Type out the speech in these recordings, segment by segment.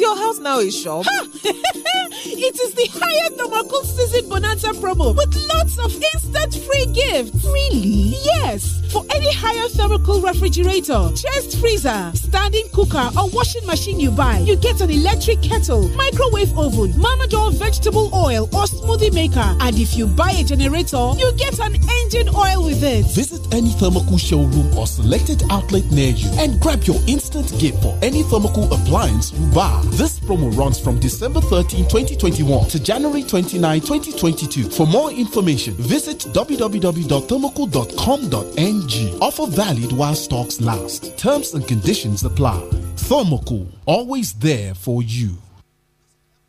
your house now a shop? it is the highest end Namakum Season Bonanza promo with lots of instant free gifts. Really? Yes. For any higher thermal refrigerator, chest freezer, standing cooker, or washing machine you buy, you get an electric kettle, microwave oven, Mamador vegetable oil, or smoothie maker. And if you buy a generator, you get an engine oil with it. Visit any Thermocool showroom or selected outlet near you and grab your instant gift for any Thermocool appliance you buy. This promo runs from December 13, 2021 to January 29, 2022. For more information, visit www.thermocool.com.ng Offer valid while stocks last. Terms and conditions apply. Thermocool, always there for you.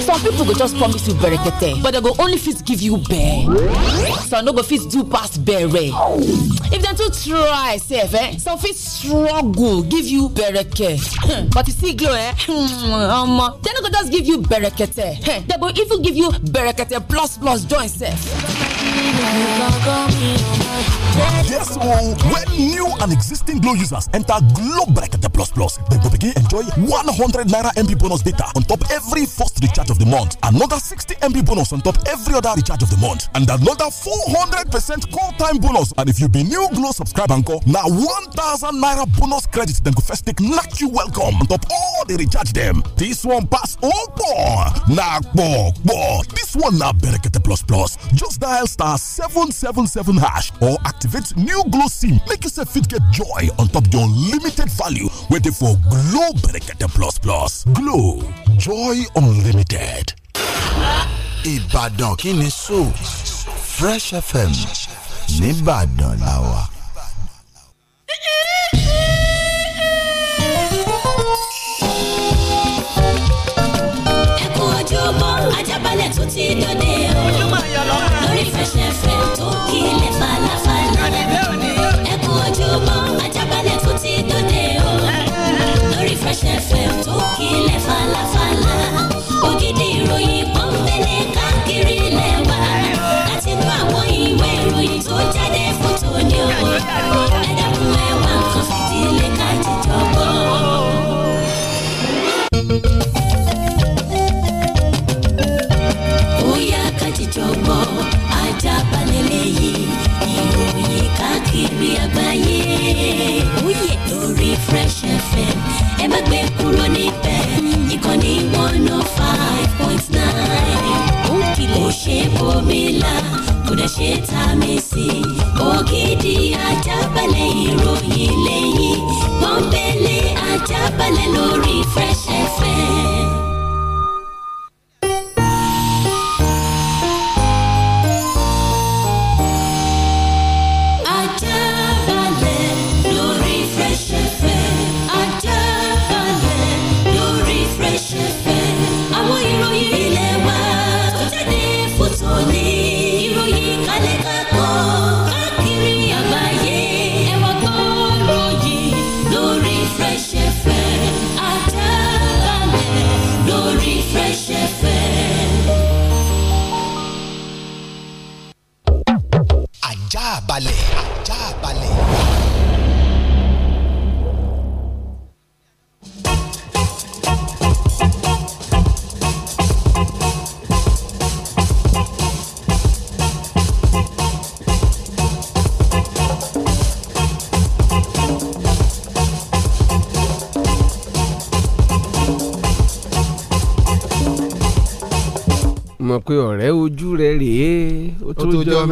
some people go just promise you berekete but dem go only fit give you bere some no go fit do pass bere if dem too try sef eh some fit struggle give you bereke hmm, but you see glow eh hmm, omo dem no go just give you berekete hmm, dem go even give you berekete plus plus join sef. Yes, oh, when new and existing Glow users enter Glow Bracket Plus Plus, they will begin enjoy 100 Naira MB bonus data on top every first recharge recharge of the month, another 60 MB bonus on top every other recharge of the month, and another 400% call time bonus. And if you be new Glow subscriber encore, now 1000 Naira bonus credit, then go first take knock you welcome on top all the recharge them. This one pass all four. Nah, This one now Berekete Plus Plus. Just dial star 777 hash or activate new Glow SIM. Make yourself fit get joy on top your unlimited value. Waiting for Glow Berekete Plus Plus. Glow, joy unlimited limited. ìbàdàn kí ni so fresh fm nìbàdàn la wà. ẹ ojúbọ ajábalẹ̀ tó ti dòde o lórí fresh fm tó kílẹ̀ falafala.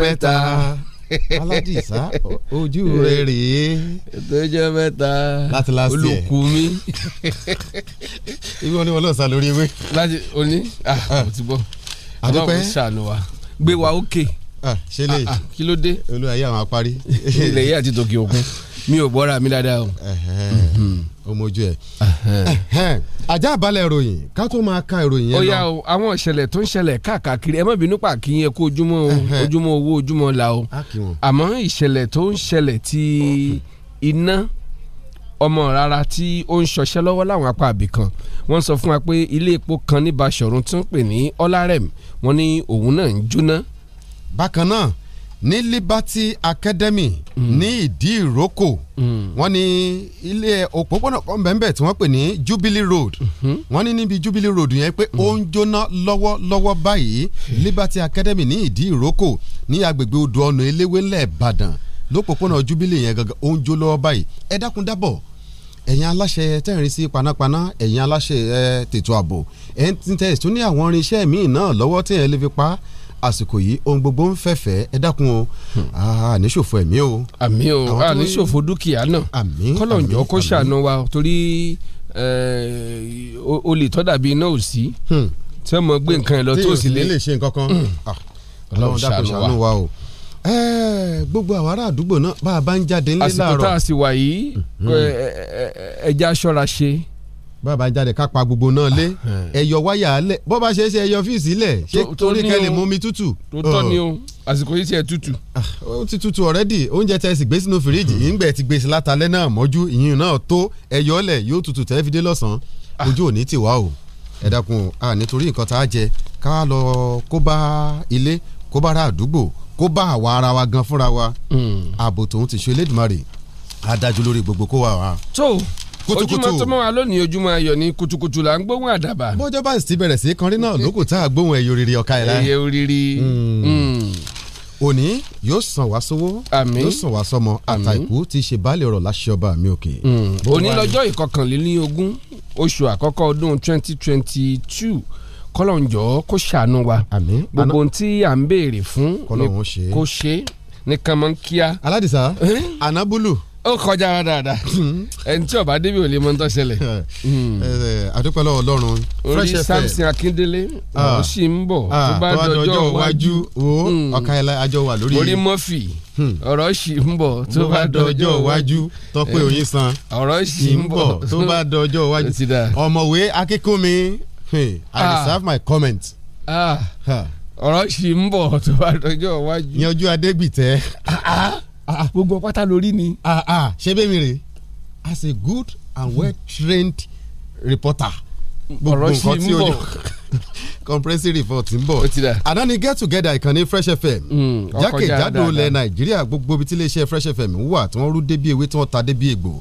mẹ́ta aládìsá ojú eh, rẹ rèé tójọ mẹ́ta láti last year olùkú mi ibi wọn ni wọn lọ sá lórí ewé. láti òní ah, ah. mo ti bọ àdúpẹ́ ṣàánú wa gbé wa ókè ah, ṣe ah, lè kí ló dé olùwàyí àwọn apárí. ilẹ̀ yìí àti tòkè òkun mi ò gbọ́ra mi dáadáa o. ọmọ mhm. ojú ẹ̀ ajá balẹ̀ ìròyìn ká tó máa ka ìròyìn yẹn lọ. ó yá o àwọn ìṣẹ̀lẹ̀ tó ń ṣẹlẹ̀ káàkiri ẹ má bínú pa kí yẹn kó ojúmọ́ ojúmọ́ owó ojúmọ́ la o àmọ́ ìṣẹ̀lẹ̀ tó ń ṣẹlẹ̀ ti iná ọmọ rárá tí ó ń ṣọṣẹ́ lọ́wọ́ láwọn apá àbí kan wọ́n sọ fún wa pé ilé epo kan ní Basọ̀run tún pè ní Ọlárẹ̀m wọ́n ní òun náà ń jóná. bákan náà ní Liberty Academy hmm. ní ìdí ìrókò hmm. wọ́n ní ilé òpópónà kan bẹ́ẹ̀ tí wọ́n pè ní Jubilee Road hmm. wọ́n ní níbi Jubilee Road yẹn pé ó ń jóná lọ́wọ́lọ́wọ́ báyìí Liberty Academy ní ìdí ìrókò ní agbègbè odò ọ̀nà eléwé ńlẹ̀ Ìbàdàn Jubilee yẹn gangan ó ń jó lọ́wọ́ báyìí ẹ dákun dábọ̀ ẹ̀yin aláṣẹ tẹ̀rín sí panápaná ẹ̀yin aláṣẹ tètò ààbò ẹ̀ ń tẹ̀ tún ní àwọn irinṣẹ́ míì náà lọ́wọ́ àsìkò yìí ohun gbogbo ń fẹ̀fẹ̀ ẹ dákun o hmm. àníṣòfò ẹ̀mí o. àmì o àníṣòfò dúkìá náà kọ́lọ̀njọ́ kó ṣàánú wa torí olè tó dàbí iná ò sí hmm. tí wọ́n mọ gbé nǹkan ẹ̀ lọ tó sì lé. tí o sì lè ṣe nǹkan kan hmm. ah, ọlọ́run dákun ṣàánú wa o gbogbo àwọn ará àdúgbò náà bá a bá ń jáde ńlẹ́ láàárọ̀ àsìkò tá a sì wà yìí ẹja ṣọ́ra ṣe bàbá jáde ká pa gbogbo náà lé eh. ẹyọ wáyà lẹ bó bá ṣeé ṣe ẹyọ fíìsì lẹ ṣé torí kẹlẹ mú mi tútù. tó tọ́ ni o àsìkò yìí ti ẹ̀ tútù. Ah, ó ti tútù ọ̀rẹ́dì oúnjẹ tẹ́ sì gbé sínú fìríjì hmm. ìyìngbẹ́ ti gbé sí látàlẹ́ náà mọ́jú ìyìn náà tó ẹyọ lẹ̀ yóò tútù tẹ́ fi dé lọ́sàn-án ah. ojú ò ní tì wá o ẹ dákun à nítorí nǹkan tá a jẹ ká lọ kó bá ilé kó bá àdúgbò kó bá àwa ara wa gan fúnra wa hmm. ààbò tòun ti ṣe Elédùmarè adájú lórí gbogbo kó wà wá. tó kùtùkùtù ojúmọ́ tó mọ́ wa lónìí ojúmọ́ ayọ̀ ni kùtùkùtù là ń gbóhùn àdàbà. bọ́jọ́ bá sì ti bẹ̀rẹ̀ sí kanrin náà lókùn tá a gbóhùn ẹyọ rírì ọ̀ka ẹ̀ la. ẹyẹ oriri. Hmm. Hmm. òní yóò sàn wá sówó yóò sàn wá sọmọ àtàkù ti ṣe baálé ọ̀rọ̀ láṣẹ ọba mi òkè. Hmm. òní lọ́jọ́ ìkọkànlélógún oṣù àkọ́kọ́ ọdún twenty twenty two kọ́lọ́njọ́ kó ṣàánú wa gbogbo ohun tí à ń béèrè fún kó ṣe nìkan mọ́ kíá. aládìsá anábùlù ó kọjá wa dáadáa ẹni tí ọba débi ò lè mọ ń tọ́sẹ̀lẹ̀. àdúpẹ́lẹ́ ọlọ́run fresh fm orí samson akíndélé ah. ó sì ń bọ̀ ah, tó bá dọjọ́ iwájú wo oh, hmm. ọ̀ka àjọ wà lórí orí mọ́fì hmm. ọ̀rọ̀ sì ń bọ̀ tó bá dọjọ́ iwájú tọ́pẹ́ eh, oyin san ọ̀rọ̀ sì ń bọ̀ tó bá dọjọ́ iwájú ọ̀mọ̀wé akínkúnmi i ah. deserve my comment. ọ̀rọ̀ sì ń bọ̀ tó bá dọjọ́ iwájú. yanjú adégbìtẹ́ Ah, ah. gbogbo pátá lórí ni. Ah, ṣé bẹ́ẹ̀ mi rè as a good and well trained reporter gbogbo nǹkan tí o yọ comprehensive report ń bọ̀ àdáni get together ìkànnì fresh fm mm, jákèjádò ilẹ̀ nàìjíríà gbogbo ibi tí iléeṣẹ́ fresh fm wà tí wọ́n rú débi ewé tí wọ́n ta débi ègbò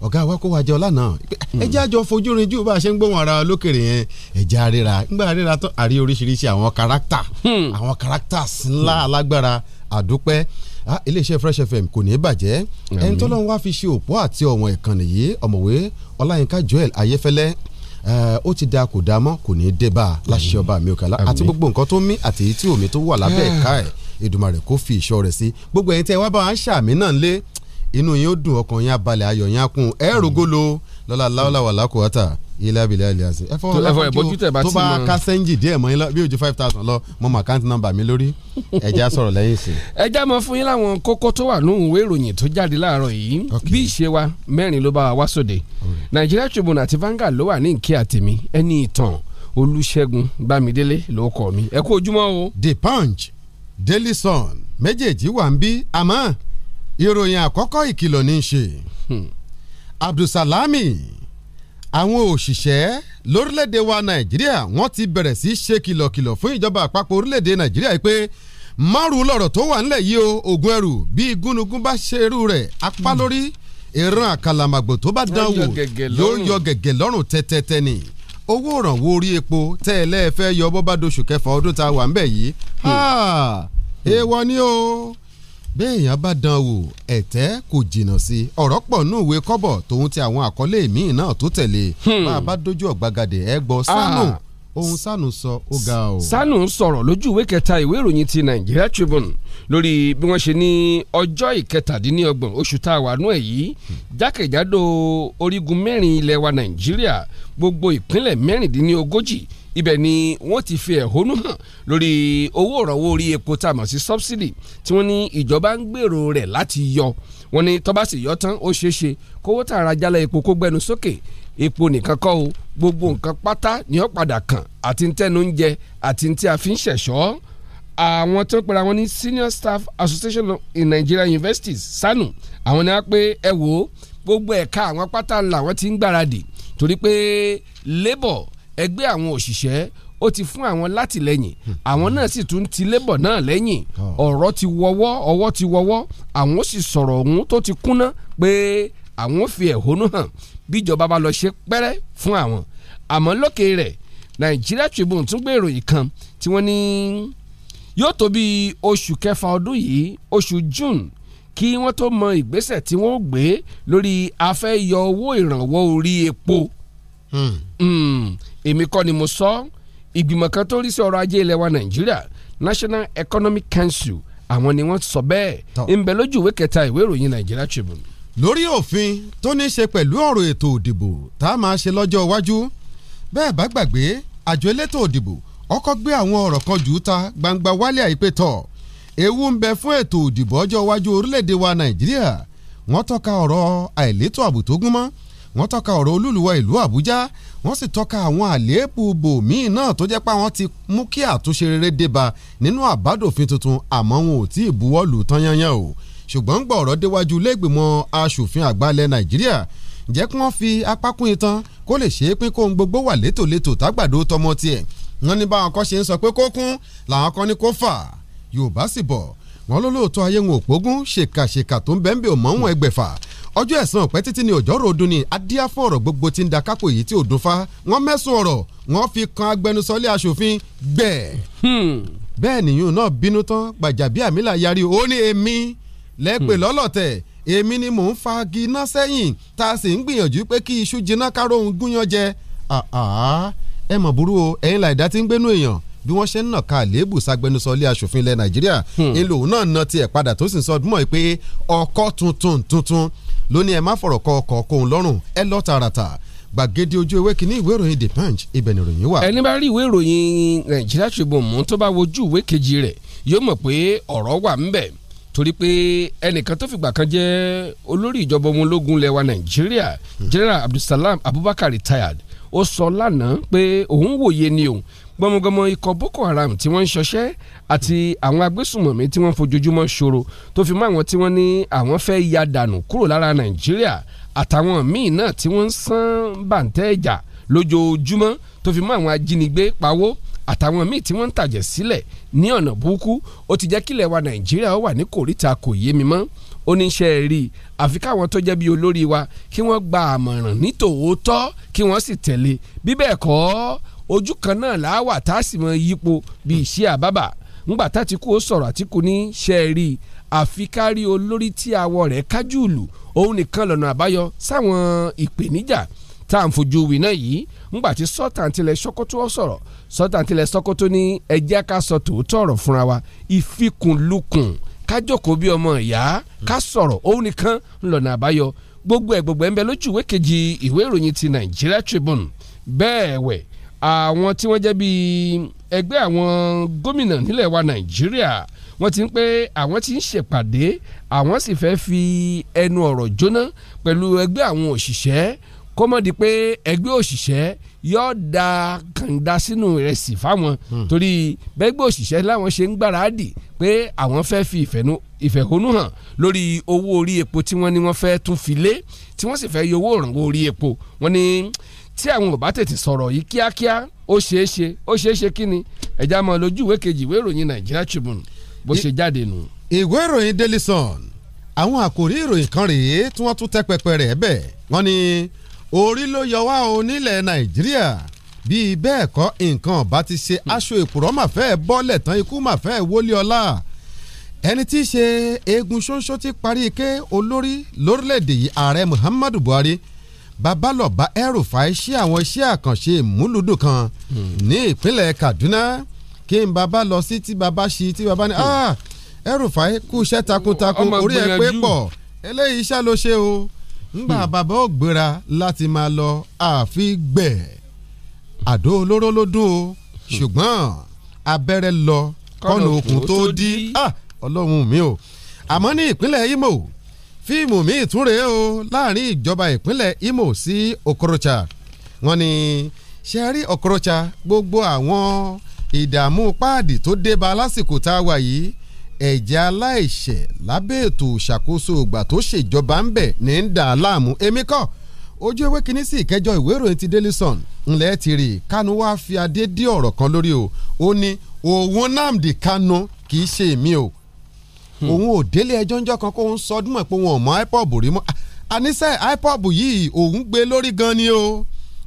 ọ̀gá wa kó wa jọ lánàá ẹ jẹ́ àjọ fojú rinjú bá a ṣe ń gbóhùn ara lókèrè yẹn ẹ jẹ́ àríra ńgbà àríra tán àrí oríṣiríṣi àwọn character hmm. àwọn characters ńlá alágbára àdúpẹ́ Ah, iléeṣẹ́ Fresh FM kò ní í bàjẹ́ ẹni tó lọ́n wá fi ṣe òpó àti ọ̀wọ̀n ìkànnì yìí ọ̀mọ̀wé ọláyínká joel ayéfẹ́lẹ́ eh, ó ti da kò dáa mọ́ kò ní í dé bá láṣẹ ọba mi òkàlà àti gbogbo nǹkan tó mí àti èyí tí omi tó wà lábẹ́ ah. ẹ̀ka ẹ̀ Èdùmàrè kó fi ìṣọ́ rẹ̀ sí gbogbo ẹ̀yin tẹ́ wá bá wa ń ṣàmì náà lé inú yín ó dùn ọkàn yín abalẹ̀ ayọ̀ yín á kún ẹ rògolo lọ́la láwọ́láwà lákòótá ilé abilẹ̀ alẹ́ àṣẹ. ẹ fọwọ́ lápá kí o tó bá ká díẹ̀ mọ́ yín bí ojú five thousand lọ mọ́ mọ́ àkáǹtì nọ́mbà mi lórí ẹ̀já sọ̀rọ̀ lẹ́yìn sí. ẹja mọ fún yín láwọn kókó tó wà lóhùn ìwé ìròyìn tó jáde láàárọ̀ yìí bí ìṣe wa mẹ́rin ló bá wa wá sóde Nigeria Tribune àti Vanguard ló wà ní ìkí àtẹ̀mí ẹni ìtàn Olúṣẹ́gun Bámidélé ló kọ mi ẹ kú ojúmọ́ o. The Punch Daily Sun méjèèjì wà ń bí àmọ́ ìròyìn àkọ́kọ́ ìkìlọ̀ ní í ṣe hmm. Abdulsalami àwọn òṣìṣẹ́ lórílẹ̀‐èdè wa Nàìjíríà wọ́n ti bẹ̀rẹ̀ sí í ṣe kìlọ̀kìlọ̀ fún ìjọba àpapọ̀ orílẹ̀‐èdè Nàìjíríà yìí pé márùn lọ̀rọ̀ tó wà nílẹ̀ yìí o ògùn ẹrù bí gúnugún bá ṣe irú rẹ̀ apá hmm. lórí ìran àkàlàmàgbò tó bá dán wò yóò yọ gẹ̀gẹ̀ lọ́rùn tẹ́tẹ́tẹ́ ni owó òrànwó orí epo tẹ́ ẹ lẹ́ẹ̀fẹ́ yọ bó doṣù kẹfà ọdún tá wà ń bẹ̀ yìí hmm. èèwọ̀ ni o. Hmm béèyàn bá dán wò ẹ̀tẹ́ kò jìnnà sí ọ̀rọ̀ pọ̀ nù ìwé kọ́bọ̀ tòun ti àwọn àkọlé míì náà tó tẹ̀lé hmm. bá bá dojú ọ̀gbagadè ẹ gbọ́ ah. sánù ohun sánù sọ ó ga o. sánù sọ̀rọ̀ lójú ìwé kẹta ìwé ìròyìn ti Nigeria Tribune lórí bí wọ́n ṣe ní ọjọ́ ìkẹtàdínlọ́gbọ̀n oṣù tá a wà nú ẹ̀ yìí jákèjádò orígun mẹ́rin ilẹ̀ wa Nàìjíríà gbogbo ìpínlẹ̀ mẹ́rìndínlógójì ibẹ̀ ni wọ́n ti fi ẹ̀hónú hàn lórí owó ìrànwọ́ orí epo tá a mọ̀ sí subsidy tí wọ́n ní ìjọba ń gbèrò rẹ̀ láti yọ wọ́n ní tó bá sì yọ tán ó ṣeé ṣe kówó tààrà jálẹ̀ epo kó gbẹnu sókè epo nìkan kọ́ o gbogbo nǹkan pátá ni ó padà kàn àti ntẹ́nu ń jẹ àti ntí a fi ń ṣẹ̀ṣọ́ àwọn tó pera wọn ní Senior Staff Association in Nigeria Universities SANU àwọn ni wọ́n pé ẹ wò ó gbogbo ẹ̀ka àwọn pátá làwọn ti ń gbáradì torí pé labour ẹgbẹ́ àwọn òṣìṣẹ́ ó ti fún àwọn látìlẹ́yìn àwọn náà sì tún ti labour náà lẹ́yìn ọ̀rọ̀ ti wọ́wọ́ ọwọ́ ti wọ́wọ́ àwọn ó sì sọ̀rọ̀ ọ̀hún tó ti kúnná pé àwọn ó fi ẹ̀hónú hàn bíjọba bá lọ ṣe pẹ́rẹ́ fún àwọn àmọ́ lókè rẹ̀ Nigeria Tribune tún gbé ìròyìn kan tí wọ́n ní yóò tó bí oṣù kẹfà ọdún yìí oṣù June kí wọ́n tó mọ ìgbésẹ̀ tí wọ́n gbé lórí afẹ́yọ owó ìrànwọ́ orí epo. Oh Hmm. Hmm. èmi kọ́ ni mo sọ ìgbìmọ̀ kan tó rí sí ọrọ̀ ajé ilẹ̀ wa nàìjíríà National Economic Council àwọn ni wọ́n sọ bẹ́ẹ̀ ń bẹ lójú ìwé kẹta ìwé ìròyìn Nigeria Tribune. lórí òfin tó ní í ṣe pẹ̀lú ọ̀rọ̀ ètò òdìbò tá a máa ṣe lọ́jọ́ iwájú bẹ́ẹ̀ bá gbàgbé àjọ elétò òdìbò ọkọ̀ gbé àwọn ọ̀rọ̀ kan jù ú ta gbangba wálé àìpé tọ̀ ewu ń bẹ fún ètò òdìbò ọjọ́ iwájú orílẹ̀-èdè wa Nàìjíríà wọ́n tọ́ka ọ̀rọ̀ àìlétò ààbò tó wọ́n tọ́ka ọ̀rọ̀ olúluwọ̀ ìlú Àbújá wọ́n sì tọ́ka àwọn àléébù bòmíì náà tó jẹ́ pé àwọn ti mú kí àtúnṣe rere débá nínú àbádòfin tuntun àmọ́ wọn ò tí ì buwọ́ lù tán yányán o ṣùgbọ́n gbọ́ ọ̀rọ̀ déwájú lẹ́gbìmọ̀ aṣòfin àgbà ilẹ̀ Nàìjíríà jẹ́ kí wọ́n fi apákún itan kó lè ṣe é pín kóhun gbogbo wà létòlétò tágbàdo tọmọ tiẹ̀ wọ́n ní báwọn kan ṣe ń sọ pé kó làwọn kan ní kó fà Yorùbá sì bọ̀ wọ́n lólóòótọ́ ayé wọn òpógún ṣèkàṣèkà tó ń bẹ́ńbẹ́ òmọ́wọ̀n ẹgbẹ̀fà ọjọ́ ẹ̀san ọ̀pẹ́ títí ni òjò ròdùn ni adíáfọ́ ọ̀rọ̀ gbogbo ti ń da kápò èyí tí ò dún fa wọ́n mẹ́sùn ọ̀rọ̀ wọ́n fi kan agbẹnusọ́lé aṣòfin gbẹ̀. Hmm. bẹ́ẹ̀ nìyún náà bínú tán gbàjàbíàmílà yarí ó ní èmi lẹ́pẹ̀ hmm. lọ́lọ́tẹ̀ èmi ni mò ń fagi iná sẹ́yìn tá a sì ń gbìyànjú pé kí iṣu jiná káró òun gúnyan jẹ ẹ mọ̀ burú o ẹ̀yin làìdá ti ń gbénú èèyàn bí wọ́n ṣe ń nà ká àléébù sagbẹnusọ ilé asòfin ilẹ̀ nàìjíríà hmm. ńlò náà nà tiẹ̀ padà tó sì ń sọ ọdún mọ́ ẹ pé ọkọ̀ tuntun tuntun ló ní ẹ má fọ̀rọ̀ kọ ọkọ̀ kóun lọ́rùn ẹ lọ tààràtà gbàgede ojú ewé kínní ìwé ìròyìn the punch ibẹ̀ ni ìròyìn wà. ẹni bá rí ìwé ìròyìn nàìjíríà Tribune mú tó bá wojú ìwé kejì rẹ̀ yóò mọ̀ pé ọ̀rọ̀ wà ńbẹ̀ torí pé ẹnìkan tó fìgbà kan jẹ́ olórí ìjọba ọmọ ológun lẹwa nàìjíríà hmm. general abdulsalam abubakar retired ó sọ lánàá pé òun wòye ni òun gbọmọgbọmọ ikọ̀ Boko Haram tí wọ́n ń ṣọṣẹ́ àti àwọn agbésùmọ̀mí tí wọ́n fojoojúmọ́ ṣòro tó fi mọ́ àwọn tí wọ́n ní àwọn fẹ́ ya dànù kúrò lára Nàìjíríà àtàwọn míì náà tí wọ́n ń sán bàǹtẹ́ ìjà lójoojúmọ́ tó fi mọ́ àwọn ajínigbé pawó àtàwọn míì tí wọ́n ń tàjẹ̀ sílẹ̀ ní ọ̀nà burúkú ó ti jẹ́ kílẹ̀ wa Nàìjíríà ó wà ní kòríta kò yé mi mọ́ oníṣẹ́ rí àfi káwọn tó jẹ́ bí olórí wa kí wọ́n gba àmọ̀ràn ní tòótọ́ kí wọ́n sì tẹ̀lé bí kọ́ ojú kan náà là á wà tá a sì mọ yípo bíi iṣẹ́ àbábà ńgbà tá Àtíkù ó sọ̀rọ̀ Àtíkù ní ṣẹ́ẹ̀rí àfi kárí olórí tí awọ rẹ̀ kájúùlù òun nìkan lọ́nà àbáyọ sáwọn ìpèníjà tá à ń fojú winá yìí ńgbà tí sọ́tàntilẹ̀ Sókótó ó sọ̀rọ̀ sọ́tàntilẹ̀ Sókótó ní ẹjẹ́ ká sọ tòótọ́ ọ̀rọ̀ fúnra wa ìfikùnlukùn kájòkó bí ọmọ ìyá ká sọ̀rọ̀ òun nìkan lọ́nà àbáyọ gbogbo ẹ̀ gbogbo ẹ̀ ń bẹ lójú ìwé kejì ìwé ìròyìn ti Nigeria Tribune bẹ́ẹ̀ wẹ̀ àwọn tí wọ́n jẹ́ bíi ẹgbẹ́ àwọn gómìnà nílẹ̀ wa nàìjíríà wọ́n ti ń pé àwọn tí ń ṣèpàdé àwọn sì fẹ́ fi ẹnu ọ̀rọ̀ jóná pẹ̀lú ẹgbẹ́ àwọn òṣìṣẹ́ kó mọ̀ di pé ẹgbẹ́ òṣìṣẹ́ yóò da kànga sínú ìrẹsì fáwọn hmm. torí bẹ́gbẹ́ òṣìṣẹ́ láwọn ṣe ń gbáradì pé àwọn fẹ́ fi ìfẹ̀hónú hàn lórí owó orí epo tí wọ́n ní wọ́n fẹ́ tún fi lé tí wọ́n sì fẹ́ yọ owó òrànwọ́ orí epo wọ́n ní tí àwọn ò bá tètè sọ̀rọ̀ yìí kíákíá ó ṣeé ṣe ó ṣeé ṣe kí ni ẹ̀já mọ́ lójú ìwé kejì ìwé ìròyìn Nigeria Tribune bó ṣe jáde nù. ìwé ìròyìn Daily Sun àwọn àkòrí ìròyìn kan rèé tí wọ́n tún tẹ́ pẹpẹ rẹ̀ bẹ́ẹ̀ wọ́n ní orí ló yọ wá o nílẹ̀ Nàìjíríà bíi bẹ́ẹ̀ kọ́ nǹkan ọ̀bá ti ṣe aṣọ èkùrọ́ mà fẹ́ bọ́lẹ̀ tán ikú mà fẹ́ wọlé ọlá ẹni tí í ṣe eegun ṣoṣo ti parí ike olórí lórílẹ̀‐èdè yìí ààrẹ Muhammadu Buhari babalọba El-Rufai ṣe àwọn iṣẹ́ àkànṣe ìmúlùdùn kan hmm. ní ìpínlẹ̀ Kaduna kí n baba lọ sí tí baba ṣi tí baba ní El-Rufai hmm. ah, kú iṣẹ́ takuntakun orí ẹ pé pọ̀ eléyìí iṣẹ́ ló ṣe o ńgbà hmm. bàbá ò gbéra láti máa lọ àfi gbẹ̀ àdó olóró ló dùn o ṣùgbọ́n abẹ́rẹ́ lọ kọ́nà okùn tó dí ah, ọlọ́run mi o àmọ́ ní ìpínlẹ̀ Imo fíìmù míì tún rèé o láàrin ìjọba ìpínlẹ̀ Imo sí Okorocha wọ́n ní ṣe rí Okorocha gbogbo àwọn ìdààmú páàdì tó débá lásìkò tá a wà yìí ẹ̀jẹ̀ aláìṣẹ̀ lábẹ́ ètò ìṣàkóso ìgbà tó ṣèjọba ń bẹ̀ ní ń dà á láàmú èmi kọ́ ojú ewé kínní sí ìkẹjọ ìwé ìròyìn ti Daily Sun ńlẹ̀ ti rí Kanu wá fi adé dí ọ̀rọ̀ kan lórí o ó ní òun Nnamdi Kanu kì í ṣe èmi o Hmm. òun ò délé ẹjọ́ ńjọ́ kan kó ń sọdún mọ̀ pé wọn ò mọ ipob rí mọ́ àníṣe ipob yìí òun gbé lórí gan ni o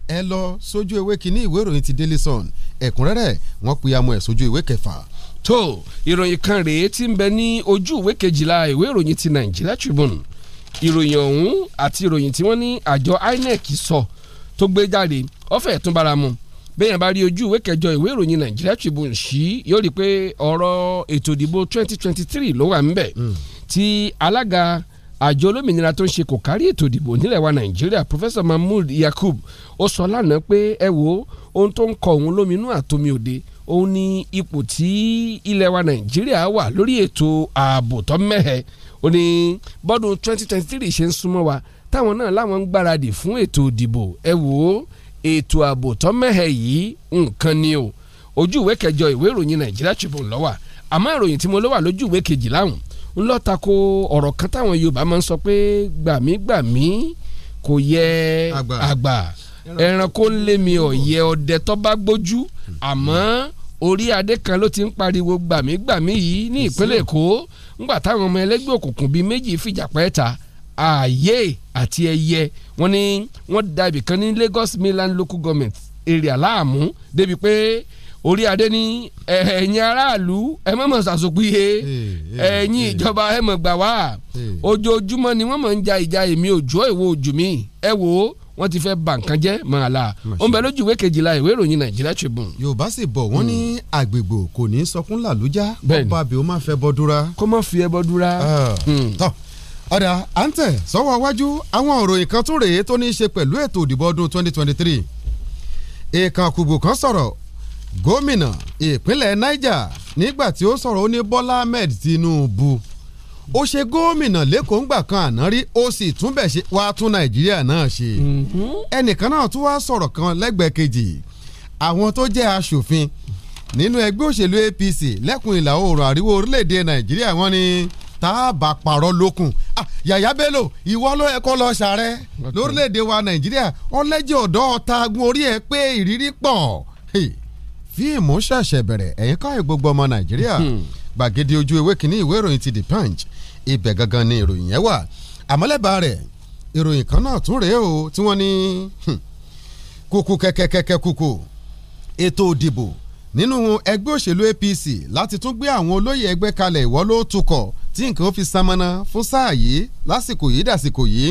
ẹ lọ sójú ewé kínní ìwé ìròyìn ti Daily Sun ẹ̀kúnrẹ́rẹ́ wọ́n pe amọ̀ ẹ̀ sójú ìwé kẹfà tó ìròyìn kan rèé tí ń bẹ ní ojú ìwé kejìlá ìwé ìròyìn ti Nigeria Tribune ìròyìn ọ̀hún àti ìròyìn tí wọ́n ní àjọ INEC sọ tó gbé jáde ọ̀fẹ́ tún bára mu bẹ́ẹ̀ yẹn bá rí ojú ìwé kẹjọ ìwé ìròyìn Nigeria Tribune sí yóò rí i pé ọ̀rọ̀ ètò ìdìbò twenty twenty three ló wà ńbẹ̀ hmm. tí alága àjọ olómìnira tó ń ṣe kò kárí ètò ìdìbò nílẹ̀ wa Nàìjíríà Professor Mahmood Yakub ó sọ lánàá pé ẹ wo ohun tó ń kọ òun lóminú àtomi òde òun ni ipò tí ilẹ̀ wa Nàìjíríà wà lórí ètò ààbò tó mẹ́hẹ̀ ó ní bọ́dún twenty ṣe ń súnmọ́ wa táwọn náà láwọn ń gbáradì fún ètò ìdìbò ẹ wo ètò ààbò tó mẹ́hẹ̀ yìí nǹkan ni o ojú ìwé kẹjọ ìwé ìròyìn Nàìjíríà Tribune lọ́wà àmọ́ ìròyìn tí mo lọ́wà lójú ìwé kejì láhùn ń lọ́ tako ọ̀rọ̀ kan táwọn Yorùbá máa ń sọ pé gbàmígbàmí kò yẹ àgbà ẹranko ń lé mi ọ̀yẹ́ ọdẹ tó bá gbójú àmọ́ orí adé kan ló ti ń pariwo gbàmígbàmí yìí ní ìpínlẹ̀ Èkó ńgbà táwọn ọmọ ẹlẹ́gbẹ́ òkùnkùn bíi méjì fìjà pẹ́ẹ́ta ààyè àti ẹyẹ wọ́n ní wọ́n da ibì kan ní Lagos Mainland Local Government èrè aláàmú débi pé orí adé ní ẹ̀yin aráàlú ẹ mọ̀mọ́ sàṣùpìyẹ ẹ̀yin ìjọba ẹ mọ̀ gbà wá ojoojúmọ́ ni wọ́n mọ̀ ń ja ìjà èmi òjò ìwọ ojú mi ẹ wò ó wọ́n ti fẹ́ ba nǹkan jẹ́ máa la ó ń bẹ lójú ìwé kejìlá ìwé ìròyìn nàìjíríà Tribune. yorùbá sì bọ̀ wọ́n ní hmm. àgbègbè kò ní sọkún làlújá bọ́ọ̀bù àbí ó máa fẹ́ bọ́ dúra. kó má fi ẹbọ dúra. Ah. Hmm. tọ́ ọ̀dà à ń tẹ̀ sọ́wọ́ iwájú àwọn òròyìn kan tún rèé tó ní í ṣe pẹ̀lú ètò ìdìbò ọdún 2023 èèkàn kùgbù kan sọ̀rọ̀ gómìnà ìpínlẹ̀ Niger nígbà tí ó sọ̀rọ̀ ó ní Bọ́lá Ahmed Tinubu ó ṣe gómìnà lẹ́kọ̀ọ́ ńgbà kan àná rí ó sì tún bẹ̀ ṣe wàá tún Nàìjíríà náà ṣe mm-hmm. ẹnìkan náà tún wá sọ̀rọ̀ kan lẹ́gbẹ̀ẹ́ kejì àwọn tó jẹ́ aṣòfin nínú ẹgbẹ́ òṣèlú APC lẹ́kùn ìlà oòrùn àríwó orílẹ̀-èdè Nàìjíríà wọ́n ní tá a bá parọ́ lókun Ah, yàyà bello ìwọ ló yẹ kó lọ ṣàárẹ̀ lórílẹ̀‐èdè wa nàìjíríà ọlẹ́jẹ̀ ọ̀dọ́ ọ̀tagun orí ẹ̀ pé ìrírí pọ̀ fíìmù ṣẹ̀ṣẹ̀ bẹ̀rẹ̀ ẹ̀yìn káyọ̀ gbogbo ọmọ nàìjíríà hmm. gbàgede ojú ewé kínní ìwé ìròyìn ti the punch ibẹ̀ gangan ni ìròyìn yẹn wà àmọ́lẹ́bàá rẹ̀ ìròyìn kan náà tún rèé o tí wọ́n ní hmm, kúkú kẹ́kẹ́kẹ́kẹ́ kúkú ètò òdìbò nínú ẹgbẹ́ òṣèlú APC láti tún gbé àwọn olóyè ẹgbẹ́ kalẹ̀ ìwọ́ ló tukọ̀ tí nǹkan ó fi sanmọ́nà fún sáà yìí lásìkò yìí dàsìkò yìí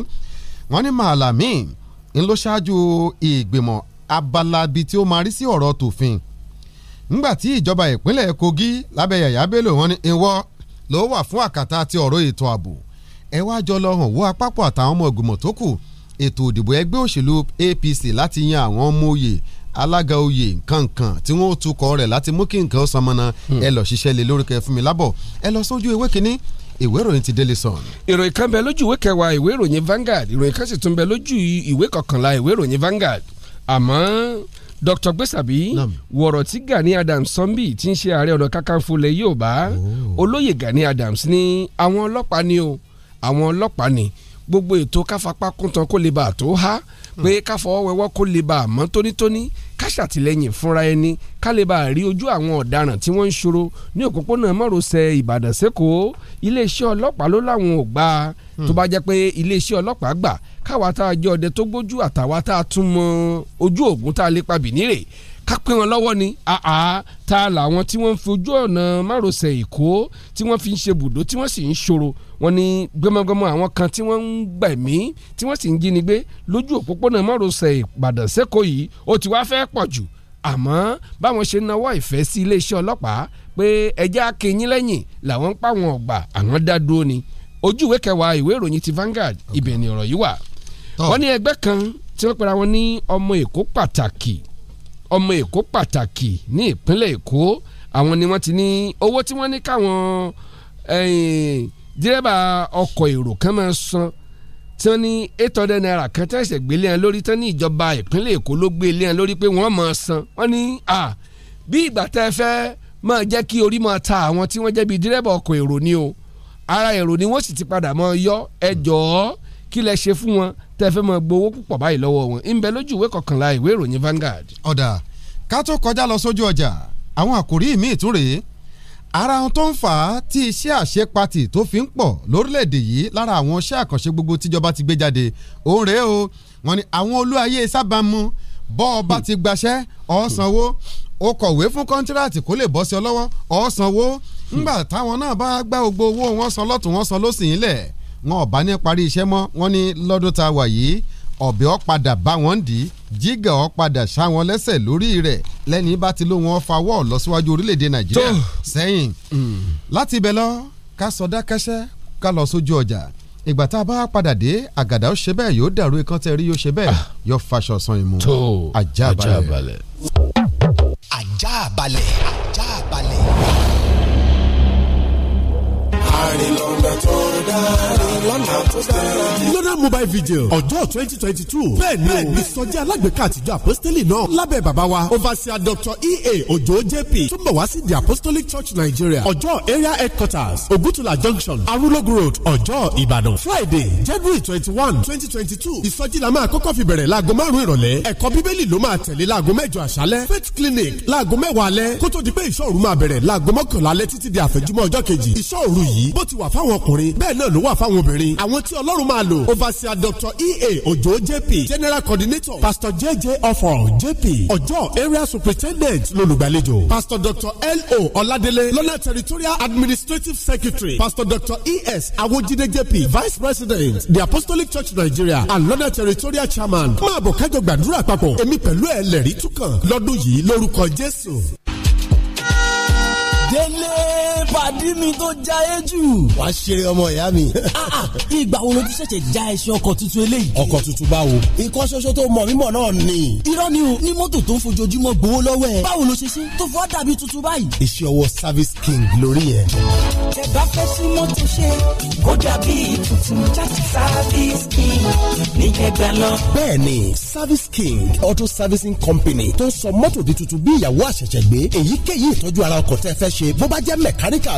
wọ́n ní màálàmí ń lọ ṣáájú ìgbìmọ̀ abalabi tí ó máa rí sí ọ̀rọ̀ tòfin nígbà tí ìjọba ìpínlẹ̀ Kogi lábẹ́ Yàyà Bello wọ́n ní ìwọ ló wà fún àkàtà ti ọ̀rọ̀ ètò ààbò ẹ wá jọ lọ hàn wó apápọ̀ àtàwọn ọmọ ìgbìmọ̀ tó kù ètò òdìbò ẹgbẹ́ òṣèlú APC láti yan àwọn ọmọ òye alága oyè kankan tí wọ́n tukọ̀ rẹ̀ láti mú kí nǹkan ọ̀sán mọ́nà hmm. ẹ lọ ṣiṣẹ́ lé lórúkọ ẹ fún mi lábọ̀ ẹ lọ sójú ewé kínní ìwé ìròyìn ti Daily Sun. ìròyìn kan bẹ lójú ìwé kẹwàá ìwé ìròyìn Vanguard ìròyìn kan sì tún bẹ lójú ìwé kọkànlá ìwé ìròyìn Vanguard àmọ́ Dr. Gbèsàbí wọ̀rọ̀ tí Gani Adams sọ́nbì tí ń ṣe ààrẹ ọ̀nà kakanfò lẹ̀ yóò bá oh. olóyè Gani Adams ní àwọn ọlọ́pàá ni o àwọn ọlọ́pàá ni gbogbo ètò káfapá kúntan kó lè bàa tó há pé káfọwọ́ wẹwọ́ kó lè bá a mọ́ tónítóní ká ṣàtìlẹ́yìn fúnra ẹni ká lè bá a rí ojú àwọn ọ̀daràn tí wọ́n ń ṣòro ní òpópónà márosẹ̀ Ìbàdàn sẹ́kọ̀ọ́ iléeṣẹ́ ọlọ́pàá ló láwọn ò gbà á hmm. tó bá jẹ́ pé iléeṣẹ́ ọlọ́pàá gbà káwa tá a jẹ́ ọdẹ tó gbójú àtàwa tá a tún mọ ojú òògùn tá a lè pa bìnírè ká pín wọn lọ́wọ́ ni àá ta làwọn tí wọ́n ń fojú ọ̀nà márosẹ̀ èkó tí wọ́n fi ń ṣe bùdó tí wọ́n sì ń ṣòro wọn ni gbẹmọgbẹmọ àwọn kan tí wọ́n ń gbẹ̀mí tí wọ́n sì ń jínigbé lójú òpópónà márosẹ̀ ìbàdàn sẹ́kọ̀ọ́ yìí ó ti wá fẹ́ pọ̀ jù àmọ́ báwọn ṣe nawọ́ ìfẹ́ sí iléeṣẹ́ ọlọ́pàá pé ẹja akẹyìn lẹ́yìn làwọn ń pa wọn àwọn dá dúró ni ojú ìwé kẹwàá ìwé ìròyìn ti Vanguard ibẹ̀ ni ọ̀rọ̀ yìí wà wọ́n ní ẹgbẹ́ kan tí wọ́n pera wọn ní ọmọ èkó pàtàkì ọmọ èkó pàtàkì ní ìpínlẹ̀ èkó àwọn ni wọ́n ti ní owó tí wọ́n ní káwọn dírẹ́bà ọkọ̀ èrò kan máa san tí wọ́n ní eight hundred naira kan tí wọ́n ṣẹ̀ gbélé ẹ̀ lórí tán ní ìjọba ìpínlẹ̀ èkó ló gbélé ẹ̀ lórí pé wọ́n máa san wọ́n ní à bí ìgbà tẹ́ ẹ fẹ́ máa jẹ́ kí orí máa ta àwọn tí wọ́n jẹ́ bíi dírẹ́bà ọkọ̀ èrò ni o ara èrò ni wọ́n sì ti padà máa yọ ẹjọ́ kí lẹ ṣe fún wọn tẹ́ fẹ́ mọ gbowó púpọ̀ báyìí lọ́wọ́ wọn ìbẹ̀ lójú ìwé kọkànlá ìwé ìròyìn Vanguard. ọ̀dà ká tó kọjá lọ sójú ọjà àwọn àkòrí míì tún rèé ara ohun tó ń fà á tí iṣẹ́ àṣepatì tó fi ń pọ̀ lórílẹ̀‐èdè yìí lára àwọn iṣẹ́ àkànṣe gbogbo tíjọba ti gbé jáde òun rèé o wọn ni àwọn olúwayé sábàámu bọ́ ọba ti gbaṣẹ́ ọ̀ọ́sanwó o kọ̀wé fún kọ́ńtíráàtì kó lè bọ́ sí ọ lọ́wọ́ ọ̀ọ́sanwó ńgbà táwọn náà bá gbá gbogbo owó wọn san lọ́tún wọn san lọ́sìn lẹ̀ wọn ò bá ní parí iṣẹ́ mọ́ wọn ní lọ́dún tá a wà yìí ọ̀bẹ ọ̀ padà bá wọn dì í jígà ọ̀ padà ṣá wọn lẹ́sẹ̀ lórí rẹ̀ lẹ́ni bá ti ló wọn fawọ́ lọ orílẹ̀‐èdè nàìjíríà sẹ́yìn láti ibẹ̀ lọ ká sọdá kẹsẹ́ ká lọ sójú ọjà ìgbà tá a bá padà dé àgàdà ó ṣe bẹ́ẹ̀ yóò dàrú ikán tẹ́ rí yóò ṣe bẹ́ẹ̀ ah. yóò faṣọ san ìmú ajá balẹ̀. ajá balẹ̀ ajá balẹ̀ lọ́nà mobile video. ọjọ́ twenty twenty two bẹ́ẹ̀ ni ìsọjí alágbèéká àtijọ́ apostoli náà lábẹ́ bàbá wa overseer doctor ea ojo jp túnbọ̀ wá sí the apostolic church nigeria ọjọ́ area headquarters ogutula junction arúlógún road ọjọ́ ìbàdàn friday january twenty one twenty twenty two ìsọjí la máa kọ́kọ́ fi bẹ̀rẹ̀ láago márùn-ún ìrọ̀lẹ́ ẹ̀kọ́ bíbélì ló máa tẹ̀lé láago mẹ́jọ àṣálẹ́ faith clinic láago mẹ́wàá alẹ́ kó tó di pé ìṣọ́ òru máa bẹ̀rẹ̀ láago mọ́kànlá alẹ́ títí di yìí bó ti wà fáwọn ọkùnrin bẹ́ẹ̀ náà ló wà fáwọn obìnrin àwọn tí ọlọ́run máa lò overseer dr ea ojo jp general coordinator pastor jj ọfọ jp ọjọ area superintendent lolùgbàlejò pastor dr lo ọládélé lọ́nà territorial administrative secretary pastor dr es awojide jp vice president the apostolic church nigeria and lọ́nà territorial chairman máa bọ̀ kájọ gbàdúrà papọ̀ èmi pẹ̀lú ẹ̀ lẹ́rìí túkàn lọ́dún yìí lórúkọ jésù pàdé mi tó já e jù. wà á ṣeré ọmọ ìyá mi. Ah, ah, ìgbà wo ló ti ṣẹ̀ṣẹ̀ já ẹṣin ọkọ̀ tuntun eléyìí. ọkọ̀ tuntun báwo. ikọ́ ṣoṣo tó mọ̀ mímọ̀ náà ni. irọ́ ni o ní mọ́tò tó ń fojoojúmọ́ gbowó lọ́wọ́ ẹ̀. báwo ló ṣe ṣe tó fọ́ dàbí tuntun báyìí. iṣẹ́ ọwọ́ service king lórí yẹn. tẹ bá fẹ́ sí mọ́tò ṣe kó dàbí tuntun service king ní service king auto servicing company tó ń sọ mọ́tò di tuntun bí ìyàwó àṣẹ̀ṣẹ̀ gbé èyíkéyìí ìtọ́jú ara ọkọ̀ tẹ́ fẹ́ ṣe bó bá jẹ́ mẹkáníkà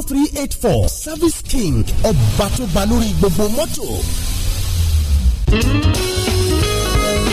three eight four service king ọba tó ba lórí gbogbo mọ́tò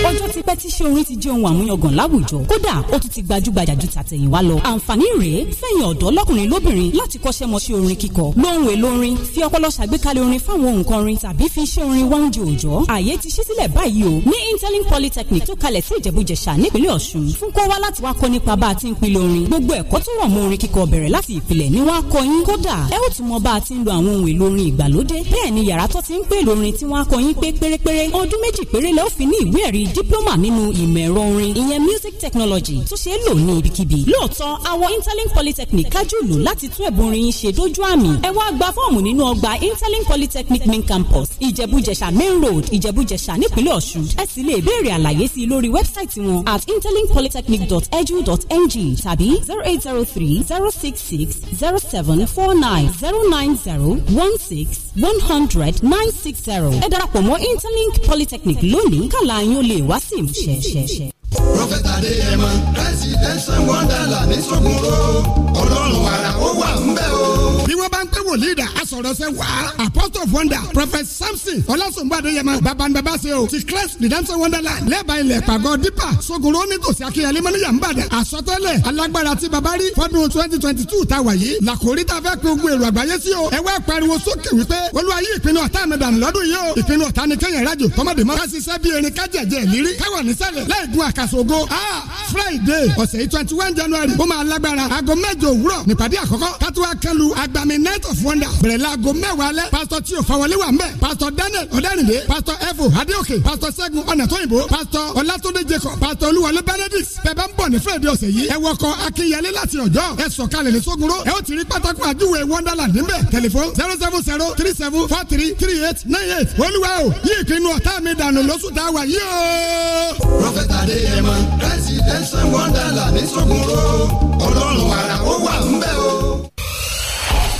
ọjọ́ ti pẹ́ tí ṣé orin ti jẹ́ ohun àmúyangàn láwùjọ kódà ó tún ti gbajúgbajà ju tàtẹ̀yìnwá lọ. àǹfààní rèé fẹ̀yìn ọ̀dọ́ lọ́kùnrin lóbìnrin láti kọ́ṣẹ́ mọṣẹ́ orin kíkọ lóhùn èlò orin fi ọpọlọ ṣàgbékalẹ̀ orin fáwọn òǹkọrin tàbí fi iṣẹ́ orin wá òòjọ́. àyè ti ṣí sílẹ̀ báyìí o ní interlink polytechnic tó kalẹ̀ sí ìjẹ̀bújẹ̀ṣà nípínlẹ̀ ọ̀ṣun fún kó wá láti wá kọ́ nípa bá a ti ń pilẹ̀ orin gbogbo ẹ̀kọ́ tó rọ̀ mọ́ orin kíkọ bẹ̀rẹ̀ láti ìpìlẹ̀ ni wọ́n á kọ́ yín kódà ẹ ó tún mọ bá a ti ń lo àwọn ohun èlò orin ìgbàlódé bẹ́ẹ̀ ni yàrá tó ti ń pè lórin tí wọ́n á kọ́ yín pé pérépéré ọdún méjì péré lẹ́ ó fi ní ìwé ẹ̀rí Diploma nínú ìmọ̀ ẹ̀rọ orin ìyẹn music technology tó ṣe é lò ní ibikíbi. lóòótọ́ àwọn interlink polytechnic kájú lò láti tún ẹ̀bùn orin yín ṣe dójú àmì. ẹ wá gba fọ́ọ̀mù nínú ọgbà interlink polytechnic main campus ìjẹ̀bújẹ̀ṣà main road ìjẹ̀bújẹ̀ṣà nípínlẹ̀ ọ̀ṣun. ẹ sì lè béèrè àlàyé sí i lórí wẹ́bsáìtì wọn at interlinkpolytechnic.edu.ng tàbí zero eight zero three zero six six zero seven four nine zero nine zero one six one hundred nine six zero. ẹ darapọ̀ mọ́ interlink polytechnic lónìí kàlà yín ìwá sì ń ṣẹ̀ṣẹ̀. Prọfẹ̀tà Adéyẹmọ Presidential Wonderland ní Sọ́gunró Ọlọ́run àrà ó wà ń o. Bí wọ́n bá ń pẹ́ wòlíì dà, a wá. Apostle of Wonder Prophet Samson Ọlásùnbọ̀ Adéyẹmọ Babanbaba ṣe o ti Christ dancer Wonderland lẹ́bàá ilẹ̀ pàgọ́ dípà Sọ́gunró nítòsí Akínyẹlé Mọ́níyà ń bàdàn. Àsọtẹ́lẹ̀ alágbára tí baba rí fọ́dún twenty twenty two ta wà yìí. Làkòrí ta fẹ́ pé ogun èrò àgbáyé sí o. Ẹ wá pariwo sókè wípé Olúwa yí ìpinnu ọ̀tá mi dànù lọ́dún yìí o. Ìpinnu ọ̀tá ni kẹ́yìn rájò tọ́mọdé mọ́. Ká ṣiṣẹ́ bí erin ká jẹ̀jẹ̀ ìlérí. Káwọn nísàlẹ̀ láì gun àkàsọ̀ agogo ah, friday ọ̀sẹ̀ yìí twenty one january ó máa lágbára aago mẹ́jọ òwúrọ̀ nípàdé àkọ́kọ́ kátó akẹ́lu agbami night of wonder bẹ̀rẹ̀ laago mẹ́wàá alẹ́ pásítọ̀ tí o fawọlé wà mbẹ̀ pásítọ̀ daniel ọ̀dẹ́rìndé pásítọ̀ ẹ̀fọ́ adéòkè pásítọ̀ ṣẹ́gun ọ̀nàtọ́yìnbó Pastor ọ̀làtúndé jacob pásítọ̀ olúwọlé benedict bẹ̀bẹ̀ ń bọ̀ ní friday ọ̀sẹ̀ yìí ẹ wọkọ̀ akínyẹlé láti ọjọ́ ẹ sọ̀kalẹ̀ ní sógunró ẹ ó ti rí pátákó àjúwe wonderland níbẹ̀ tẹlifon zero seven zero three seven four three three eight nine eight olúwa o yí ìpinnu ọ̀tá mi dànù lóṣù tá a wà yí prọfẹ̀tà adéyẹmọ residence wonderland ní sọ́gun ro ọlọ́run àrà wà ń bẹ̀ o.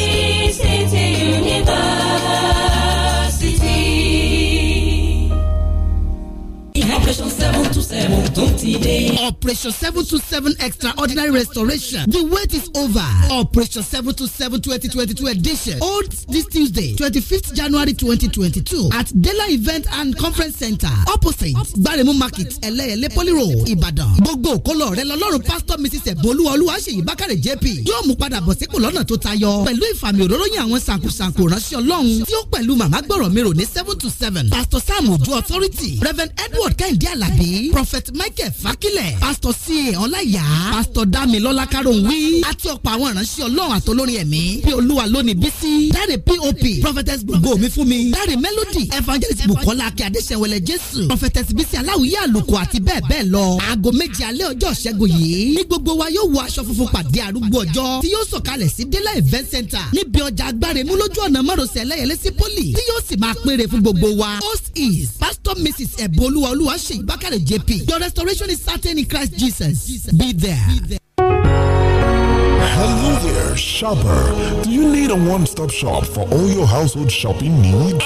University. operation seven two seven tó ti operation seven two seven extraordinary restoration the wait is over. operation seven two seven twenty twenty two edition holds this tuesday twenty fifth january twenty twenty two at dela event and conference center opposite gbaremu market ẹlẹ́yẹlé poly road ìbàdàn. gbogbo òkólọ rẹ lọ́lọ́run pastor mrs ebolu olúwaṣeyí bákàrẹ jp yóò mú padà bọ̀ sípò lọ́nà tó tayọ pẹ̀lú ìfàmì òróróyìn àwọn sàǹkùsàǹkù ránṣẹ́ ọlọ́run tí ó pẹ̀lú màmá gbọ̀rọ̀ mi rò ní seven to seven pastor sam ojú authority reverend edward lord kẹ́hìndé àlàbí prophet michael fakilẹ̀ pastor C ọláyà pastor damilola karunwi àti ọ̀pọ̀ àwọn ìránṣẹ́ ọlọ́run àtolórin ẹ̀mí bí olúwa lónìí bísí dáre pop prophetess gbogbo mi fún mi melody evangelist bukola akẹ́ adéṣẹ́wẹlẹ̀ jésù prophetess Bisi aláwìyé àlùkò àti bẹ́ẹ̀ bẹ́ẹ̀ lọ aago méje alẹ́ ọjọ́ ṣẹ́gun yìí ní gbogbo wa yóò wọ aṣọ funfun pàdé arúgbó ọjọ́ tí yóò sọ̀kalẹ̀ sí délẹ̀ event center níbi ọjà agbára mú lójú ọ̀nà márosẹ̀ ẹlẹ́yẹlé sí tí yóò sì máa péré fún gbogbo wa host is pastor mrs ẹ̀bùn olúwa olúwa ṣèyí bákàrẹ̀ jp your restoration is certain in christ jesus be there. Be there. Hello there, shopper. Do you need a one-stop shop for all your household shopping needs?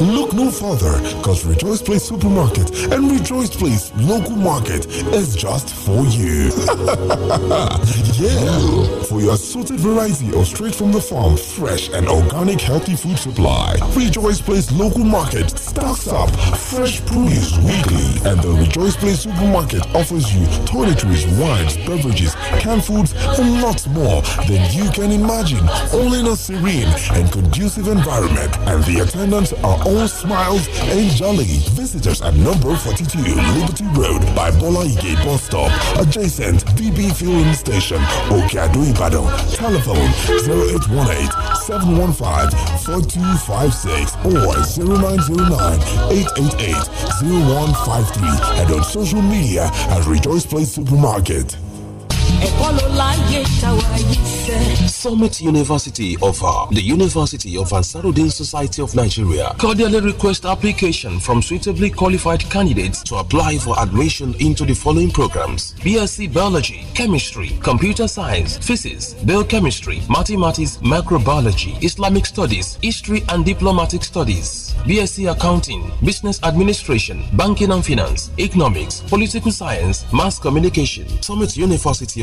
Look no further, because Rejoice Place Supermarket and Rejoice Place Local Market is just for you. yeah, for your assorted variety of straight from the farm, fresh and organic healthy food supply. Rejoice Place Local Market stocks up fresh produce weekly, and the Rejoice Place Supermarket offers you toiletries, wines, beverages, canned foods, and lots more more than you can imagine, all in a serene and conducive environment. And the attendants are all smiles and jolly. Visitors at number 42 Liberty Road by Bola Ige bus stop, adjacent DB Fueling Station, Okado Ibadan. Telephone 0818 715 4256 or 0909 888 0153 and on social media at Rejoice Place Supermarket. Summit University of uh, the University of Ansarudin Society of Nigeria cordially request application from suitably qualified candidates to apply for admission into the following programs BSc Biology, Chemistry, Computer Science, Physics, Biochemistry, Mathematics, Microbiology, Islamic Studies, History and Diplomatic Studies, BSc Accounting, Business Administration, Banking and Finance, Economics, Political Science, Mass Communication, Summit University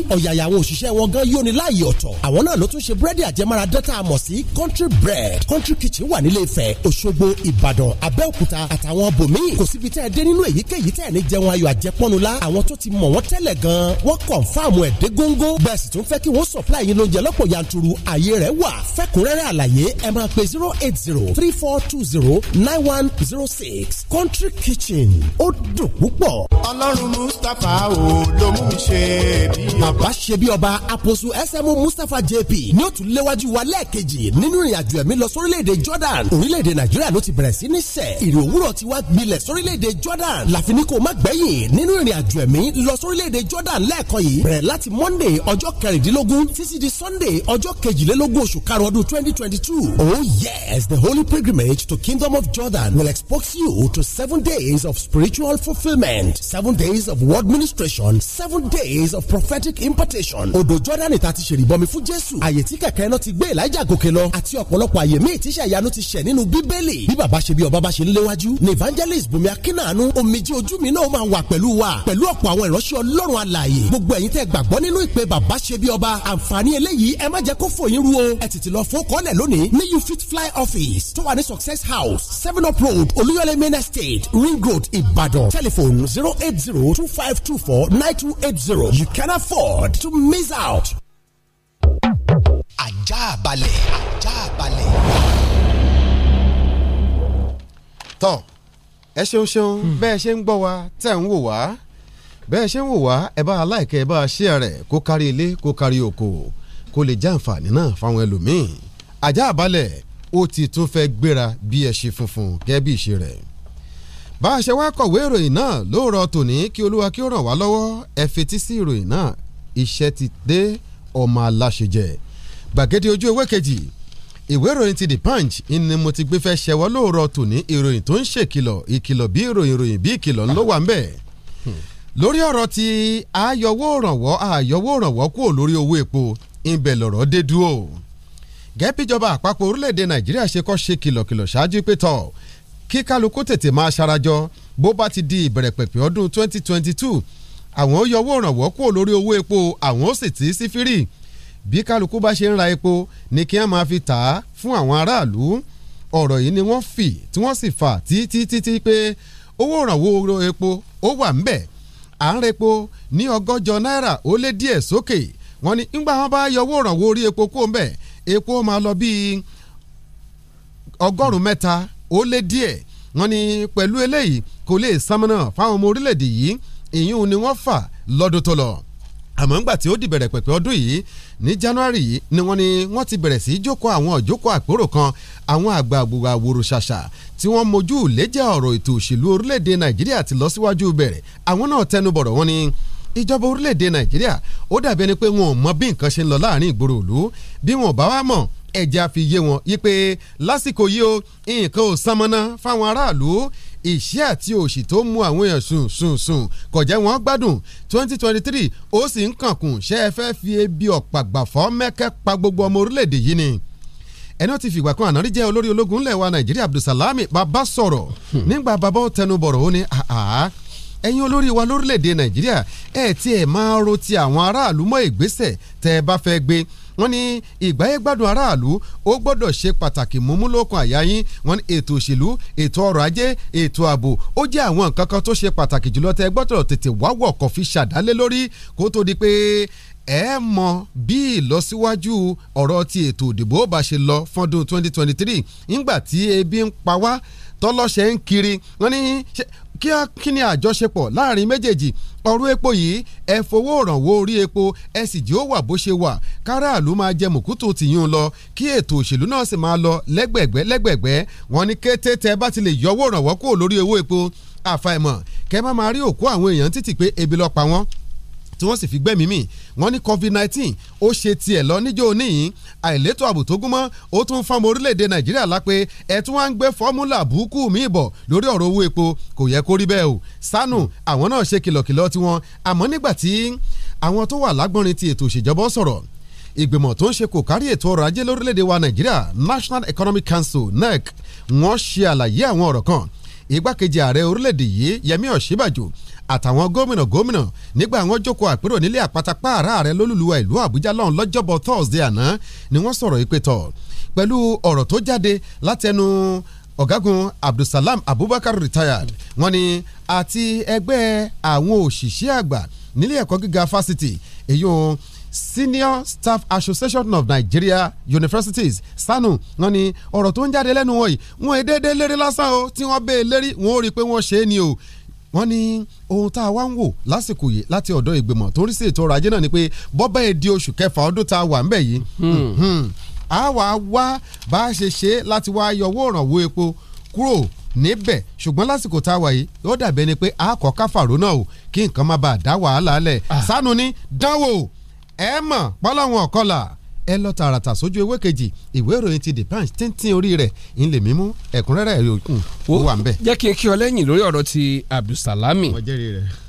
ní ọ̀yàyà òṣìṣẹ́ wọn gan yóò ní láàyè ọ̀tọ̀ àwọn náà ló tún ṣe búrẹ́dì àjẹmára dẹ́ta àmọ̀ sí country bread country kitchen wà nílé Ifẹ̀ Òṣogbo Ìbàdàn Abẹ́òkúta àtàwọn bòmíì kò síbi tẹ́ ẹ dé nínú èyíkéyìí tẹ́ ẹ ní jẹun ayọ̀ àjẹpọ́nu la àwọn tó ti mọ̀ wọ́n tẹ́lẹ̀ gan wọ́n kọ̀ǹfàmù ẹ̀ dé góńgó bẹ́ẹ̀ sì tún fẹ́ bàbá ṣe bí ọba àpòsù ẹsẹmú mustapha jp ní ó tún léwájú wa lẹ́ẹ̀kejì nínú ìrìnàjò ẹ̀mí lọ sórílẹ̀ jordan orílẹ̀-èdè nàìjíríà ló ti bẹ̀rẹ̀ sí ní sẹ̀ ìrì òwúrọ̀ ti wá gbilẹ̀ sórílẹ̀ jordan láfi ní kó má gbẹ̀yìn nínú ìrìnàjò ẹ̀mí lọ sórílẹ̀ jordan lẹ́ẹ̀kan yìí bẹ̀rẹ̀ láti monday ọjọ́ kẹrìndínlógún títí di sunday ọjọ́ kejìlélógún oṣù karùn-ún ọdún twenty twenty two oh yes the holy pilgrimage to kingdom of jordan will expose you to seven days of spiritual fulfilment seven days of word ministration seven days of prophetic importation odò Jọ́dánì ta ti ṣèrìbọmi fún Jésù àyè tí kẹ̀kẹ́ náà ti gbé Èlíjà gòkè lọ àti ọ̀pọ̀lọpọ̀ àyè míì tíṣà ìyanu ti ṣẹ̀ nínú Bíbélì bí bàbá ṣe bí ọba bá ṣe ń léwájú ni evangelist Bùnmi Akínàánú omijì ojú mi náà máa wà pẹ̀lú wa pẹ̀lú ọ̀pọ̀ àwọn ìránṣẹ́ Ọlọ́run alààyè gbogbo ẹ̀yin tẹ́ gbàgbọ́ nínú ìpè bàbá ṣe bí ọba àǹfààní eléyìí ẹ má jẹ́ kó fòyín ru o ẹ tètè lọ fún kọ́lẹ̀ lónìí ní you fit fly office tó wà ní success house seven up road olúyọlé main estate ring road Ibadan. telephone zero eight zero two five two four nine two eight zero you can afford afford to miss out. ajá balẹ̀ ajá balẹ̀. tán ẹ ṣeun ṣeun hmm. bẹ́ẹ̀ ṣe ń gbọ́ wa tẹ̀ ń wò wá bẹ́ẹ̀ ṣe ń wò wá ẹ bá aláìkẹ́ ẹ bá ṣíà rẹ̀ kó kárí ilé kó kárí oko kó lè jàǹfààní náà fáwọn ẹlòmíì ajá balẹ̀ ó ti tún fẹ́ gbéra bí ẹṣin funfun gẹ́gẹ́ bí ìṣe rẹ̀ bá a ṣe wá kọ̀wé ìròyìn náà lóòrọ̀ tòní kí olúwa kí ó ràn wá lọ́wọ́ ẹ fetí sí ìròyìn náà iṣẹ́ ti dé ọmọ aláṣẹ jẹ gbàgede ojú ewé kejì ìwé ìròyìn ti the punch ni mo ti gbé fẹ́ ṣẹwọ́ lóòrọ̀ tòní ìròyìn tó ń ṣèkìlọ̀ ìkìlọ̀ bí ìròyìn ìròyìn bí ìkìlọ̀ ńlọ wà ń bẹ̀ lórí ọ̀rọ̀ ti àyọwó òrànwọ́ àyọwó òrànwọ́ kúrò lórí owó epo ìbẹ̀ lọ̀rọ̀ dé dúró gẹ́bíjọba àpapọ̀ orílẹ̀-èdè nàìjíríà ṣe kọ́ ṣe kìlọ̀kìlọ̀ ṣáájú pé tọ̀ kí kálukú tètè máa ṣarajọ bó bá ti di ìbẹ̀rẹ̀pẹ̀pẹ̀ ọdún 2022 àwọn ó yọwọ́ ìrànwọ́ kúrò lórí owó epo àwọn ó sì tì í sí fírì bí kálukú bá ṣe ń ra epo ni kí wọ́n máa fi tà á fún àwọn aráàlú ọ̀rọ̀ yìí ni wọ́n fì tí wọ́n sì fà títítítí pé owó ìrànwọ́ epo ó wà ńbẹ̀ à ń repo ní ọgọ́jọ náírà ó lé díẹ̀ sókè wọ́n ní ńgbà wọn bá yọwọ́ ìrànwọ́ orí epo kúrò ńbẹ̀ epo máa lọ bíi ọgọ́rùn-ún mẹ́ta ó lé díẹ̀ wọ́n ní pẹ̀lú eléyìí kò lè sanmọ́nà fáwọn ọmọ orílẹ̀-èdè yìí ìyún ni wọ́n fà lọ́dún tó lọ àmọ́ ńgbà tí ó di bẹ̀rẹ̀ pẹ̀pẹ̀ ọdún yìí ní January yìí ni wọ́n ni wọ́n ti bẹ̀rẹ̀ sí í jókòó àwọn ìjókòó àpérò kan àwọn àgbààgbà wòrò ṣàṣà tí wọ́n mojú lẹ́jà ọ̀rọ̀ ètò òṣèlú orílẹ̀-èdè Nàìjíríà ti lọ síwájú bẹ̀rẹ̀ àwọn náà tẹnubọ̀rọ̀ wọn ni ìjọba orílẹ̀-èdè Nàìjíríà ó dàbí ẹni pé wọn ò mọ bí nǹkan ṣe ń lọ láàrin ìgboro òlu bí wọn ò bá wá mọ̀ ẹ̀jẹ̀ àfi yé wọn yí pé lásìkò yìí o nǹkan ò sanmọ́ná fáwọn aráàlú ìṣẹ́ àti òṣì tó mú àwọn èèyàn sùn sùn sùn kò jẹ́ wọ́n gbádùn twenty twenty three ó sì ń kànkùn ṣé ẹ fẹ́ fi ebi ọ̀pá gbàfọ́ mẹ́kẹ́ pa gbogbo ọmọ orílẹ̀-èdè yìí ni ẹni ó ti fìgbà kan ànárí jẹ́ olórí ológun ńlẹ̀ wa nàìjíríà abdulsalami bàbá sọ̀rọ̀ hmm. nígbà bàbá ó tẹnu bọ̀rọ̀ ó ní àhà olórí wa lórílẹ̀‐èdè nàìjíríà ẹ̀ tí ẹ̀ máa ro ti àwọn aráàlú mọ́ ìgbésẹ̀ tẹ́ ẹ bá fẹ́ gbé wọ́n ní ìgbáyégbádùn aráàlú ó gbọ́dọ̀ ṣe pàtàkì múmúlòkun àyà yín wọ́n ní ètò òṣèlú ètò ọrọ̀ ajé ètò ààbò ó jẹ́ àwọn nǹkan kan tó ṣe pàtàkì jùlọ tẹ́ gbọ́dọ̀ tètè wáwọ̀ kọ́ fi ṣàdálé lórí kó tó di pé ẹ mọ bí ìlọsíwájú ọ̀rọ̀ ti ètò òdìbò bá ṣe lọ fọ́dún 2023 ńgbà tí ebi ń pa wá tọ́lọ́ṣẹ́ ń kiri wọ́n ní kí ni àjọṣepọ̀ láàrin méjèèjì ọ̀rọ̀ epo yìí ẹ fowó ìrànwọ́ orí epo ẹ sì jí ó wà bó ṣe wà káràlú máa jẹ mùkútù tìyún lọ kí ètò òṣèlú náà sì máa lọ lẹ́gbẹ̀gbẹ́ lẹ́gbẹ̀gbẹ́ wọn ni kété tẹ bá ti lè yọwọ́ ìrànwọ́ kúrò lórí owó epo àfàìmọ̀ kẹ́ má máa rí òkú àwọn èèyàn títì pé ebi lọ pa wọ́n tí wọ́n sì fi gbẹ́mí mì wọ́n ní covid nineteen ó ṣe tiẹ̀ lọ níjó oníyìn àìlétò ààbò tó gúnmọ́ ó tún ń fọ́nmọ orílẹ̀-èdè nàìjíríà lápé ẹ̀ tí wọ́n ń gbé fọ́múlà búkú mi bọ̀ lórí ọ̀rọ̀ owó epo kò yẹ kó rí bẹ́ẹ̀ o sanu àwọn náà ṣe kìlọ̀kìlọ̀ tiwọn àmọ́ nígbà tí àwọn tó wà lágbọ́nrin ti ètò òṣèjọba sọ̀rọ̀ ìgbìmọ̀ tó ń ṣe kò kárí ètò ọrọ̀ ajé lórílẹ̀‐èdè wa nàìjíríà National Economic Council NEC wọ́n ṣe àlàyé àwọn ọ̀rọ̀ kan igbákejì ààrẹ orílẹ̀‐èdè yìí Yẹmí Ọ̀ṣínbàjò àtàwọn gómìnà gómìnà nígbà àwọn jókòó àpérò nílé àpáta pààrà rẹ lólùlùwà ìlú àbújá lọ́hùn lọ́jọ́bọ̀ thursday àná ni wọ́n sọ̀rọ̀ ìpè tọ̀ pẹ̀lú ọ̀rọ̀ tó jáde látẹnu ọ̀gágun abdulsalam abubakar retired wọ́n ní àti ẹgbẹ́ àwọn òṣìṣẹ́ àgbà nílé ẹ̀kọ́ gíga fásitì èyí o senior staff association of nigeria universities sanu wọ́n ní ọ̀rọ̀ tó ń jáde lẹ́nu wọn yìí wọ́n èdèdè lérí lásán o tí wọ́n bẹ́ẹ̀ lérí wọ́n ó rí i pé wọ́n ṣe é ni o wọ́n ní ohun tá a wá ń wò lásìkò yìí láti ọ̀dọ̀ ìgbìmọ̀ tó rí sí ètò ọrọ̀ ajé náà ni pé bọ́bá ẹ̀ di oṣù kẹfà ọdún tá a wà ńbẹ̀ yìí hmm. Hmm. a wà wá bá a ṣe ṣe láti wá yọwọ́ òrànwó epo kúrò níbẹ̀ ṣùgbọ́n lásìkò tá a wà yìí ó dàbẹ́ ni pé a kọ́ káfàró náà o kí nǹkan má bàa dá wàhálà lẹ̀ ah. sánú ni dánwò ẹ̀ mọ̀ pọ́lọ́wọ́n ọ̀kọ́là ẹ lọ tààràtà sójú ewé kejì ìwé ìròyìn ti the punch tíntín orí rẹ̀ ń lè mímú ẹ̀kúnrẹ́rẹ́ ìròyìn ó wà ń bẹ̀. jẹ́ kí n kí ọ lẹ́yìn lórí ọ̀rọ̀ ti Abdulsalami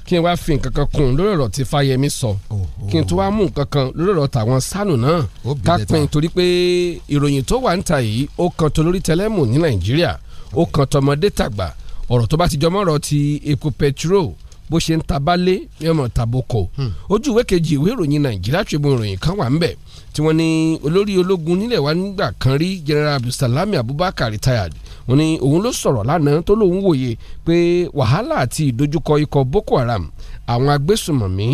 kí n wá fi nǹkan kan kún lórí ọ̀rọ̀ tí Fáyẹmí sọ kí n tó wá mú nǹkan kan lórí ọ̀rọ̀ tàwọn sánù náà ká pin torí pé ìròyìn tó wà ń ta yìí ó kan tó lórí tẹlẹ́mù ní Nàìjíríà ó kan tọmọdé tàgbà ọ̀rọ̀ tó bá ti jọmọ́ ọ̀rọ̀ ti epo petrol bó ṣe ń tabalé yọmọ taboko hmm. ojú ìwé kejì ìwé ìròyìn Nàìjíríà Tribune ìròyìn kan wà ń bẹ̀ tí wọ́n ní olórí ológun nílẹ̀ wa nígbà kan rí general abdulsalami abubakar retired wọ́n ní òun ló sọ̀rọ̀ lánàá tó lóun wòye pé wàhálà àti ìdojúkọ ikọ̀ boko haram àwọn agbésùmọ̀mí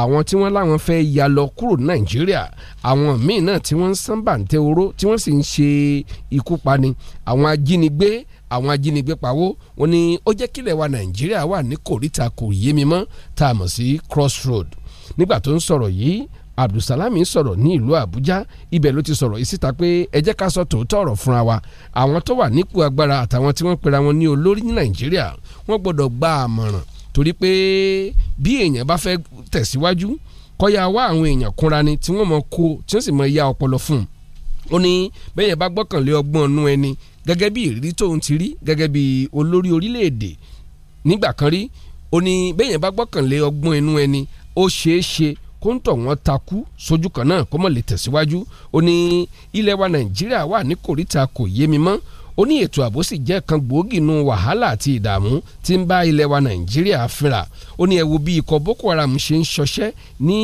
àwọn tí wọ́n láwọn fẹ́ ya lọ kúrò nàìjíríà àwọn míì náà tí wọ́n ń sán bàǹtẹ́ oró tí wọ́n sì ń ṣe ikú pani àwọn ajínigbé àwọn ajínigbé pawó wọ́n ní ó jẹ́ kílẹ̀ wa nàìjíríà wà ní kòríta kò yé mi mọ́ tá a mọ̀ sí crossroad nígbà tó ń sọ̀rọ̀ yìí abdulsalami sọ̀rọ̀ ní ìlú abuja ibẹ̀ ló ti sọ̀rọ̀ yìí síta pé ẹ jẹ́ ká sọ tòótọ́ ọ̀rọ̀ fúnra wa àwọn tó wà nípò agbára àtàwọn tí wọ́n pera wọn ní olórí ní nàìjíríà wọ́n gbọ́dọ̀ gba àmọ̀ràn torí pé bí èèyàn bá fẹ́ tẹ̀síwájú kọ́ya wá àwọn èèyàn kúnra ni tí wọ́n mọ kó tí wọ́n sì mọ ya ọpọlọ fún un ó ní bẹ́yẹn bá gbọ́kànlé ọgbọ́n nú ẹni gẹ́gẹ́ bí ìrírí tóun ti rí gẹ́gẹ́ bí olórí orílẹ̀ ọgbọ́n inú ẹni ó ṣeé ṣe kó ń tọ̀ wọ́n takú sójú kan náà kó mọ̀ lè tẹ̀síwájú ó ní ilẹ̀ wa nàìjíríà wà ní kòríta kò yé mi mọ́ ó ní ètò ààbò sì jẹ́ kan gbòógì nu wàhálà àti ìdààmú tí ń bá ilẹ̀ wa nàìjíríà fínra ó ní ẹ bí ikọ̀ boko haram ṣe ń ṣọṣẹ́ ní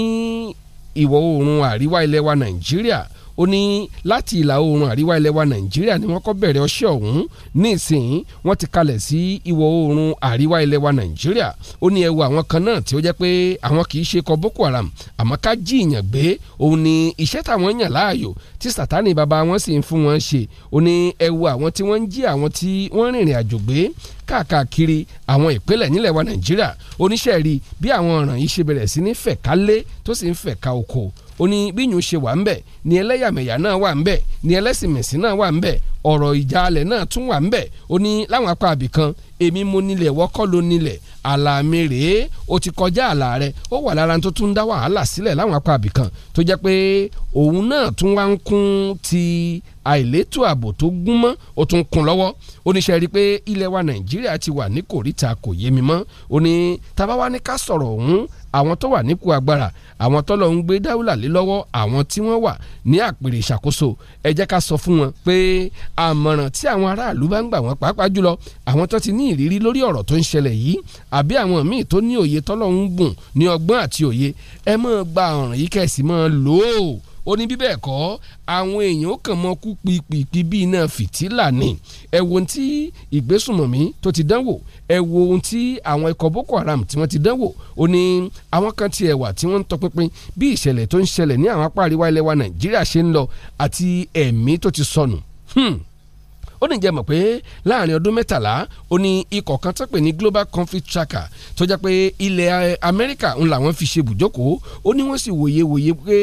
ìwọ̀ oòrùn àríwá ilẹ̀ wa nàìjíríà ó ní láti ìlà oòrùn àríwá ilẹ̀ wa nàìjíríà ni wọ́n kọ́ bẹ̀rẹ̀ ọṣẹ́ ọ̀hún ní ìsìn wọ́n ti kalẹ̀ sí ìwọ̀ oòrùn àríwá ilẹ̀ wa nàìjíríà ó ní ẹwà àwọn kan náà tí ó jẹ́ pé àwọn kì í ṣe kọ boko haram àmọ́ ká jí ìyàn gbé òun ni iṣẹ́ táwọn yàn láàyò tí sátánì bàbá wọn sì ń fún wọn ṣe ó ní ẹwà àwọn tí wọ́n ń jí àwọn tí wọ́n rìnrìn àjò gbé káàkiri àwọn ìpínlẹ̀ nílẹ̀ wa nàìjíríà oníṣẹ́ rí bí àwọn ọ̀ràn yìí ṣe bẹ̀rẹ̀ sí ní fẹ̀ka lé tó sì ń fẹ̀ka oko ó ní bí yìnyín ṣe wà ń bẹ̀ ni ẹlẹ́yàmẹ̀yà náà wà ńbẹ̀ ni ẹlẹ́sìnmẹ̀sìn náà wà ńbẹ̀ ọ̀rọ̀ ìjàlẹ̀ náà tún wà ńbẹ̀ ó ní láwọn apá àbìkan èmi mo nílẹ̀ wọ́kọ́ ló nílẹ̀ àlà mi rèé ó ti kọjá àlà rẹ ó wà lára tó tún dá wàhálà sílẹ̀ láwọn apá àbìkan tó jẹ́ pé òun náà tún wá ń kún ti àìlétò ààbò tó gún mọ́ ó tún kún lọ́wọ́ ó ní ṣe pé ilẹ̀ wa nàìjíríà ti wà ní kòríta kò yé mi mọ́ ó ní tábà wá ní ká sọ̀rọ̀ òun àwọn tó wà nípò agbára àwọn tó lọ ń gbé dáwùlà lé lọ́wọ́ àwọn tí wọ́n wà ní àpèrè ìṣàkóso ẹ jẹ́ ká sọ fún wọn pé àmọ̀ràn tí àwọn aráàlú bá ń gbà wọ́n pàápàá jùlọ àwọn tó ti ní ìrírí lórí ọ̀rọ̀ tó ń ṣẹlẹ̀ yìí àbí àwọn míì tó ní òye tọ́lọ́hún bùn ní ọgbọ́n àti òye ẹ máa gba ọ̀ràn yìí kẹ̀sì máa lò ó ó ní bíbẹ̀ ẹ̀kọ́ àwọn èèyàn kàn mọ́ kú pípípí bíi iná fìtílà ni ẹ wo ohun tí ìgbésùnmọ̀mí tó ti dánwò ẹ wo ohun tí àwọn ikọ̀ Boko Haram tí wọ́n ti dánwò ó ní àwọn kan ti ẹ̀wà tí wọ́n ń tọpinpin bí ìṣẹ̀lẹ̀ tó ń ṣẹlẹ̀ ní àwọn apá àríwá ilẹ̀ wa Nàìjíríà ṣe ń lọ àti ẹ̀mí tó ti sọnù. Hmm ó ní jẹ́ mọ̀ pé láàrin ọdún mẹ́tàlá ó ní ikọ̀ kan tó pè ní global conflict tracker tó jẹ́ pé ilẹ̀ eh, amẹ́ríkà ń làwọn fi ṣe bùjókòó ó ní wọ́n sì wòye wòye pé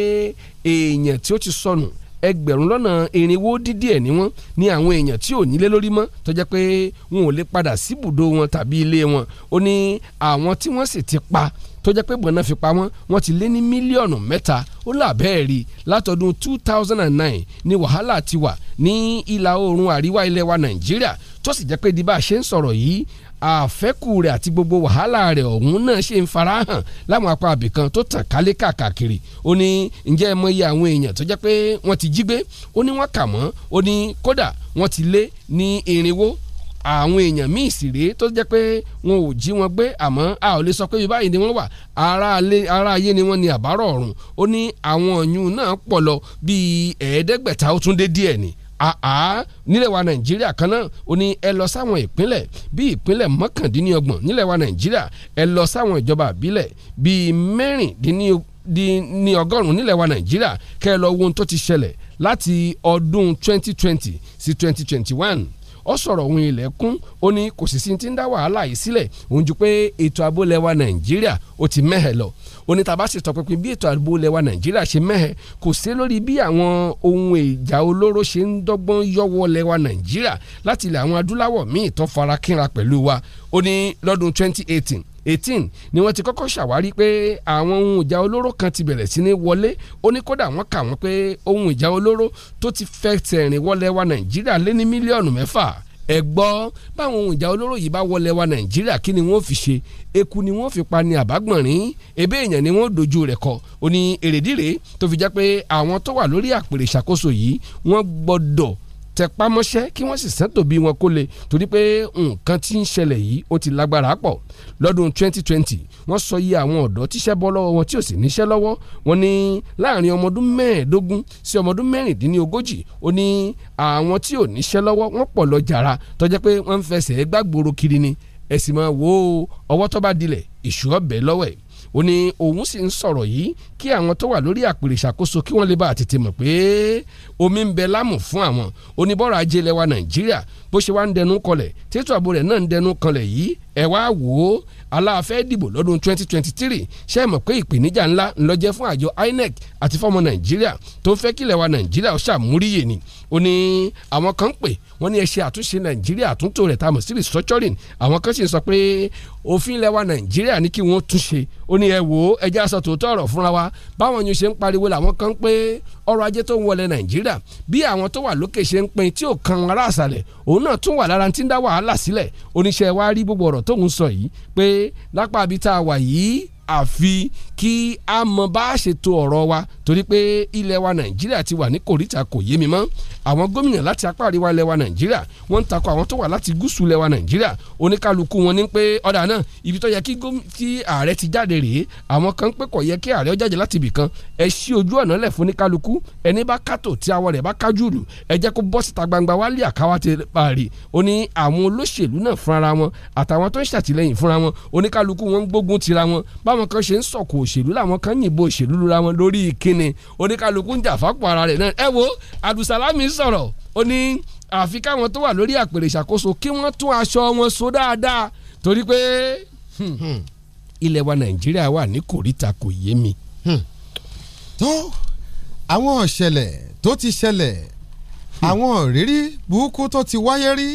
èèyàn tí ó ti sọnù ẹgbẹ̀rún lọ́nà irinwó dídí ẹ̀ ní wọ́n ní àwọn èèyàn tí ò nílé lórí mọ́ tó jẹ́ pé wọn ò lè padà síbùdó wọn tàbí ilé wọn ó ní àwọn tí wọ́n sì ti pa tó jẹ́ pé gbọ̀nà fi pamọ́ wọ́n ti lé ní mílíọ̀nù mẹ́ta ó là bẹ́ẹ̀ rí látọdún two thousand and nine ni wàhálà ti wà ní ìlà oòrùn àríwá ilẹ̀ wa nàìjíríà tó sì jẹ́ pé di bá a ṣe ń sọ̀rọ̀ yìí àfẹ́kù rẹ̀ àti gbogbo wàhálà rẹ̀ ọ̀hún náà ṣe ń farahàn láwọn apá abìkan tó tàn kálé kàkàkiri ó ní ǹjẹ́ ẹ mọ iye àwọn èèyàn tó jẹ́ pé wọ́n ti jí gbé ó ní wọ́n kà mọ́ ó ní kódà wọ́n ti lé ní irinwó àwọn èèyàn míì sì rèé tó jẹ́ pé wọn ò jí wọn gbé àmọ́ a ò lè sọ pé bí báyìí ni wọ́n wà ara ayé ni wọ́n ní àbárọ̀ ọ̀run ó ní àwọn ọ̀yun náà pọ̀ lọ bíi ẹ̀ẹ́dẹ́gbẹ̀ta ó tún dé díẹ̀ ni àá nílẹ̀ wa nàìjíríà kan náà ó ní ẹ lọ sáwọn ìpínlẹ̀ bíi ìpínlẹ̀ mọ́kàndínlọ́gbọ̀n nílẹ̀ wa nàìjíríà ẹ lọ sáwọn ìjọba àbílẹ̀ bíi mẹ́rìndínlọ́gọ́rùn nílẹ̀ wa nàìjíríà kẹ́ ẹ lọ wo ohun tó ti ṣẹlẹ̀ láti ọdún 2020 sí 2021 ó sọ̀rọ̀ òun ilẹ̀kùn ó ní kò sì sí ti ń dá wàhálà yìí sílẹ̀ òun ju pé ètò ààbò wa nàìjíríà ó ti mẹ́hẹ̀ lọ ó ní tàbá sì tọpinpin bí ètò ààbò ilẹ̀ wa nàìjíríà ṣe mẹ́hẹ̀ kò sí lórí bí àwọn ohun ìjà olóró ṣe ń dọ́gbọ́n yọwọ́ ilẹ̀ wa nàìjíríà láti ilẹ̀ àwọn adúláwọ̀ míì tó farakínra pẹ̀lú wa ó ní lọ́dún 2018 eighteen ni wọ́n ti kọ́kọ́ ṣàwárí pé àwọn ohun ìjà olóró kan ti bẹ̀rẹ̀ sí ní wọlé ó ní kódà wọ́n kà wọ́n pé ohun ìjà olóró tó ti fẹsẹ̀ rìn wọlé wa nàìjíríà lé ní mílíọ̀nù mẹ́fà ẹ báwọn ohun ìjà olóró yìí bá wọlé wa nàìjíríà kí ni wọ́n fi ṣe eku ni wọ́n fi pa ni àbágbọ̀nrín ebe èèyàn ni wọ́n dojú rẹ̀ kọ ó ní èrèdíre tó fi jẹ́ pé àwọn tó wà lórí àpèrè ìṣàkóso yìí wọ́n gbọ́dọ̀ tẹpá mọ́ṣẹ́ kí wọ́n sì sán tòbí wọn kó le torí pé nǹkan tí ń ṣẹlẹ̀ yìí ó ti lágbára pọ̀ lọ́dún 2020 wọ́n sọ iye àwọn ọ̀dọ́ tíṣẹ́ bọ́ lọ́wọ́ wọn tí ò sì níṣẹ́ lọ́wọ́ wọn ní láàrin ọmọdún mẹ́ẹ̀ẹ́dógún sí ọmọdún mẹ́rìndínlógójì ó ní àwọn tí ò níṣẹ́ lọ́wọ́ wọ́n pọ̀ lọ jàrá tó pé wọ́n fẹsẹ̀ gbàgbóró kiri ni ẹ̀sìn máa wo ọwọ́ tó bá dilẹ̀ ìṣúọ́ ó ní òun sì ń sọ̀rọ̀ yìí kí àwọn tó wà lórí àpèrè ìṣàkóso kí wọ́n lè bá tètè mọ̀ pé omi ń bẹ lámù fún àwọn oníbọ̀rọ̀ ajé lẹwa Nàìjíríà bó ṣe wá ń dẹnu kọlẹ̀ tètò ààbò rẹ̀ náà ń dẹnu kanlẹ̀ yìí ẹ wá wò ó aláàfẹ́ dìbò lọ́dún 2023 ṣe é mọ̀ pé ìpèníjà ńlá ńlọjẹ́ fún àjọ INEC àti fọ́mọ nàìjíríà tó ń fẹ́ kílẹ̀ wa nàìjíríà ó ṣàmúríyè ni ó ní àwọn kan ń pè wọ́n ní ẹ ṣe àtúnṣe nàìjíríà àtúntò rẹ̀ tá a mọ̀ sí restructuring àwọn kan sì ń sọ pé òfin ilẹ̀ wa nàìjíríà ní kí wọ́n túnṣe ó ní ẹ wò ó ẹjẹ́ aṣọ tòótọ́ ọ̀rọ̀ fúnra wa báwọn yóò ṣe ń pariwo làwọn kan ń pé ọrọ̀ ajé tó ń wọlé nàìjíríà bí àwọn tó wà lókè ṣe ń pin tí ò kan ará àṣàlẹ̀ òun náà tún wà lára tí ń dá wàhálà sílẹ̀ oníṣẹ́ wa rí gbogbo ọ̀rọ̀ tóun sọ yìí pé lápá ibi wà yìí àfi kí a mọ bá a ṣètò ọ̀rọ̀ wa torí pé ilẹ̀ wa nàìjíríà ti wà ní kòríta kò yé mi mọ́ àwọn gómìnà láti apá àríwá ilẹ̀ wa nàìjíríà wọ́n ń takò àwọn tó wà láti gúúsù ilẹ̀ wa nàìjíríà oníkálukú wọn ní pé ọ̀dà náà ibi tó yẹ kí ààrẹ ti jáde rèé àwọn kan pé kò yẹ kí ààrẹ ó jáde láti ibì kan ẹ ṣí ojú ọ̀nà lẹ̀ fún oníkálukú ẹni bá kátó tí awọ rẹ̀ bá kájú lù ẹ jẹ́ kó bọ́ síta gbangba wálé àkáwá ti parí ó àwọn olóṣèlú náà báwọn kan ṣe ń sọ̀kò òṣèlú làwọn kan yìnbọn òṣèlú lura wọn lórí ìkíni oníkálukú ń jà ara rẹ̀ náà ẹ wo Abdulsalami sọ̀rọ̀ ó ní àfi káwọn tó wà lórí àpèrè ìṣàkóso kí wọ́n tún aṣọ wọn so dáadáa torí pé hmm, hmm. ilẹ̀ wa Nàìjíríà wà ní kòríta kò yé mi. Hmm. tó àwọn ìṣẹ̀lẹ̀ tó ti ṣẹlẹ̀ àwọn ìrírí burúkú tó ti wáyé rí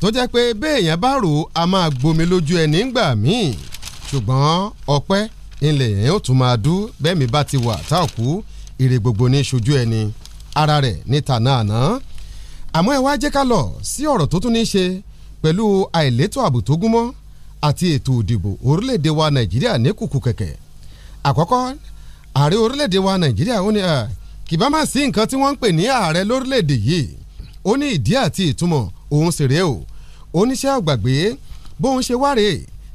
tó jẹ́ pé béèyàn bá rò ó máa gbomi lójú ẹni ńgbà míì ṣùgbọ́n ọpẹ́ ilẹ̀ yẹn ó tún máa dú bẹ́ẹ̀ mi bá ti wà tá òkú ire gbogbo ní ṣojú ẹni ara rẹ̀ níta náà ná àmọ́ ẹ wá jẹ́ ká lọ sí ọ̀rọ̀ tó tún ní ṣe pẹ̀lú àìlétò ààbò tó gúnmọ́ àti ètò òdìbò orílẹ̀-èdè wa nàìjíríà ní kùkù kẹ̀kẹ́ àkọ́kọ́ ààrẹ orílẹ̀-èdè wa nàìjíríà ó ní kì bá má sí nǹkan tí wọ́n ń pè ní ààrẹ lórílẹ̀-èdè yìí ó ní ìdí àti ìtumọ̀ òun sì rèé o oníṣẹ́ àgbàgbé bóun ṣe wáre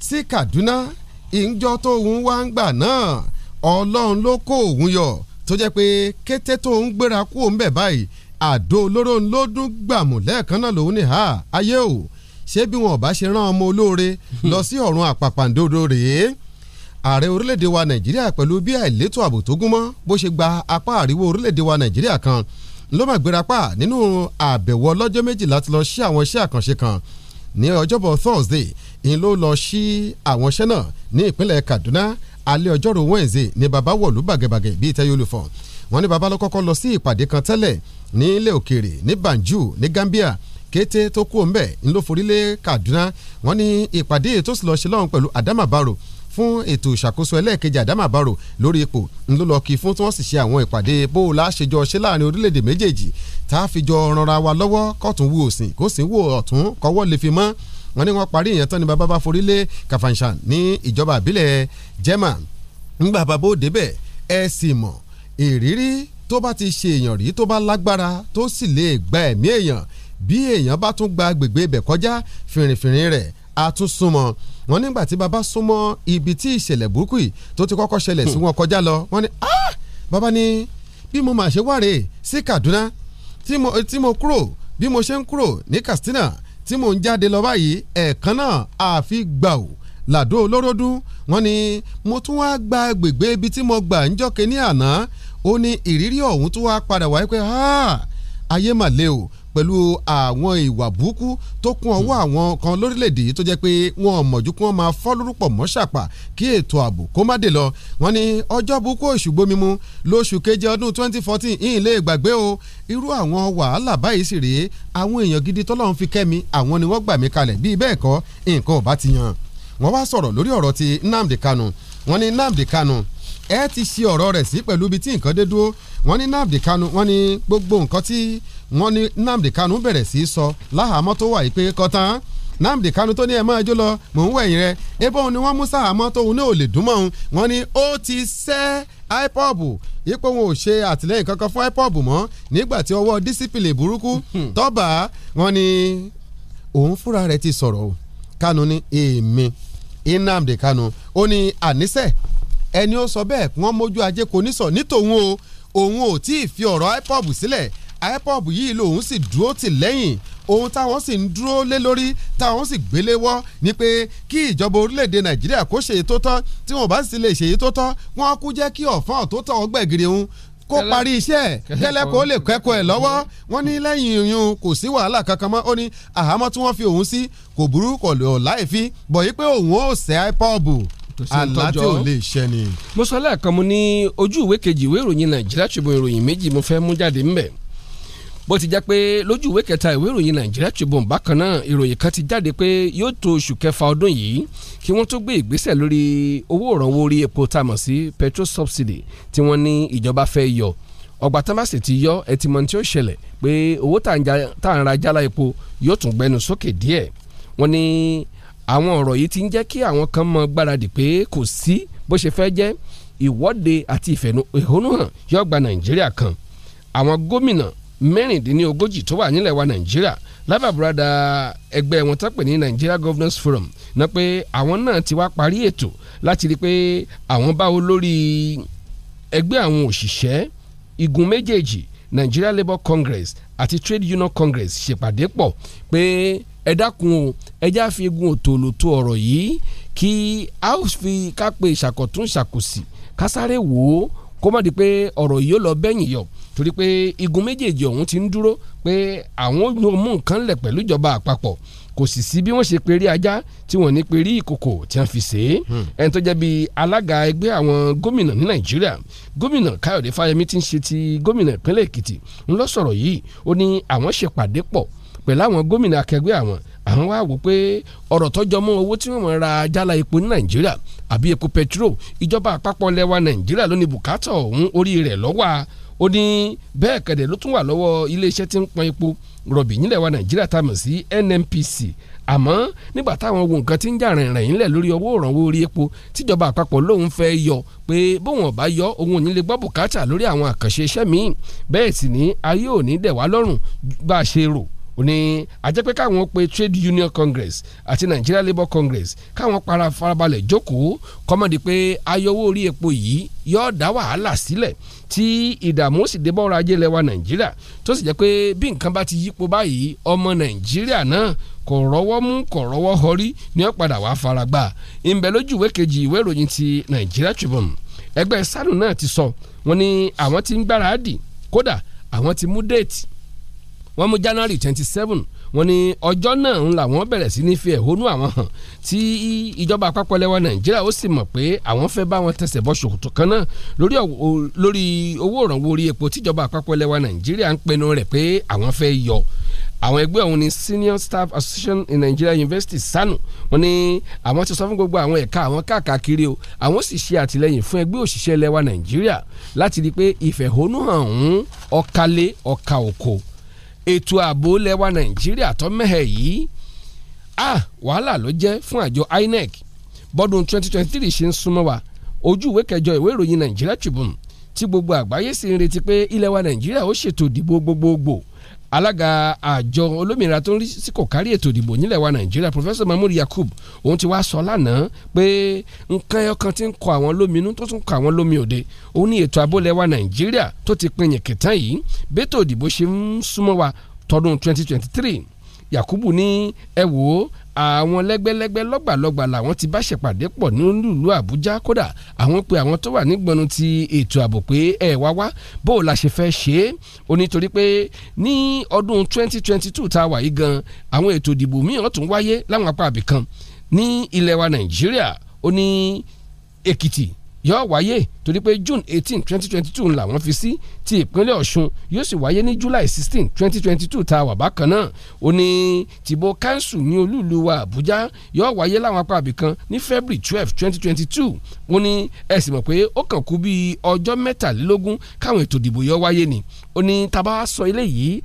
sí Kaduna ìjọ́ tóun wá ń gbà náà ọlọ́run ló kó òun yọ tó jẹ́ pé kété tóun gbéra kú òun bẹ̀ báyìí àdó olóró ló dún gbàmù lẹ́ẹ̀kan náà lòun ní ha ayé o ṣé bí wọn ò bá ṣe rán ọmọ olóore lọ sí ọ̀run àpàpàǹdodo rèé ààrẹ orílẹ̀-èdè wa nàìjíríà pẹ̀lú bí àìletò ààbò tó gúnmọ́ bó ṣe gba apá àríwó orílẹ̀-èdè wa nàìjíríà kan ló máa gbérapá nínú àbẹ̀wò ọlọ́jọ́ méjì láti lọ ṣe àwọn iṣẹ́ àkànṣe kan ní ọjọ́bọ̀ thursday ìyẹn ló lọ sí àwọn iṣẹ́ náà ní ìpínlẹ̀ Kaduna alẹ́ ọjọ́rò Wednesday ní baba wọ̀lú bàgẹ́bàgẹ́ bíi tẹ́yọ́ olùfọ̀ wọ́n ní baba ló kọ́kọ́ lọ sí ìpàdé kan tẹ́lẹ̀ ní ilẹ̀ òkèèrè ní Banjul ní Gambia kété tó kú òǹbẹ̀ ńlọ forílẹ̀ Kaduna wọ́n ní ìpàdé tó sì lọ ṣe lọ́hùn pẹ̀lú Adama baro fún ètò ìṣàkóso ẹlẹ́ẹ̀kejì Adama baro lórí ipò ńlọlọ kí fún tí wọ́n sì ṣe àwọn ìpàdé bó o láṣejọ ṣe láàrin orílẹ̀-èdè méjèèjì tá a fi jọ ranra wa lọ́wọ́ kọ́tún wo òsìn kó sì ń wo ọ̀tún kọ́wọ́ lè fi mọ́ wọ́n ní wọ́n parí ìyẹn tán ni bàbá bá forí lé kàfàǹṣà ní ìjọba àbílẹ̀ jẹ́mà ńgbà bàbá ó débẹ̀ ẹ sì mọ̀ ìrírí tó bá ti ṣe èèyàn rí tó bá lágbára tó sì lè gba ẹ̀mí èèyàn bí èèyàn bá tún gba agbègbè ibẹ̀ kọjá fìrìnfìrìn rẹ̀ a tún súnmọ́ wọn nígbà tí baba súnmọ́ ibi tí ìṣẹ̀lẹ̀ burúkú yìí tó ti kọ́kọ́ ṣẹlẹ̀ sí hmm. wọn kọjá lọ wọn ni ah baba ni bí mo mà ṣe wáre sí Kaduna tí mo kúrò bí mo ṣe ń kúrò ní Katsina tí mò ń jáde lọ báyìí ẹ̀ẹ̀kan náà àfi gbà ò làdó olóródún wọn ni mo tún wá gba gbègbè ibi tí mo gbà ń jọ́kẹ́ ní àná ó ní ìrírí ọ̀hún tún wá padà wáyé pé ayé mà le o pẹ̀lú àwọn ìwà burúkú tó kún ọwọ́ àwọn kan lórílẹ̀‐èdè yìí tó jẹ́ pé wọn mọ̀jú kí wọ́n máa fọ́ lórúkọ mọ́ ṣàpà kí ètò ààbò kó má dé lọ wọ́n ní ọjọ́ burúkú oṣù gbomimu lóṣù keje ọdún 2014 ìhìn lè gbàgbé o irú àwọn wàhálà báyìí sì rèé àwọn èèyàn gidi tọ́lọ́run fi kẹ́mi àwọn ni wọ́n gbà mí kalẹ̀ bíi bẹ́ẹ̀ kọ́ nǹkan ò bá ti yàn wọ́n wá sọ̀rọ̀ lórí ọ̀rọ̀ ti Nnamdi Kanu wọ́n ní Nnamdi Kanu ẹ ti ṣe ọ̀rọ̀ rẹ̀ sí pẹ̀lú ibi tí nǹkan dé dúró wọ́n ní Nnamdi Kanu wọ́n ní gbogbo nǹkan tí wọ́n ní Nnamdi Kanu bẹ̀rẹ̀ sí í sọ láhàámọ́ tó wà yìí pé kọ́tán Nnamdi Kanu tó ní ẹ máa jó lọ mò ń wẹ̀yìn rẹ ebó ni wọ́n mú sáhàámọ́ tóun náà ò lè dùn mọ́ òun wọ́n ní ó ti sẹ́ IPOB ipò wọn ò ṣe àtìlẹ́yìn kankan fún IPOB mọ́ nígbà tí ọwọ́ dísípìlì burúkú tọ́ba wọ́n ní òun fúnra rẹ̀ ti sọ̀rọ̀ Kanu ní èèmí Nnamdi Kanu ó ní ànísẹ́ ẹni ó sọ bẹ́ẹ̀ kí wọ́n mójú ajé kò ní sọ nítòun o òun ò tí ì fi ọ̀rọ̀ ipob sílẹ̀ ipob yìí lòun sì dúró tì lẹ́yìn ohun táwọn sì ń dúró lé lórí táwọn sì gbélé ni pé kí ìjọba orílẹ̀-èdè nàìjíríà kó ṣèyí tó tọ́ tí wọ́n bá sì lè ṣèyí tó tọ́ wọ́n kú jẹ́ kí ọ̀fọ́n tó tọ̀ ọgbẹ̀gìrì òun kó parí iṣẹ́ kẹ́lẹ́ kó lè kẹ́kọ̀ọ́ ẹ̀ lọ́wọ́ wọ́n ní lẹ́yìn ìyún kò sí wàhálà kankan mọ́ ó ní àhámọ́ tí wọ́n fi òun sí kò burú kò láì fi bọ̀ yí pé òun ó sẹ́ ipob àlá tí ò lè ṣẹ ni. mo sọ lẹ́ẹ̀kan mo ní ojú ìwé kejì ìwé ìròyìn nàìjíríà Tribune ìròyìn méjì mo fẹ́ mú jáde ńbẹ̀ bó ti jẹ́ pé lójú ìwé kẹta ìwé ìròyìn nàìjíríà Tribune bákan náà ìròyìn kan ti jáde pé yóò tó oṣù kẹfà ọdún yìí kí wọ́n tó gbé ìgbésẹ̀ lórí owó òrànwó orí epo tá a mọ̀ sí petrol subsidy tí wọ́n ní ìjọba fẹ́ yọ ọgbà tán bá sì ti yọ ẹ ti epo yóò tún gbẹnu sókè díẹ̀ àwọn ọ̀rọ̀ yìí ti ń jẹ́ kí àwọn kan mọ gbáradì pé kò sí bó ṣe fẹ́ jẹ́ ìwọ́de àti ìfẹ̀hónúhàn yóò gba nàìjíríà kan àwọn gómìnà mẹ́rìndínlógójì tó wà nílẹ̀ wa nàìjíríà lábàbúradà ẹgbẹ́ wọn tó pè ní Nigeria governance Forum náà pé àwọn náà ti wá parí ètò láti rí i pé àwọn bá olórí ẹgbẹ́ àwọn òṣìṣẹ́ igun méjèèjì Nigeria Labour Congress àti Trade Union Congress ṣèpàdé pọ̀ pé ẹ dákun o ẹ já fi egun òtòlò yìí kí a fi ká pe ìṣàkọ̀tún ìṣàkòsì ká sáré wò ó kó má di pé ọ̀rọ̀ yìí ó lọ bẹ́yìn yọ torí pé igun méjèèjì ọ̀hún ti ń dúró pé àwọn ò mú nǹkan lẹ̀ pẹ̀lú ìjọba àpapọ̀ kò sì sí bí wọ́n ṣe perí ajá tí wọ́n ní perí ìkòkò tí wọ́n fi ṣe é hmm. ẹni tó jẹ́ alága ẹgbẹ́ àwọn gómìnà ní nàìjíríà gómìnà káyọ̀dé fáyemí ti ń ṣe ti gómìnà ìpínlẹ̀ èkìtì ńlọ yìí ó ní àwọn ṣèpàdé pọ̀ pẹ̀lú àwọn gómìnà akẹgbẹ́ àwọn àwọn wá wò pé ọ̀rọ̀ tọ́jọ́ mọ́ owó tí wọ́n ra jálá epo ní nàìjíríà àbí epo petrol ìjọba àpapọ̀ lẹ́wà nàìjíríà ló ní bùkátà ọ̀hún orí rẹ̀ lọ́wọ́ ó ní bẹ́ẹ̀ kẹ̀dẹ̀ ló tún wà lọ́wọ́ iléeṣẹ́ tí ń pọn epo rọ̀bì nílẹ̀ wa nàìjíríà tá a mọ̀ sí NNPC àmọ́ nígbà táwọn ogun nǹkan ti ń jà rìnrìn ńlẹ̀ lórí owó òrànwó orí epo tíjọba àpapọ̀ lòun fẹ́ yọ pé bóun ọ̀bá yọ òun ò ní lè gbọ́ bùkátà lórí àwọn àkànṣe iṣẹ́ míì bẹ́ẹ̀ sì ni ayé ò dẹ̀ wá lọ́rùn bá ṣe rò ó ní àjẹ́ pé káwọn pe trade union congress àti nigeria labour congress káwọn para farabalẹ̀ jókòó kọ́mọ̀dé pé ayọ̀wó orí epo yìí yóò dá wàhálà sílẹ̀ tí ìdààmú sì dé bọ́ọ̀rọ̀ ajé lẹ́wà nàìjíríà tó sì jẹ́ pé bí nǹkan bá ti yípo báyìí ọmọ nàìjíríà náà kò rọ́wọ́ mú kò rọ́wọ́ họrí ni ó padà wàá faragbá ìbẹ̀ lójú ìwé kejì ìwé ìròyìn ti nigeria tribune ẹgbẹ́ sanu náà ti sọ wọ́n ní àwọn ti ń gbáradì kódà àwọn ti mú déètì wọ́n mú January twenty seven wọ́n ní ọjọ́ náà ń là wọ́n bẹ̀rẹ̀ sí ní fi ẹ̀hónú àwọn hàn tí ìjọba àpapọ̀ lẹ́wọ̀n Nàìjíríà ó sì mọ̀ pé àwọn fẹ́ bá wọn tẹsẹ̀ bọ́ ṣòkòtò kan náà lórí owó ìrànwọ́ orí epo tíjọba àpapọ̀ lẹ́wọ̀n Nàìjíríà ń pinnu rẹ̀ pé àwọn fẹ́ yọ àwọn ẹgbẹ́ òun ni senior staff association in nigeria university sanu wọ́n ní àwọn ti sọ fún gbogbo àwọn ẹ̀ka àwọn káàkiri o àwọn sì ṣe àtìlẹyìn fún ẹgbẹ́ òṣìṣẹ́ lẹ́wà nàìjíríà láti rí i pé ìfẹ̀hónúhàn ọ̀hún ọ̀kalẹ̀ ọ̀ka òkò ètò ààbò lẹwa nàìjíríà tó mẹ́hẹ̀ yìí ah wàhálà ló jẹ́ fún àjọ INEC bọ́dún 2023 ṣe ń súnmọ́ wa ojú ìwé kẹjọ ìwé ìròyìn Nigeria Tribune tí gbogbo àgbáyé sì ń retí pé ilẹ̀ wa nàìjíríà ó ṣètò ìdìbò gbogbogbò alága àjọ olómìnira tó ń rí sí kò kárí ètò ìdìbò nílẹ̀ wa nàìjíríà professor mahmood yakub òun ti wá sọ lánàá pé nǹkan ẹyọkan ti ń kọ àwọn lóminú tó tún kọ àwọn lómi òde òun ní ètò abólẹ̀ wa nàìjíríà tó ti pinyìn kìtàn yìí bẹ́tò ìdìbò ṣe ń súnmọ́ wa tọdún 2023 yakubu ní ẹ àwọn lẹ́gbẹ́lẹ́gbẹ́ lọ́gbàlọ́gbà làwọn ti bá ṣèpàdé pọ̀ nílùú àbújá kódà àwọn pe àwọn tó wà nígbọnú ti ètò ààbò pé ẹ wá wá bó o la ṣe fẹ́ ṣe é o nítorí pé ní ọdún 2022 tá a wà yìí gan àwọn ètò ìdìbò mìíràn tún wáyé láwọn apá àbìkan ní ilẹ̀ wa nàìjíríà ó ní èkìtì yóò wáyé torí pé june eighteen twenty twenty two làwọn fi sí ti ìpínlẹ̀ ọ̀ṣun yóò sì wáyé ní july sixteen twenty twenty two tá a wà bákan náà ó ní tìbò kanṣu ní olúùlú wa àbújá yóò wáyé láwọn apá àbìkan ní february twelve twenty twenty two ó ní ẹ sì mọ̀ pé ó kàn kú bíi ọjọ́ mẹ́tàlélógún káwọn ètò ìdìbò yóò wáyé ni ó ní tá a bá sọ eléyìí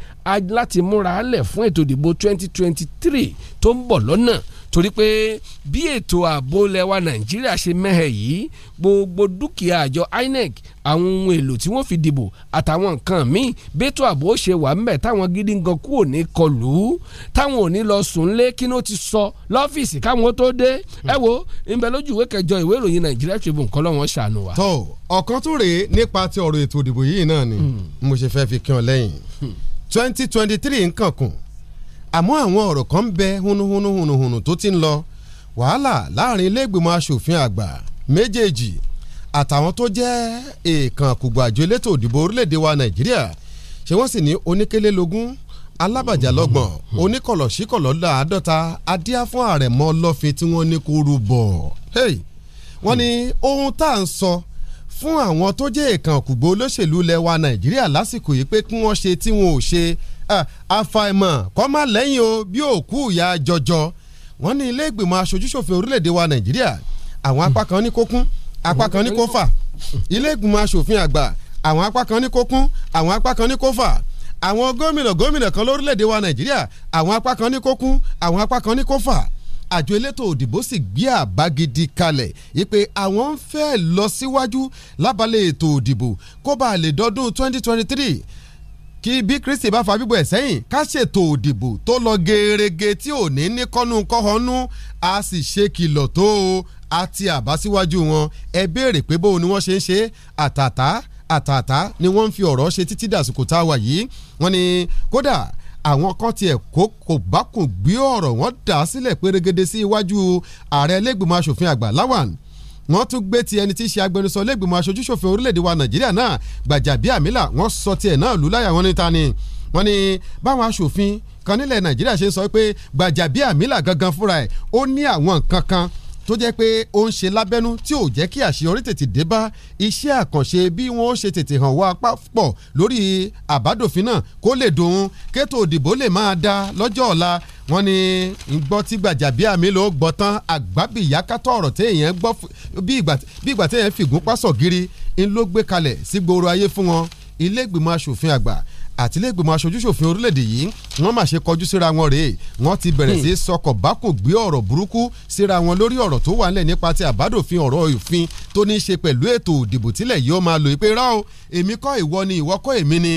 láti múra lẹ̀ fún ètò ìdìbò twenty twenty three tó ń bọ̀ lọ́nà torí pé bí ètò ààbò lẹwa nàìjíríà ṣe mẹ́hẹ̀ yìí gbogbo dúkìá àjọ INEC àwọn ohun èlò tí wọ́n fi dìbò àtàwọn nǹkan míì bẹ́tò ààbò ṣe wà ń bẹ̀ táwọn gidi ń gan kú ò ní kọlù ú táwọn ò ní lọ sùn lé kí ni ó ti sọ lọ́fíìsì káwọn tó dé ẹ wo ìbẹ̀ lójú ìwé kẹjọ ìwé ìròyìn Nigeria Tribune kọ́ lọ́wọ́ ṣàánú wa. tó ọ̀kan tó rèé nípa ti ọ̀rọ̀ ètò ìdìbò yìí náà ni hmm. mo ṣe fẹ́ fi kí ọ lẹ́yìn hmm. twenty twenty three nǹkan kùn àmọ́ àwọn ọ̀rọ̀ kan ń bẹ hunuhunuhunuhunu tó ti ń lọ wàhálà láàrin iléègbìmọ̀ asòfin àgbà méjèèjì àtàwọn tó jẹ́ èèkàn kùgbà àjọ elétò òdìbò orílẹ̀-èdè wa nàìjíríà ṣé wọ́n sì ní oníkélé lógún alábàjá lọ́gbọ̀n oníkọ̀lọ̀síkọ̀lọ̀ láàdọ́ta adíá fún àrẹ̀mọ ọlọ́fin tí wọ́n ní kó rúbọ̀ wọ́n ní ohun tá à ń sọ fún àwọn tó jẹ́ èèkàn kùgbà olóṣèlú lẹ́wà nàìjíríà lásìkò yìí pé kí wọ́n ṣe tí wọn ò ṣe Ah, àfàìmọ̀ kọ́ má lẹ́yìn o bí òkú ìyá jọjọ wọ́n ní ilé ìgbìmọ̀ aṣojúṣòfin orílẹ̀-èdè wa nàìjíríà àwọn apá kan ní kó kún apá kan ní kó fà ilé ìgbìmọ̀ aṣòfin àgbà àwọn apá kan ní kó kún àwọn apá kan ní kó fà àwọn gómìnà gómìnà kan lórílẹ̀-èdè wa nàìjíríà àwọn apá kan ní kó kún àwọn apá kan ní kó fà àjọ elétò òdìbò sì gbé àbá gidi kalẹ̀ ìpè àwọn ń fẹ́ lọ síwájú lábàlẹ̀ ètò òdìbò kó bá lè dọ́dún twenty twenty three kí bí Kristi bá fa bíbọ̀ ẹ̀ sẹ́yìn ká ṣètò òdìbò tó lọ gerege tí ò ní ní kọ́nú kọ́hónú a sì ṣe kìlọ̀ tó o àti àbá síwájú wọn ẹ béèrè pé bó ni wọ́n ṣe ń ṣe àtàtà àtàtà ni wọ́n ń fi ọ̀rọ̀ ṣe títí dàsìkò tá a wà yìí wọ́n ní kódà àwọn kan tiẹ̀ kó kò bá gbé ọ̀rọ̀ wọn dà sílẹ̀ pérégede sí iwájú ààrẹ ẹlẹ́gbẹ̀mọ asòfin àgbà Lawan wọ́n tún gbé ti ẹni tí í ṣe agbẹnusọ lẹ́gbìmọ̀ aṣojúṣòfin orílẹ̀-èdè wa nàìjíríà náà gbàjàbíàmílà wọ́n sọ tiẹ̀ náà lù láyà wọn níta ni wọ́n ní báwọn aṣòfin kan nílẹ̀ nàìjíríà ṣe ń sọ pé gbàjàbíàmílà gangan fúnra ẹ̀ ó ní àwọn nǹkan tó jẹ́ pé ó ń ṣe lábẹ́nú tí ò jẹ́ kí àṣeyọrí tètè dé bá iṣẹ́ àkànṣe bí wọ́n ó ṣe tètè hàn wá papọ̀ lórí àbádòfin náà kó lè dùn kétò òdìbò lè máa da lọ́jọ́ ọ̀la wọ́n ní gbọ́ tí gbàjàbíàmí ló gbọ́ tán àgbábìyákátọ̀ ọ̀rọ̀ téèyàn gbọ́ bí ìgbà téèyàn fìgún pásọ̀ gírí ń ló gbé kalẹ̀ sí gbòòrò ayé fún wọn ilé ìgbìmọ̀ asòfin àgbà àtìlẹ́gbẹ̀mọ aṣojúṣòfin orílẹ̀-èdè yìí wọ́n mà ṣe kọjú síra wọn rèé wọ́n ti bẹ̀rẹ̀ hmm. sí sọkọ̀ bákò gbé ọ̀rọ̀ burúkú síra wọn lórí ọ̀rọ̀ tó wà nílẹ̀ nípa ti àbádòfin ọ̀rọ̀ òfin tó ní í ṣe pẹ̀lú ètò òdìbò tílẹ̀ yìí ó máa lò pé ráò èmi kọ́ ìwọ ni ìwọ kọ́ èmi ni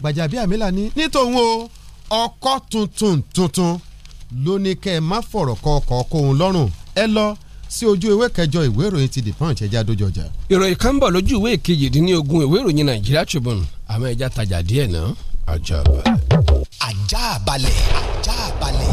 Gbajabiamila ni nítòun o ọkọ̀ tuntun tuntun ló ní kẹ́ ẹ má fọ̀rọ̀ kọ ọkọ̀ ọkọ̀ sí ojú ewé kẹjọ ìwé ìròyìn ti the punch ẹja dojú ọjà. ìròyìn kan ń bọ̀ lójú ìwé kejìdínlógún ìwé ìròyìn nàìjíríà tribune àmọ́ ẹja tajà díẹ̀ náà ajá balẹ̀. ajá balẹ̀ ajá balẹ̀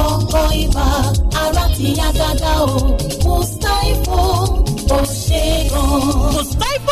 ọkọ̀ ibà ara ti yá gágá o mustapho ò ṣe é gan. mustapho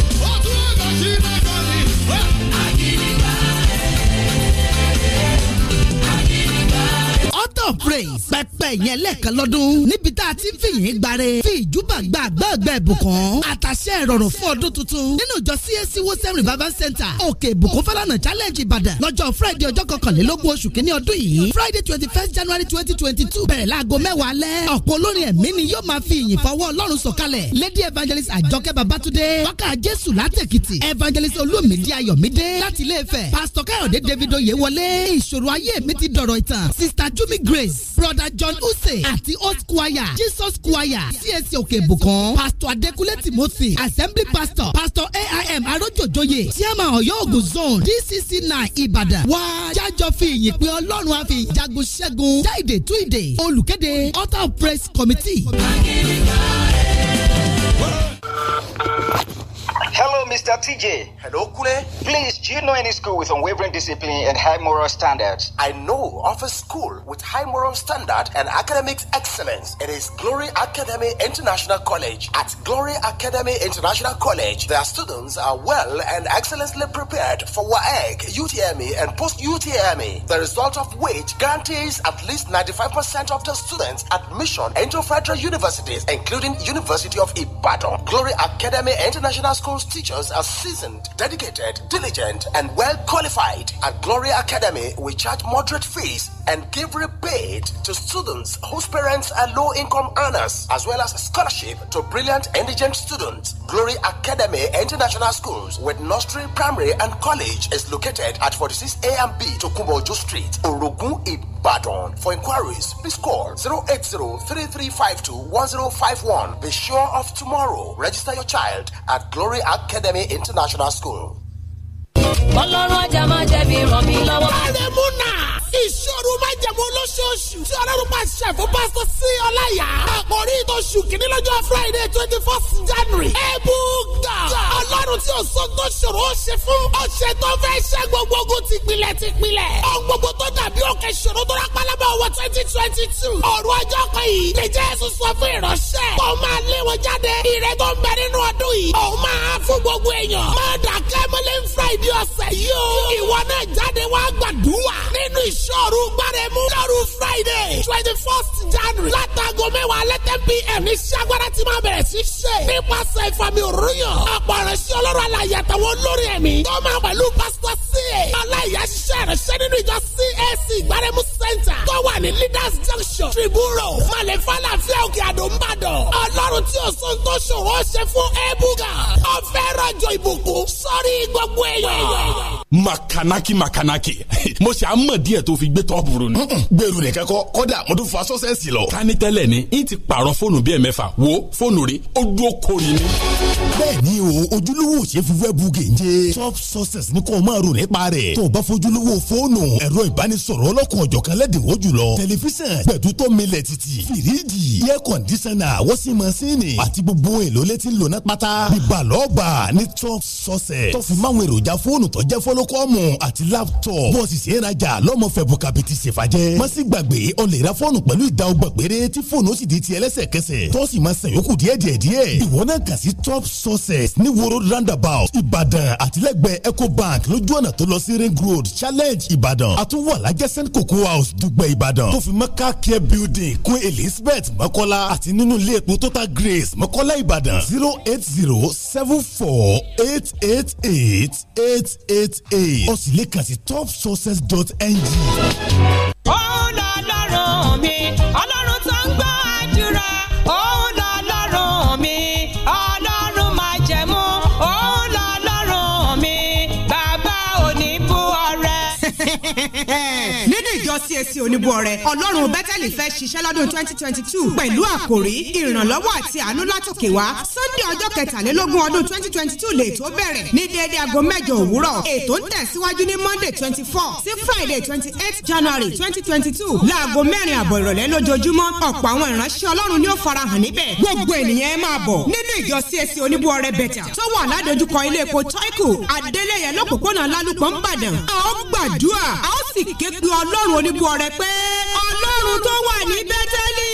out of praise pẹpẹ yẹn lẹ́ẹ̀kan lọ́dún níbi tá a ti fi yín gbáre fi ìjúbà gba àgbẹ̀gbẹ̀ ìbùkún àtàṣe ìrọ̀rùn fún ọdún tuntun nínú ìjọ CAC Wosem Revival Center òkè ìbùkún Fálànà challenge Ìbàdàn lọ́jọ́ Friday ọjọ́ kọkànlélógún oṣù kínní ọdún yìí Friday twenty first January twenty twenty two bẹ̀rẹ̀ láago mẹ́wàá lẹ́ ọ̀pọ̀ olórin ẹ̀mí ni yóò máa fi ìyìn fọwọ́ Ọlọ́run sọ̀kalẹ̀ Lady Evangelist Àjọkẹ́ Babátúndé wákà Jésù látẹ̀kìtì Evangelist Olúmídé Ayọ̀mídé láti Ilé-Ifẹ̀ Pastor Káyọ̀dé David Oyèwọlé ìṣòro ayé mi ti dọ̀rọ̀ Sister Jumi grace brother john use àti Old choir jesus choir csc òkè ìbùkún pastor adekunle timothy assembly pastor pastor aim arójòjòyè chairman ọ̀yọ́ ògùn zone dcc nine Ibadan, wá jájọ fi ìyìn pé ọlọ́run á fi jagun ṣẹ́gun jáde tú ìdè olùkéde altar praise committee. Hello, Mr. TJ. Hello, Kule. Please, do you know any school with unwavering discipline and high moral standards? I know of a school with high moral standard and academic excellence. It is Glory Academy International College. At Glory Academy International College, their students are well and excellently prepared for WAEG, UTME, and post-UTME, the result of which guarantees at least 95% of the students admission into federal universities, including University of Ibadan. Glory Academy International School Pentecostal teachers are seasoned, dedicated, diligent, and well qualified. At Gloria Academy, we charge moderate fees and give rebate to students whose parents are low income earners, as well as scholarship to brilliant indigent students. Glory Academy International Schools with nursery, primary, and college is located at 46 A and B to Kumbojo Street, Orogun, Ibadan. For inquiries, please call 080-3352-1051. Be sure of tomorrow. Register your child at Glory Academy International School. ọlọ́run ọjà máa jẹ̀bi ràn mí lọ́wọ́. àrẹ̀mú náà ìṣòro máa jẹ̀mú olóṣooṣù tí ọlọ́run máa ṣe fún pásítọ̀ sí ọláyà. àkòrí ìtòṣù kìíní lọ́jọ́ friday twenty first january. ẹ̀bù gà ọlọ́run tí òṣò tó ṣòro ó ṣe fún. ọ̀ṣẹ̀ tó fẹ́ ṣe gbogbo ogun ti pilẹ̀ ti pilẹ̀. ohun gbogbo tó dàbí òkè ṣòro tó rápálábà ọwọ́ twenty twenty two. ọ̀rọ̀ ọjọ́ kan yìí lè jẹ́ ẹ̀sùn sọ fún ìránṣẹ́. kó máa lé wọn jáde. ire tó ń bẹ nínú ọdún yìí. òun máa fún gbogbo èèyàn. máa ọ̀sẹ̀ yìí o. ìwọ náà jáde wá gbàdúrà nínú ìṣòro gbáremú lóru friday twenty first january látago mẹ́wàá alẹ́ ten pm ní sagbara tí máa bẹ̀rẹ̀ sí ṣe nípasẹ̀ ìfàmì òróyàn ọ̀pọ̀ ìránṣẹ́ ọlọ́run alàyè àtàwọn olórí ẹ̀mí tó máa pẹ̀lú pásítọ̀ sí ẹ̀ aláìyá ṣiṣẹ́ ìránṣẹ́ nínú ìjọ CAC gbáremú center tó wà ní leaders junction triburo malefala fíàkì àdóńbàdàn ọlọ́run tí òsùn tó ṣòro ṣe fún ẹ́bùgà ọ̀fẹ́ rọ̀jò ìbùkún sọ́rí gbogbo èèyàn makanaki makanaki mo ṣe àmọ̀ díẹ̀ tó fi gbé tọ́pù rò ni. gbèrú nìkan kọ kọ́dà mo tún fa sọ́sẹ́sì lọ. kání tẹ́lẹ̀ ni n ti pààrọ̀ fóònù bíi ẹ̀mẹ́fà wo fóònù rí ó dúró kori ni. bẹ́ẹ̀ni o ojúlówó ṣe fífẹ́ bu gèje top success ní kò máa rò nípa rẹ̀ tó o bá fojúlówó fóònù ẹ̀rọ ìbánisọ̀rọ̀ ọlọ́kùn ọ̀jọ̀kan lẹ́dínwó jùlọ tẹlifíṣàn gbẹ̀dútọ́ milẹ̀ títì fìríjì iye kọ̀ndísánà wọ́sí masínì àti gbogbo èlò létí lónà pátá bíbalọ́ọ̀bà ní top success tó fi máwọn èròjà fóònù tó jẹ́ fọ́lọ́kọ́mù àti láptọ̀pù bọ́ọ̀sì sí ìrajà lọ́mọ fẹ̀bù kàbìtì ṣèfàjẹ́ má sì gbàgbé o lè ra fóònù pẹ̀lú ìdá ọgbọ̀n péré tí fóònù ó sì di tiẹ̀ lẹ́sẹ̀kẹsẹ̀ tó sì máa san yòókù díẹ̀ díẹ̀ díẹ̀ ìwọ náà kà sí top sources ní woro roundabout ìbàdàn àtìlẹ́gbẹ̀ẹ́ ecobank lójú ọ̀nà tó lọ sí ring road challenge ìbàdàn àtúwọ̀ alájẹ́ st cocoa house dùgbẹ̀ ìbàdàn tó fi mẹ́ka care building kún elizabeth mọ́kọ́lá àti nínú ilé epo total grace mọ́kọ́lá ìbàdàn zero eight zero seven four eight eight eight eight eight eight eight o sì lè topsources.ng. ó lọ lọ́rùn mi ọlọ́run. ìrètí oníbọ̀rẹ̀ ọlọ́run bẹ́tẹ̀lì fẹ́ ṣiṣẹ́ lọ́dún twenty twenty two pẹ̀lú àkòrí ìrànlọ́wọ́ àti àánú látòkè wá sunday ọjọ́ kẹtàlélógún ọdún twenty twenty two lè tó bẹ̀rẹ̀ ní déédé aago mẹ́jọ òwúrọ̀ ètò ń tẹ̀síwájú ní monday twenty four sí friday twenty eight january twenty twenty two láago mẹ́rin àbọ̀ ìrọ̀lẹ́ lójoojúmọ́ ọ̀pọ̀ àwọn ìránṣẹ́ ọlọ́run ni ó farahàn níbẹ̀ gbogbo ènìyàn ẹ máa bọ̀ nínú ìjọ csc oníbọ̀rẹ̀ bẹ̀tà tó wà ládojúkọ ilé epo toyco adélẹ́yẹ lọ́pọ̀pọ̀nà lálùpọ̀ ń bàdàn a ó gbàdúrà a ó sì ké pe ọlọ́run oníbọ̀rẹ̀ rẹ̀ pé ọlọ́run tó wà ní bẹ́tẹ́lì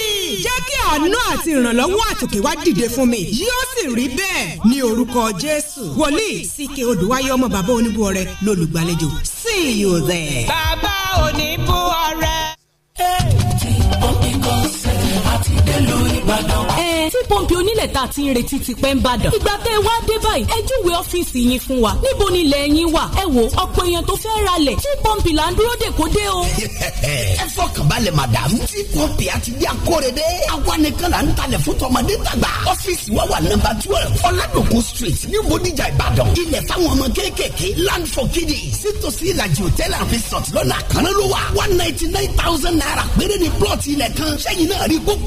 jẹ́ kí àánú àti ìrànlọ́wọ́ àtòkè wá dìde fún mi yóò sì rí bẹ́ẹ̀ ní orúkọ jésù wòlíì síkè odùwáyé ọmọ bàbá oníbú ọrẹ lólùgbàlejò see you there. bàbá oníbú ọrẹ. Hey. Take up the gospel láti délùú Ìbàdàn. ẹ tí pọ́ǹpì onílẹ̀ tá a ti ń retí ti pẹ́ ń bàdàn. ìgbà tẹ́ ẹ wá dé báyìí ẹ júwe ọ́fíìsì yín fún wa níbo ni ilẹ̀ yín wà ẹ wo ọ̀pọ̀ èèyàn tó fẹ́ ra lẹ̀ tí pọ́ǹpì là ń dúró dè kó dé o. ẹ fọkàn balẹ̀ màdàmú tí pọ́ǹpì àti bí akóredé àwa nìkan là ń talẹ̀ fún tọmọdé tàgbà ọ́fíìsì wa wà nọ́mbà twelve ọ̀làdòkun street ní bodijà ìbàdàn ilẹ̀ fáwọn ọmọ kéékèèké land for kiddies sítòsí ìlàjì hotel and resort one ninety nine thousand naira péré ni plọ̀tì ilẹ̀ kan sẹ́yìn náà rí gbogbo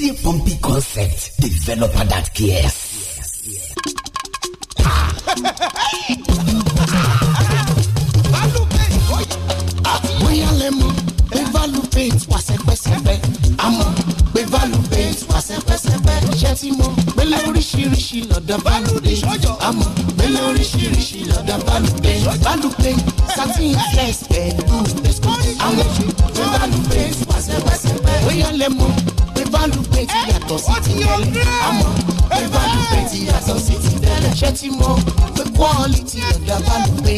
see pumpy concept developer that cares. Yes, yes. bóyá lè mú pé value paint wà sẹ́pẹ́sẹ́pẹ́ àmọ́ pé value paint wà sẹ́pẹ́sẹ́pẹ́ ṣé tí mo gbélé oríṣiríṣi lọ́dọ̀ value paint àmọ́ gbélé oríṣiríṣi lọ́dọ̀ value paint value paint satin flex pẹ̀lú àwọn pé value paint wà sẹ́pẹ́sẹ́pẹ́ bóyá lè mú evalupate yàtọ̀ sí ti tẹ́lẹ̀ àmọ́ evalupate yàtọ̀ sí ti tẹ́lẹ̀ ṣé ti mọ̀ pé quality ọ̀dà valupate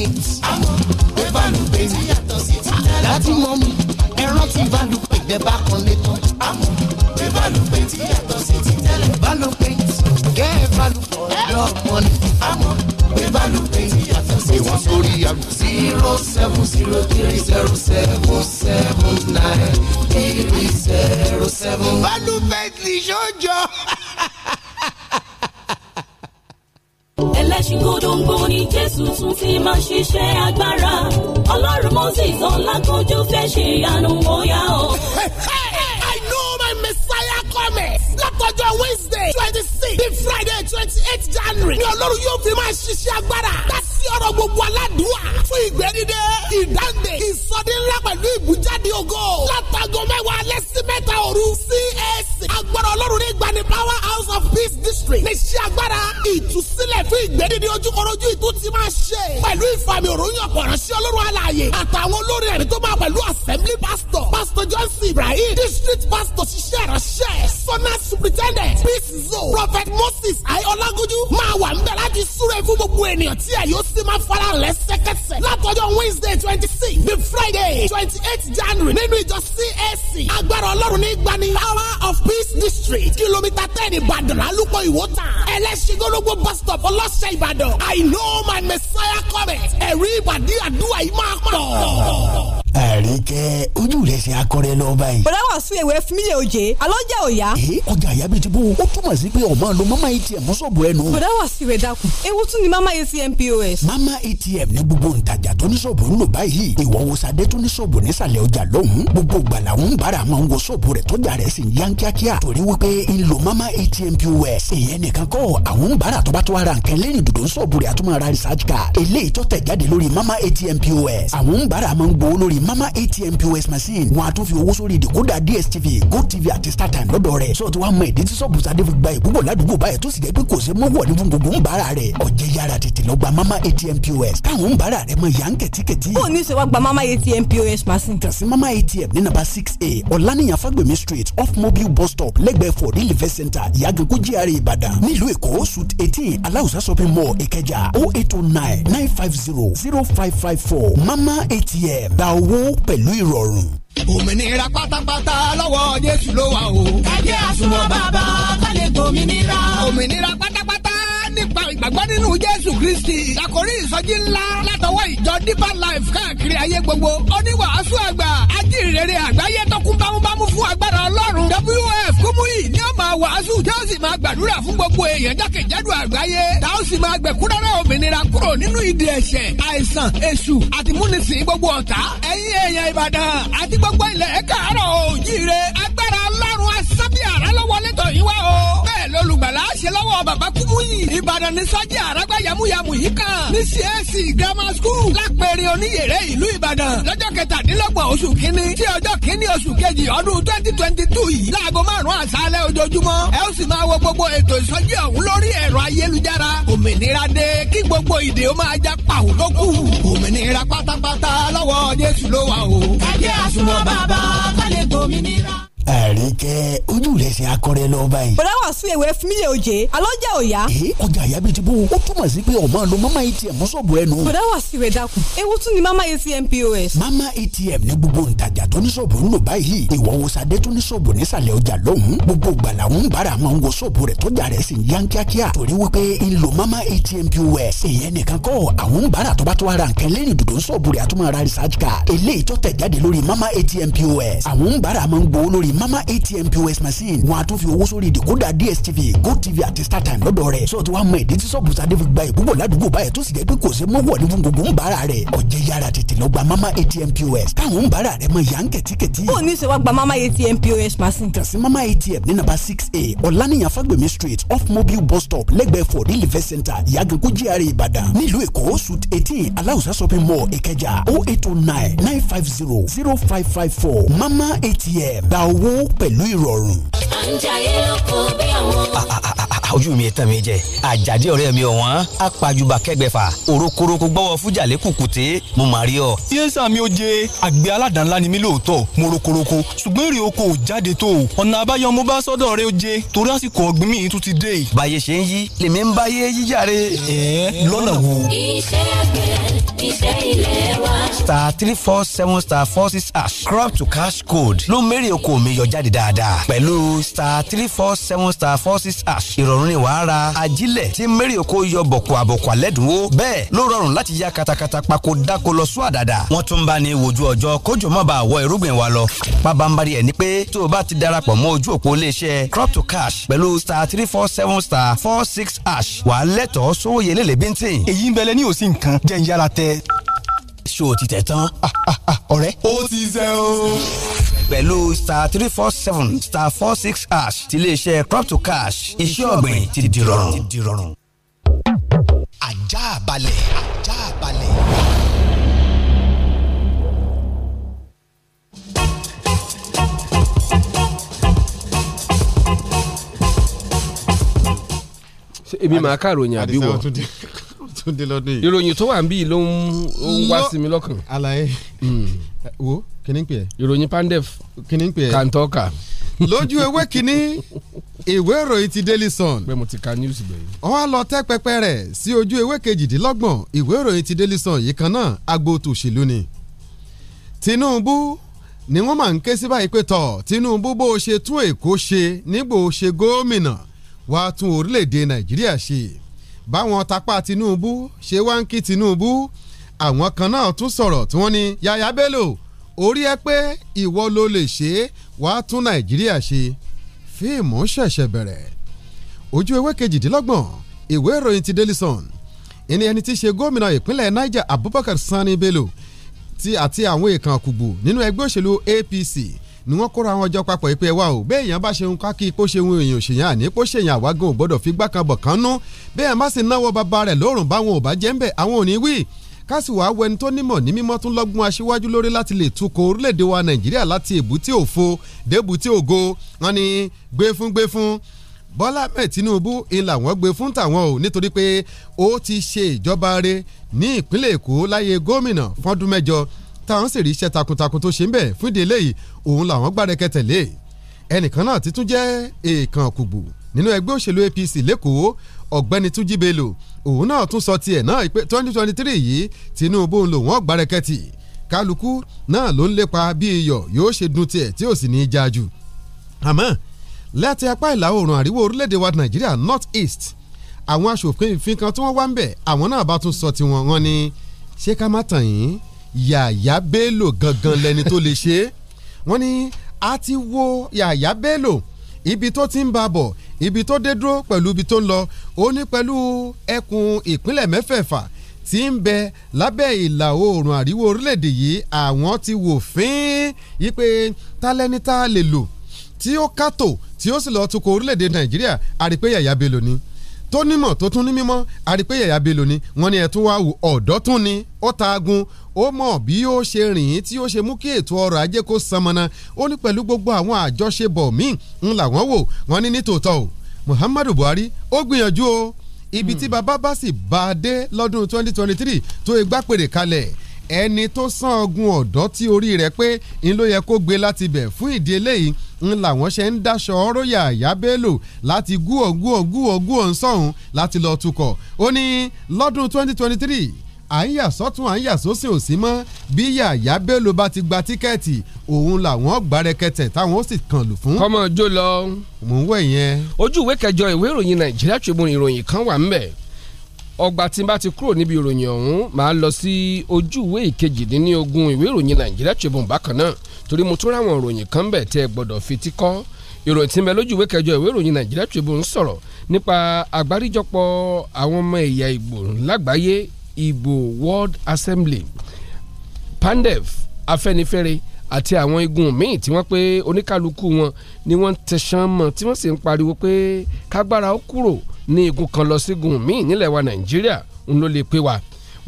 àmọ́ evalupate yàtọ̀ sí ti tẹ́lẹ̀ láti mọ̀ mi ẹran ti valupate bẹ́ẹ̀ bá kan lé tán àmọ́ evalupate yàtọ̀ sí ti tẹ́lẹ̀. wọn sórí àgbà. zero seven zero three zero seven seven nine three zero seven. monument ni sọ́jọ́. ẹlẹ́sìn gbọdọ̀ngbò ni jésù tún ti máa ṣiṣẹ́ agbára ọlọ́run moses ọ̀làkọ́jú fẹ́ ṣe ìyanu wọ́yà o látọjọ́ wednesday twenty six bíi friday twenty eight january ni ọlọ́run yóò fi máa ṣiṣẹ́ agbára dásí ọ̀rọ̀ gbogbo aládùúwà fún ìgbẹ́dídé ìdáǹdè ìsọdínlá pẹ̀lú ìbújáde ògo látàgọ́ mẹ́wàá alẹ́ sí mẹ́ta òru csc agbára ọlọ́run ní ìgbani power house of peace district ní ṣe agbára ìtúsílẹ̀ fún ìgbẹ́dídé ojúkọ̀rọ̀jú ìtú ti máa ṣe pẹ̀lú ìfàmì òróyìn ọ̀pọ̀ràn sí ọlọ́run alààyè àtàwọn olórí ẹ̀mí tó máa pẹ̀lú assembly pastor pastor johnson ibrahim district pastor ṣiṣẹ́ ìránṣẹ́ sọ́nà superintendent peace zone prophet moses ayọ́lágójú máa wà níbẹ̀ láti súre fún gbogbo ènìyàn tí ẹ̀ yóò sì máa fara lẹ́sẹ̀kẹsẹ̀ látọjọ́ wednesday twenty six the friday twenty eight january nínú ìjọ cac agbára ọlọ́run ní ìgbani power of peace police district kilomita ten ìbàdàn alúpọ̀ ìwọ́ta ẹlẹ́sìgọ́lógún bus stop ọlọ́sẹ̀ ìbàdàn i know my messiah coming ẹ̀rí ìbàdí àdúrà yìí máa pọ̀ àríkẹ́ ojú rẹ̀ ṣe akọrẹ lọ báyìí. bọ̀dá wà sún ewé fún mi lè oje alọ́ jẹ́ òya. ee ọjà àyà bíi ti bó o túmọ̀ sí pé ọmọ lo mama atm sọ̀bù ẹnu. bọ̀dá wà sí ìwé dàkún ewu tún ni mama atm pos. mama atm ní gbogbo ntajà tó ní sọ̀bù ń lò báyìí ìwọ wo sadé tó ní sọ̀bù nísàlẹ̀ ọjà lọ́hùn-ún gbogbo gbala ń bára máa ń wo sọ̀bù rẹ̀ tọ́jà rẹ̀ sì ń yan kíákíá nàìjíríà torí wípé ń lo mama atm pos ìyẹn nìkan kọ́ àwọn oníbàárà tó bá tó ara nǹkan lẹ́yìn dòdò ń sọ̀bù rẹ̀ àtúmọ̀ ara research card eléyìí tó tẹ̀ jáde lórí mama atm pos àwọn oníbàárà máa ń gbowó lórí mama atm pos machine wọn a tún fi owó sórí ìdìkúdà dstv gotv àti startime lọ́dọ̀ rẹ̀ sọ ti wá mọ ìdí tí sọ́ọ̀bù sadé fi gba ìbúbọ̀ ládùúgbò báyìí tó sì jẹ́ pé kò sí mọ́wọ́ ní gbogbo mama atm pos káwọn ń bára rẹ̀ mọ ìyá ń kẹ̀tíkẹ̀tí. ó ní sọ mama atm pos machine. kàn mama atm ní nàbà six a ọ̀lànìyàn fagbemi street off mobile bus stop lẹ́gbẹ̀ẹ́ for real event center ìyàgànkú GRA ìbàdàn nílùú èkó suit eighteen aláùsá shopping mall ìkẹjà o oh eight o oh nine nine five zero zero five five four mama atm gba owó pẹ̀lú ìrọ̀rùn. òmìnira pátápátá lọ́wọ́ jésù ló wà o. ẹ jẹ́ àsùnwọ̀n bàbá ká lè gbòmìnira. òmìnira pátápátá nípa ìgbàgbọ́ nínú jésù kristi. àkòrí ìsọjí ńlá látọwọ́ ìjọ deeper life káàkiri ayé gbogbo. oníwàásù àgbà ajínrere àgbáyé tó kún bámúbámú fún agbára ọlọ́run wf Jésì ni ó máa wàásù tí ó sì máa gbàdúrà fún gbogbo èèyàn jákèjádò àgbáyé tá ó sì máa gbẹ̀kúrẹ́rẹ́ òmìnira kúrò nínú ìdè ẹ̀ṣẹ̀ àìsàn èṣù àti múnisìn gbogbo ọ̀tá ẹ̀yin èèyàn Ìbàdàn àti gbogbo ilẹ̀ káàárọ̀ oòjíire agbára Ọlọ́run asábíàrá lọ́wọ́lẹ́tọ̀ yín wá o lọ́lùgbàlà ṣe lọ́wọ́ bàbá kúmúyì ìbàdàn ní sọ́jà àràgbà yamuyamu yìí kan ní csc grammar school lápẹ̀rẹ̀ oníyèrè ìlú ìbàdàn lọ́jọ́ kẹtàdínlọ́gbọ̀n oṣù kínní tí ọjọ́ kínní oṣù kejì ọdún twenty twenty two yìí láago márùn-ún àṣálẹ́ ojoojúmọ́ ẹ ó sì máa wo gbogbo ètò ìsọjí ọ̀hún lórí ẹ̀rọ ayélujára òmìnira dé kí gbogbo ìdè ó máa já pàwó tó kù òmìnira pátápátá lọ́wọ́ jésù ló wà o. kájẹ́ àsùnwọ̀n bàbá kálẹ̀ tòmìnira àríkẹ́ ojú rẹ̀ ṣe akọrẹ lọ báyìí. bọ̀dá wà sún ewé fún mi oje alọ́jà òya. ee ọjà àyà bíi ti bó o túmọ̀ sí pé ọmọ lo mama atm mọ́sọ̀bù ẹnu. bọ̀dá wà sí ìwé dákun ewu tún ni mama atm pos. mama atm ní gbogbo ntajà tó ní sọ̀bù ń lò báyìí ìwọ wo sadé tó ní sọ̀bù nísàlẹ̀ ọjà lọ́hùn-ún gbogbo gbala ń bára máa ń wo sọ̀bù rẹ̀ tọ́jà rẹ̀ sì ń yan kíákíá torí mama atm pos èèyàn nìkan kọ́ àwọn ń bára tó bá tó ara nǹkan lẹ́yìn dòdò sọ̀bù rẹ̀ mama atm pos àwọn ń bára mama atm pos machine wọn a tún fi owó sórí ìdìkúdà dstv gotv àti startime lọ́dọ̀ rẹ̀ sọ ti wá mọ ìdí tí sọ́ọ̀bù sadé fi gba ìbúbọ̀ ládùúgbò báyìí tó sì jẹ́ pé kò sí mọ́wọ́ ní gbogbo ń bára rẹ̀ ọ̀jẹ̀ yára tètè lọ gba mama atm pos káwọn ń bára rẹ̀ mọ ìyá ń kẹ̀tíkẹ̀tí. ó ní ìṣèwà gba mama atm pos machine. kàn sí mama atm ní nàbà six a ọ̀lànìyàn fagbemi street off mobile bus stop lẹ́gbẹ̀ẹ́ for the live center ìyàgànkú gr ìbàdàn nílùú èkó suit eighteen aláùsá shopping mall ìkẹjà o oh eight o oh nine nine five zero zero five five four mama atm gba owó pẹ̀lú ìrọ̀rùn. à ń jayé lóko bí àwọn. ojú mi tán mi jẹ àjàdí ọ̀rẹ́ mi ọ̀wọ́n apàjùbà kẹgbẹ̀fà òrokoroko gbọ́wọ́ fújàlẹ́ kùkùté mo mà rí ọ. yéésà mi ò jẹ àgbẹ̀ aládàá ni mí lóòótọ́ mo rokoroko ṣùgbọ́n èrè oko ò jáde tó ọ̀nà àbáyọ mo bá sọ́dọ̀ rẹ ó jẹ torí àsìkò ọ̀gbìn mi tún ti dé. báyé ṣe ń yí lèmi ń báyé yíjàre. ẹ lọ́nà wo. iṣẹ́ àgbẹ̀ iṣẹ́ ilé wa star three four seven star four six hash crop to cash code ló mẹ́rì oko mi yọ jáde dáadáa pẹ̀lú star three four seven star four six hash ìrọ̀rùn ni wàá ra ajílẹ̀ tí mẹ́rì oko yọ bọ̀kọ̀ àbọ̀kọ̀ àlẹ́dùnwó bẹ́ẹ̀ ló rọrùn láti ya katakata pako dáko lọ sún àdàdà wọ́n tún bá ní wojú ọjọ́ kójò má bàa wọ irúgbìn wa lọ pabambari ẹ̀ ni pé tó o bá ti darapọ̀ mọ́ ojú òpó iléeṣẹ́ crop to cash pẹ̀lú star three four seven star four six hash wàá lẹ́tọ̀ọ́ sówó yẹlẹ́lẹ́ bíntín èyí ń bẹ̀lẹ̀ ní òsì nǹkan jẹ́ ń yára tẹ́ ṣó o ti tẹ̀ tán ah, ah, ah, ọ̀rẹ́ ó ti ṣe o. pẹ̀lú star three four seven star four six hash ti iléeṣẹ́ crop to cash iṣẹ́ ọ̀gbìn ti di rọrùn. ajá balẹ̀ ajá balẹ̀. èmi màá kàròyìn àbí wọ. Túndé lọ́dún yìí. ìròyìn tó wà ń bí ló ń wá sí mi lọ́kàn. alaye hmm. wo kíní ń pè é. ìròyìn pandef kíní ń pè é. kàńtọ́kà. lójú ewé kíní ìwé ìròyìn ti Daily Sun. pé mo ti ka news bẹ́ẹ̀. ọwọ́ lọ tẹ́ pẹpẹ rẹ̀ sí ojú ewé kejìdínlọ́gbọ̀n ìwé ìròyìn ti Daily Sun yìí kan náà agbo tòṣèlú ni. Tinubu ni wọ́n máa ń ké sí báyìí pé tọ̀ Tinubu bó o ṣe tún Èkó ṣe nígbò ṣe gómìnà wàá tún orílẹ̀-èdè Nàìjíríà ṣe báwọn tapá Tinubu ṣe wá ń kí Tinubu àwọn kan náà tún sọ̀rọ̀ tí wọ́n ní Yaya Bello orí ẹ pé ìwọ ló lè ṣe é wàá tún Nàìjíríà ṣe fíìmù ṣẹ̀ṣẹ̀ bẹ̀rẹ̀ ojú ewé kejìdínlọ́gbọ̀n ìwé ìròyìn ti Daily Sun ìní ẹni tí ṣe gómìnà ìpínlẹ̀ Niger Abubakar Sani Bello ti àti àwọn èèkàn àkùgbù nínú ẹgbẹ́ òṣèlú APC ni wọ́n kóra àwọn ọjọ́ papọ̀ pé ẹ wá o bẹ́ẹ̀ èèyàn bá ṣe ń kákí kó ṣe ń èèyàn òṣèyàn àní kó ṣèyàn àwágán ò gbọ́dọ̀ fi gbàkanbọ̀ kan nú bẹ́ẹ̀ má sì náwó bàbá rẹ̀ lóòrùn báwọn ò bá jẹ́ ń bẹ̀ àwọn ò ní wí kásìwá wẹni tó nímọ̀ ní mímọ́ tún lọ́gbọ́n aṣíwájú lórí láti lè tukọ̀ orílẹ̀-èdè wa nàìjíríà láti èbúté òfo débúté ògo wọn ni gbé fún gbé fún bọ́lá mẹ́ẹ̀ tinubu ìlà wọn gbé fún tàwọn o nítorí pé ó ti ṣe ìjọba rẹ̀ ní ìpínlẹ̀ èkó láyé gómìnà fọ́dún mẹ́jọ táwọn sì rí iṣẹ́ takuntakun tó ṣe ń bẹ̀ fún ìdí eléyìí òun làwọn gbárẹ́kẹ̀ tẹ̀lé ẹnìkan náà ti tún jẹ́ èèkàn kùgbù nínú ẹgbẹ́ òṣèlú APC lẹ́kọ̀ọ́ ọ̀gbẹ́ni túnjí bello òun náà tún sọ tiẹ̀ náà pé twenty twenty three yìí tinubu ń lò wọ́n gbárẹ́kẹ̀tì kálukú náà ló ń lépa bí iyọ̀ yóò ṣe dun tiẹ̀ tí ò sì ní í já jù àmọ́ láti apá ìlà oòrùn àríwá orílẹ̀-èdè wa nàìjíríà north east àwọn aṣòfin ìfin kan tí wọ́n wá ń bẹ̀ àwọn náà bá tún sọ tiwọn wọn ni ṣé ká má tàn yín yàyà bello gangan lẹni tó lè ṣe é wọ́n ní a ti wo yàyà bello ibi tó ti ń ba bọ̀ ibi tó dé dúró pẹ̀lú ibi tó ń lọ ó ní pẹ̀lú ẹkùn ìpínlẹ̀ mẹ́fẹ̀ẹ̀fà tí ń bẹ lábẹ́ ìlà oòrùn àríwó orílẹ̀-èdè yìí àwọn ti wò fín yí pé tálẹ́ni tá a lè lò tí ó kátó tí ó sì lọ́ọ́ tukọ̀ orílẹ̀-èdè nàìjíríà àrípé yàyà bello ni tó nímọ̀ tó tún ní mímọ́ àrípé yàyà belò ni wọ́n ní ẹ̀tún wá wò ọ̀dọ́ tún ni ó taagun ó mọ̀ bí ó ṣe rìn ín tí ó ṣe mú kí ètò ọrọ̀ ajé kó sanmọ́nà ó ní pẹ̀lú gbogbo àwọn àjọṣebọ̀ míì ń làwọn wò wọ́n ní nítòótọ́ o Muhammadu Buhari ó gbìyànjú o ibi tí hmm. bàbá bá sì bá a dé lọ́dún 2023 tó igbá e pèrè kalẹ̀ ẹni tó sàn ọgùn ọ̀dọ́ tí orí rẹ̀ pé ń ló yẹ kó gbé láti bẹ̀ fún ìdí eléyìí ń làwọn ṣe ń dáṣọ ọ́rọ́yà yábélò láti gúọ̀ gúọ̀ gúọ̀ gúọ̀ ń láti lọ́ọ́ tukọ̀ ó ní lọ́dún 2023 à ń yà sósì òsì mọ́ bí yàyà bello bá ti gba tíkẹ́ẹ̀tì òun làwọn gbàrẹ́kẹtẹ̀ táwọn ó sì kàn lù fún. kọ́mọ jó lọ. mò ń wẹ̀ yẹn. ojú ìwé kẹjọ ìwé ìròyìn nàìjíríà Tribune ìròyìn kan wà ń bẹ̀ ọgbà tí n bá ti kúrò níbi ìròyìn ọ̀hún máa lọ sí ojú ìwé ìkejìdínlógún ìwé ìròyìn nàìjíríà tribune bákan náà torí mo tún ráwọn ìròyìn kan bẹ̀ tẹ́ ẹ gbọ́dọ̀ fi ti kọ́ ìròyìn tí ń bẹ lójú ìwé kẹjọ ìwé ìròyìn nàìjíríà tribune sọ̀rọ̀ nípa àgbáríjọpọ̀ àwọn ọmọ ẹ̀yà ìgbò lágbàáyé ìgbò world assembly pandef afẹ́nifẹ́re àti àwọn igun míì tí wọ́n pé oníkálukú wọn ni wọ́n ń tẹ̀sán mọ́ tí wọ́n sì ń pariwo pé kágbára ó kúrò ní igun kan lọ sígun míì nílẹ̀ wa Nàìjíríà ń ló lè pé wa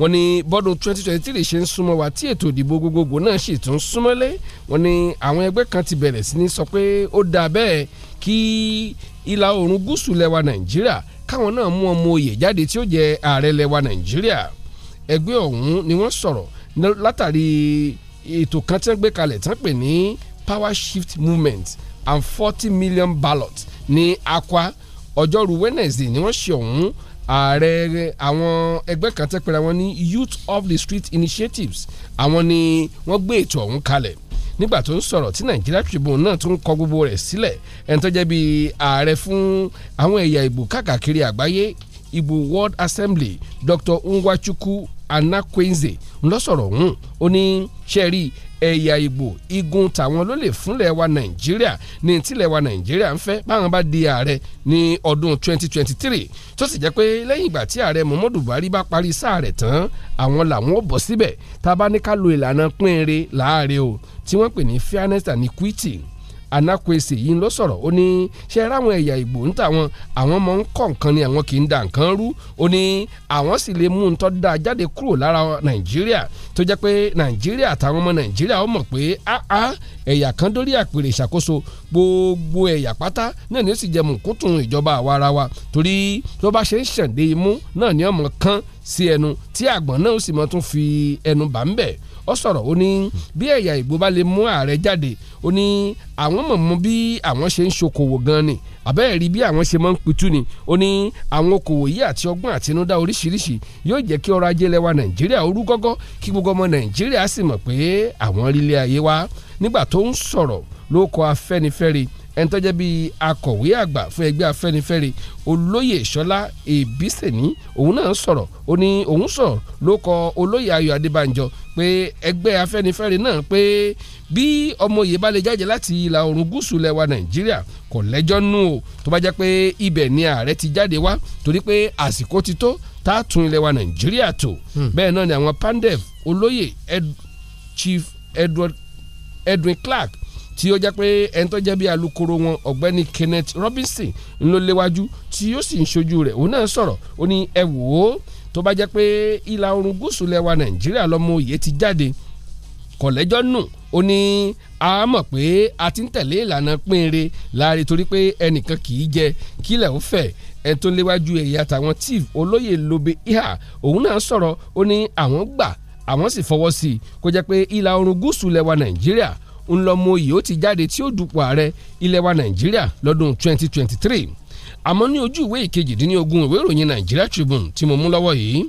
wọ́n ní bọ́dún 2023 ṣe ń súnmọ́ wa tí ètò ìdìbò gbogbogbò náà sì tún súnmọ́lé wọ́n ní àwọn ẹgbẹ́ kan ti bẹ̀rẹ̀ sí ní sọ pé ó dáa bẹ́ẹ̀ kí ìlà oòrùn gúúsù lẹwa Nàìjíríà káwọn náà mú ọmọ oyè jáde tí ó jẹ ààrẹ lẹwa Nàìjíríà ẹgbẹ́ ọ̀hún ni wọ́n sọ̀rọ̀ látàrí ètò kan tí wọ́n gbé kalẹ̀ tán pè ní power shift movement and forty million ballots ní akwa ọjọ́rú wednesday ni wọ́n ṣe ọ̀hún ààrẹ àwọn ẹgbẹ́ kan tẹ́ pẹ́ra wọn ní youth of the street initiatives àwọn ni wọ́n gbé ètò ọ̀hún kalẹ̀ nígbà tó ń sọ̀rọ̀ tí Nigeria Tribune náà tún kọ gbogbo rẹ̀ sílẹ̀ ẹni tó jẹ́ bí ààrẹ fún àwọn ẹ̀yà ìbò káàkiri àgbáyé ìbò World Assembly Dr. Nwachukwu Anakwenze ńlọ́sọ̀rọ̀ ọ̀hún ó ní ṣẹ́ẹ̀rí ẹ̀yà ìgbò igun tàwọn ló lè fúnlẹ̀ wa nàìjíríà ní tílẹ̀ wa nàìjíríà ń fẹ́ báwọn bá di ààrẹ ní ọdún 2023 tó sì jẹ́ pé lẹ́yìn ìgbà tí ààrẹ muhammadu buhari bá parí sáà rẹ̀ tán àwọn làwọn ò bọ̀ síbẹ̀ tá a bá ní ká lo ìlànà pínrin láàrin o tí wọ́n pè ní fairness and equity Anakwese yìí ló sọ̀rọ̀ ó ní ṣe ráwọn ẹ̀yà Ìgbò ń tà wọn àwọn mọ̀ ń kọ́ nǹkan ni àwọn kì í da nǹkan rú ó ní àwọn sì lè mú un tọ́ da jáde kúrò lára Nàìjíríà tó jẹ́ pé Nàìjíríà àtàwọn ọmọ Nàìjíríà ó mọ̀ pé ẹ̀yà kan dórí àpèrè ìṣàkóso gbogbo ẹ̀yà pátá náà ni ó sì jẹun kútùn ìjọba àwarawa torí tó bá ṣe ń ṣàǹdè imú náà ni ọmọ kan sí ẹnu tí àgbọ̀n náà ó sì mọ̀ tún fi ẹnu bà ń bẹ̀ ó sọ̀rọ̀ ó ní bí ẹ̀yà Ìgbò bá lè mú ààrẹ jáde ó ní àwọn mọ̀mọ́ bí àwọn ṣe ń ṣokòwò gan ni àbẹ́ẹ̀ rí bí àwọn ṣe máa ń pitú ni ó ní àwọn okòwò yìí àti ọgbọ́n àtinúdá oríṣiríṣi yóò jẹ́ kí ọrọ̀ ajé lẹ́wà Nàìjíríà orú gọ́gọ́ kí gbogbo ọmọ Nàìjíríà sì mọ̀ pé àwọn rí ilé ayé wa nígbà tó ń sọ̀rọ̀ ló kọ Afẹ́nifẹ́re ẹni tó jẹ́ bíi akọ̀wé àgbà fún ẹgbẹ́ afẹ́nifẹ́re olóyè ìṣọlá èbísẹ̀ní òun náà sọ̀rọ̀ ó ní òun sọ̀rọ̀ ló kọ olóyè ayọ̀ adébánjọ pé ẹgbẹ́ afẹ́nifẹ́re náà pé bí ọmọye bá lè jáde láti ìlà oòrùn gúúsù lẹwa nàìjíríà kò lẹ́jọ́ nù o tó bá jẹ́ pé ibẹ̀ ni ààrẹ ti jáde wá torí pé àsìkò ti tó tá a tún ilẹ̀ wa nàìjíríà tò hmm. bẹ́ẹ̀ náà ni àwọn pandef olóyè chief edward edwin clark tí ó jẹ́ pé ẹni tó jẹ́ bí alukoro wọn ọ̀gbẹ́ni Kenneth Robinson ló léwájú tí ó sì ń ṣojú rẹ̀ òun náà sọ̀rọ̀ ó ní ẹ wò ó tó bá jẹ́ pé ìlà oòrùn gúúsù lẹwa Nàìjíríà lọ́mọ òye ti jáde kọ̀lẹ́jọ́ nù ó ní a mọ̀ pé a ti ń tẹ̀lé ìlànà pínre láàrin torí pé ẹnìkan kì í jẹ kílẹ̀ ó fẹ̀ ẹni tó léwájú ẹ̀yà tàwọn tíìf olóyè lobe ìhà òun náà sọ̀rọ̀ ó ní àwọn gbà àwọn sì fọwọ́ sí i kó jẹ́ pé ìlà oòrùn gúúsù lẹwa Nàìjíríà ńlọmọ oyè ó ti jáde tí ó dupò ààrẹ ilẹ̀ wa nàìjíríà lọ́dún 2023 àmọ́ ní ojú ìwé ogun ìwé ìròyìn Nigeria Tribune tí mo mú lọ́wọ́ yìí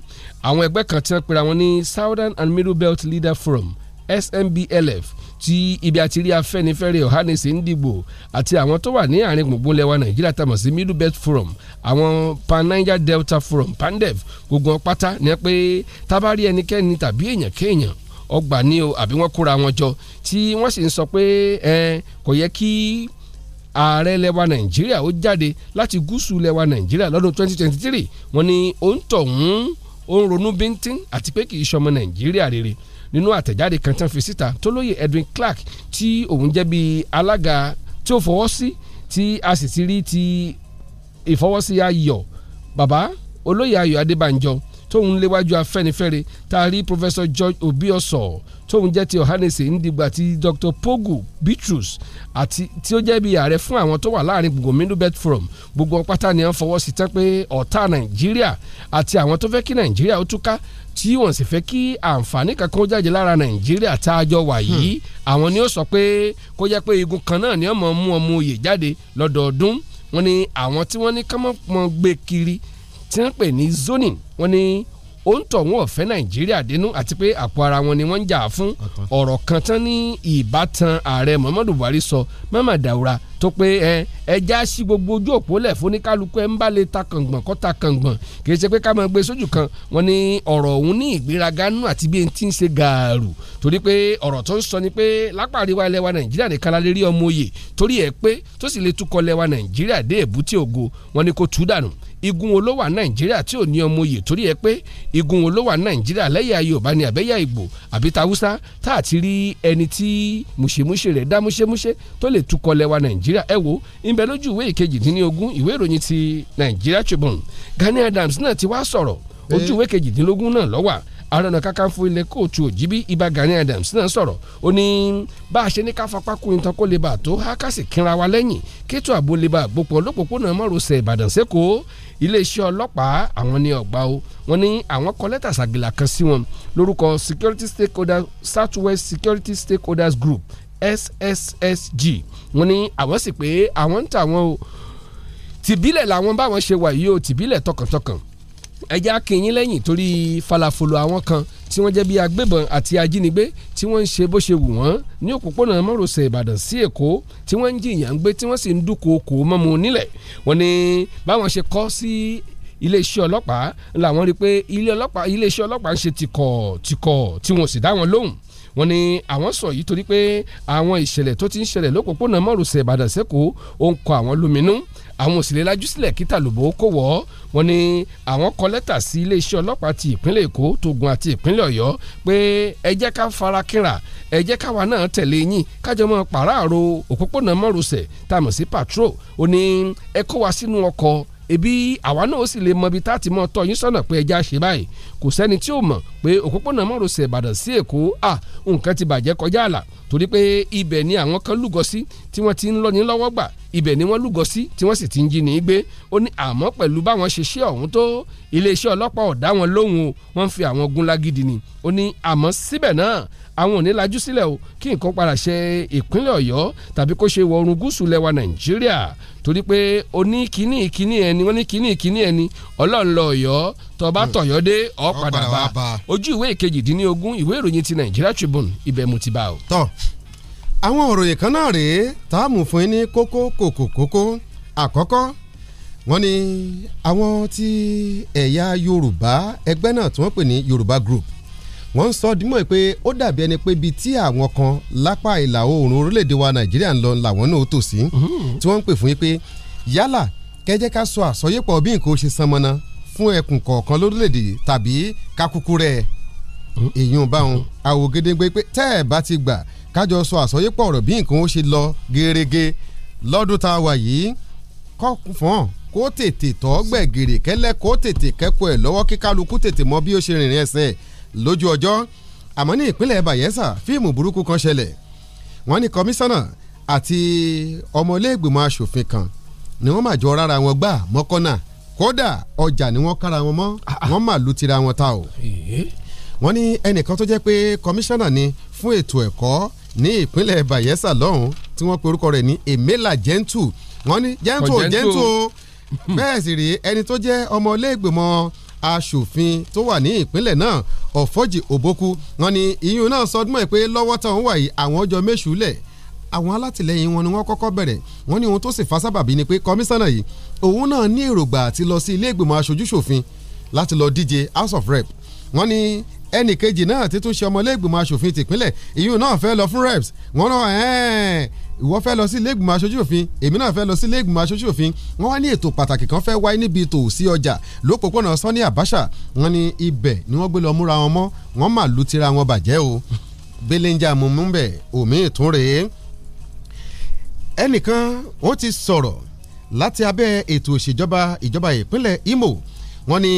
àwọn ẹgbẹ́ kan ti ń pera ní Southern and Middle Belt Leader Forum SMBLF tí ibi àti rí Afẹ́nifẹ́re Ọ̀hánẹsẹ̀ ń dìbò àti àwọn tó wà ní àárín gbùngbùn lẹwa Nàìjíríà tamọ̀ sí Middle Belt Forum àwọn Pan Niger Delta Forum pandev gbogbo pátá ni pé tábàárí ẹnikẹ́ni tàbí èèyàn kéèyàn ọgbà ní o àbí wọ́n kóra wọn jọ tí wọ́n sì ń sọ pé kò yẹ kí ààrẹ lẹwa nàìjíríà ó jáde láti gúúsù lẹwa nàìjíríà lọ́dún 2023 wọ́n ní ó ń tọ̀hún ó ń ronú bíntín àti pé kì í ṣọmọ nàìjíríà rere nínú àtẹ̀jáde kan tán fi síta tó lóye Edwin Clark tí òun jẹ́ bíi alága tí ó fọwọ́ sí tí a sì ti rí ti ìfọwọ́sí ayọ̀ bàbá olóyè ayọ̀ adébánjọ tóun léwájú afẹ́nifẹ́re tá Professor George Obioso tóun jẹ́ ti Ohanaeze Ndigba ti Dr. Pogu Bitrus àti tí ó jẹ́ bí ààrẹ fún àwọn tó wà láàrin gbogbo Middle Belt Forum gbogbo pátá ni à ń fọwọ́ sí tán pé ọ̀tá Nàìjíríà àti àwọn tó fẹ́ kí Nàìjíríà ó túká tí wọ́n sì fẹ́ kí àǹfààní kankan ó jáde lára Nàìjíríà tá a jọ wà yìí hmm. àwọn ni ó sọ pé kó jẹ́ pé igun kan náà ni ọmọ mú ọmọ òye jáde lọ́dọọdún wọ́n ní àwọn tí wọ́n ní kọ́mọ́pọ́n gbé kiri tí wọ́n pè ní zoning wọ́n ní ó ń tọ̀ wọ́n ọ̀fẹ́ nàìjíríà dénú àti pé àpò ara wọn ni wọ́n ń jà fún ọ̀rọ̀ kan tán ní ìbátan ààrẹ muhammadu buhari sọ mama daura tó pé ẹ ẹja sí gbogbo ojú òpó lẹ̀ fóníkálukú ẹ ń bá lè ta kàngbọ̀n kọ́ ta kàngbọ̀n kì í ṣe pé ká máa gbé sójú kan wọn ni ọ̀rọ̀ òun ní ìgbéraga nù àti bí n ti ń ṣe gààrù torí pé ọ̀rọ̀ tó ń sọ ni pé lápá àríwá ilẹ̀ wa nàìjíríà nìkan la lè rí ọmọ òye torí ẹ pé tó sì lè tukọ̀ ilẹ̀ nàìjíríà dé èbúté ògo wọn ni kò tú dànù igun wo nàìjíríà tí ò ní ọmọ òye torí ẹ pé igun wo nàìjíríà lẹ́yà yorùbá ni àbẹ́yà ìgbò àbí tàwùsá tá àti rí ẹni tí mùṣemúṣe rẹ̀ dá múṣemúṣe tó lè tukọ̀ ilẹ̀ wa nàìjíríà ẹ wo ń bẹ lójú ìwé ìkejìdínlógún ìwé ìròyìn ti nàìjíríà Tribune Gani Adams náà ti wá sọ̀rọ̀ ojú ìwé kejìdínlógún náà lọ́wà ààrẹ ọ̀nà kakanfò ilẹ̀ kóòtù òjìbí ibà Gani Adams náà sọ̀rọ̀ ó ní bá a ṣe ní ká fapá kó nǹkan kó lè bá a tó há ká sì kínra wa lẹ́yìn kétò ààbò lè bá a gbópọ̀ lópòpónà mọ́rọ̀sẹ̀ Ìbàdàn sẹ́kọ̀ọ́ iléeṣẹ́ ọlọ́pàá àwọn ní ọ̀gbà o wọ́n ní àwọn kọ lẹ́tà sàgìlà kan sí wọn lórúkọ security stakeholders South West security stakeholders group SSSG wọ́n ní àwọn sì pé àwọn ń tà wọ́n o tìbílẹ̀ làwọn báwọn ṣe wà yìí o tìbílẹ̀ tọkàntọkàn ẹjẹ́ akínyín lẹ́yìn torí falafolo àwọn kan tí wọ́n jẹ́ bí agbébọn àti ajínigbé tí wọ́n ń ṣe bó ṣe wù wọ́n ní òpópónà mọ́rọ̀sẹ̀ ìbàdàn sí èkó tí wọ́n ń jìyàn gbé tí wọ́n sì ń dúkookò mọ́mu nílẹ̀ wọ́n ní báwọn ṣe kọ́ sí iléeṣẹ́ ọlọ́pàá làwọn rí i pé iléeṣẹ́ ọlọ́pàá ń ṣe tìkọ̀ tìkọ̀ tí wọ́n sì dá wọn lóhùn wọ́n ní àwọn sọ yìí torí pé àwọn ìṣẹ̀lẹ̀ tó ti ń ṣẹlẹ̀ lópòpónà márosẹ̀ Ìbàdàn sẹ́kọ̀ọ́ ó ń kọ àwọn lóminú àwọn òsèlè lajú sílẹ̀ kí tàlùbọ̀ ó kó wọ́ wọ́n ní àwọn kọ lẹ́tà sí iléeṣẹ́ ọlọ́pàá ti ìpínlẹ̀ Èkó Ògùn àti ìpínlẹ̀ Ọ̀yọ́ pé ẹ ká fara kínra ẹ jẹ́ káwa náà tẹ̀lé yín kájọ mọ́ pàráàrò òpópónà márosẹ̀ tá a mọ̀ sí patrol ó ní ẹ kó wa sínú ọkọ̀ ebi àwa náà ó sì lè mọ ibi tá a ti mọ tọ́ yín sọ́nà pé ẹja ṣe báyìí kò sẹ́ni tí ò mọ̀ pé òpópónà márosẹ̀ Ìbàdàn sí Èkó à nǹkan ti bàjẹ́ kọjá àlà torí pé ibẹ̀ ni àwọn kan lúgọ sí tí wọ́n ti ń lọ́ni lọ́wọ́ gbà ibẹ̀ ni wọ́n lúgọ sí tí wọ́n sì ti ń jí ní gbé ó ní àmọ́ pẹ̀lú báwọn ṣe ṣe ọ̀hún tó iléeṣẹ́ ọlọ́pàá ọ̀dá wọn lóhùn o wọ́n fi àwọn ogun lágídí ni ó ní àmọ́ síbẹ̀ náà àwọn ò ní lajú sílẹ̀ o kí nǹkan padà ṣe ìpínlẹ̀ ọ̀yọ́ tàbí kó ṣe ìwọ̀ oòrùn gúúsù lẹ́wà nàìjíríà torí pé oní kíní kíní ẹni wọ́n ní kíní kíní ẹni ọlọ́run lọ ọ̀yọ́ tọba hmm. tọ̀yọ́ dé ó padà bá ojú ìwé ìkejìdínlógún ìwé ìròyìn ti nàìjíríà tribune ibẹ̀ mo ti bá o. tọ́ àwọn òròyìn kan náà rèé tá a mú fún yín ní kókó kòkó àkọ́kọ́ wọ́n ní àwọn tí ẹ̀yà yorùbá ẹgbẹ́ náà tí wọ́n pè ní yorùbá group wọ́n ń sọ dímọ̀ pé ó dàbí ẹni pé bíi tí àwọn kan lápá ìlà oòrùn orílẹ̀-èdè wa nàìjíríà ń lọ làwọn náà tò sí mm-hmm. tí wọ́n ń pè fún yín pé yálà kẹjẹ́ ká sọ àsọyépọ̀ bí nǹkan ó ṣe san mọ́nà fún ẹkùn kọ̀ọ̀kan lórílẹ̀-èdè tàbí kakuku rẹ̀ mm-hmm. èyàn báwọn àwògedengbe pé tẹ́ ẹ̀ bá ti gbà kájọ sọ àsọyépọ̀ ọ̀rọ̀ bí nǹkan ó ṣe lọ gerege lọ́dún tá a wà yìí kọ́ fún kó tètè tọ́ gbẹ̀gìrì kẹ́lẹ́ kó tètè kẹ́kọ̀ọ́ ẹ̀ lọ́wọ́ kí tètè mọ bí ó ṣe rìnrìn ẹsẹ̀ lójú ọjọ́ àmọ́ ní ìpínlẹ̀ Bayelsa fíìmù burúkú kan ṣẹlẹ̀ wọ́n ní kọmísánná àti ọmọléègbìmọ̀ asòfin kan ni wọ́n máa jọ rárá wọn gbà mọ́kànnà kódà ọjà ni wọ́n kára wọn mọ́ wọ́n máa lu tira wọn ta o wọ́n ní ẹnìkan tó jẹ́ pé kọmísánná ni fún ètò ẹ̀kọ́ ní ìpínlẹ̀ Bayelsa lọ́hùn tí wọ́n pe orúkọ rẹ̀ ní Emela Gentu wọ́n ní Gentu o bẹ́ẹ̀ sì rí ẹni tó jẹ́ ọmọléègbìmọ̀ aṣòfin tó wà ní ìpínlẹ̀ náà ọ̀fọ́jì òbókú wọn ni ìyún náà sọdúnmọ́ ẹ̀ pé lọ́wọ́ táwọn wà yìí àwọn ọjọ́ méṣùlẹ̀ àwọn alátìlẹyìn wọn ni wọ́n kọ́kọ́ bẹ̀rẹ̀ wọ́n ní ohun tó sì fa sábàbí ni pé kọmísánná yìí òun náà ní èrògbà àti lọ sí ilé ìgbìmọ̀ aṣojúṣòfin láti lọ díje house of rep wọ́n ní ẹnì kejì náà ti tún ṣe ọmọlé ìgbìmọ̀ aṣòfin tìpínlẹ̀ ìyún náà fẹ́ lọ fún reps wọ́n náà ẹ̀ẹ́n ìwọ fẹ́ lọ sí ilé ìgbìmọ̀ aṣojú òfin èmi náà fẹ́ lọ sí ilé ìgbìmọ̀ aṣojú òfin wọ́n wá ní ètò pàtàkì kan fẹ́ wáyé níbi tòsí ọjà lópòpónà Sani Abacha wọ́n ní ibẹ̀ ni wọ́n gbé lọ múra wọn mọ́ wọ́n mà lu tira wọn bàjẹ́ o belenja mumu bẹ̀ omi ìtún rèé ẹnìkan ó ti sọ̀rọ̀ láti abẹ́ ètò òṣèjọba ìjọba ìpínlẹ̀ Imo wọ́n ní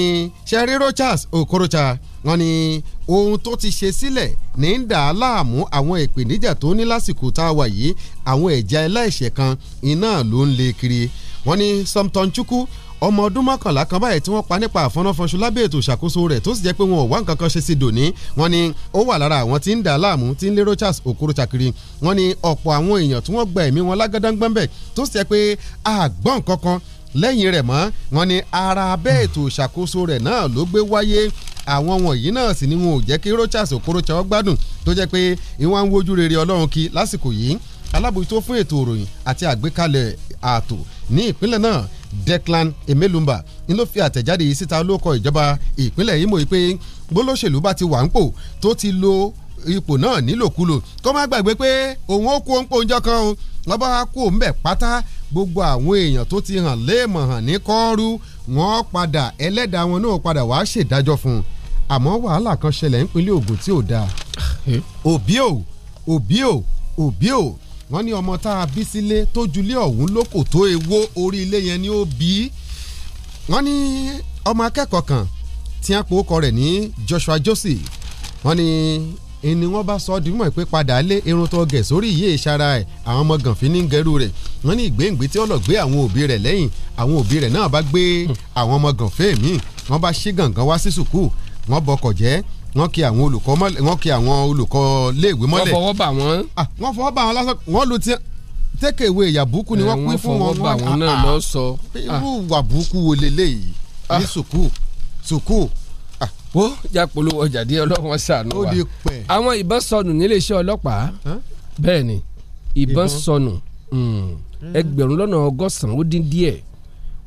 sẹ́rí Rochas Okorocha wọ́n ní ohun tó ti ṣe sílẹ̀ ní ń dà á láàmú àwọn ìpèníjà tó ní lásìkò tá a wà yìí àwọn ẹ̀já ẹlẹ́ṣẹ̀ kan iná ló ń le kiri wọ́n ní Samson Chukwu ọmọ ọdún mọ́kànlá kan báyìí tí wọ́n pa nípa àfọ́náfọ́nṣu lábẹ́ ètò ìṣàkóso rẹ̀ tó sì jẹ́ pé wọn ò wá nǹkan kan ṣe sí dòní wọ́n ní ó wà lára àwọn tí ń dà á láàmú tí ń lérò Charles Okorocha kiri wọ́n ní ọ̀pọ̀ àwọn èèyàn tí wọ́n gba ẹ̀mí wọn lágádángbọ́n bẹ̀ tó sì jẹ́ pé àgbọ̀n kankan lẹ́yìn rẹ̀ mọ́ wọn ni ara abẹ́ ètò ìṣàkóso rẹ̀ náà ló gbé wáyé àwọn wọ̀nyí náà sì ni wọn ò jẹ́ kí Rochas Okorocha ó gbádùn tó jẹ́ pé ìwọ̀n ń wojú rere Ọlọ́run kí lásìkò yìí alábòjútó fún ètò òròyìn àti àgbékalẹ̀ ààtò ní ìpínlẹ̀ náà Declan Emelumba ń ló fi àtẹ̀jáde yìí síta lóko ìjọba ìpínlẹ̀ Imo pé gbólóṣèlú bá ti wà ń pò tó ti lo ipò náà nílòkulò kó má gbàgbé pé òun ó kú òǹpò oúnjẹ kan o lọ́ba kú òun bẹ̀ pátá gbogbo àwọn èèyàn tó ti hàn léèmọ̀ hàn ní kọ́ọ́rú wọ́n padà ẹlẹ́dàá wọn náà padà wàá ṣèdájọ́ fún un àmọ́ wàhálà kan ṣẹlẹ̀ nípínlẹ̀ Ògùn tí ò dáa eh? òbí ò òbí ò òbí ò wọ́n ní ọmọ tá a bí sílé tó ọ̀hún lóko tó ewó orí ilé yẹn ni ó bí wọ́n ní ọmọ akẹ́kọ̀ọ́ kan tí wọ́n pòókọ rẹ̀ ní Joshua Josie wọ́n ní ni wọ́n bá sọ ọ́ di mímọ̀ pé padà lé irun tó gẹ̀ sórí ìyé ìsara ẹ̀ àwọn ọmọ gànfin ní gẹrú rẹ̀ wọ́n ní ìgbéǹgbé tí ọlọ́gbé àwọn òbí rẹ̀ lẹ́yìn àwọn òbí rẹ̀ náà bá gbé àwọn ọmọ gànfin míì wọ́n bá ṣí gàngán wá sí sùkúù wọ́n bọkọ̀ jẹ́ wọ́n kì àwọn olùkọ́ mọ́lẹ̀ wọ́n kì àwọn olùkọ́ léèwé mọ́lẹ̀. wọ́n fọwọ́ bà wọ́n. lásán wọ́n lu ti tẹ́kẹ̀ wo jápolówó ọjà díẹ̀ ọlọ́run ṣàánú wa àwọn ìbọn sọnù níléeṣẹ́ ọlọ́pàá bẹ́ẹ̀ ni ìbọn sọnù hmm, hmm. ẹgbẹ̀rún lọ́nà ọgọ́sàn-án ó dín díẹ̀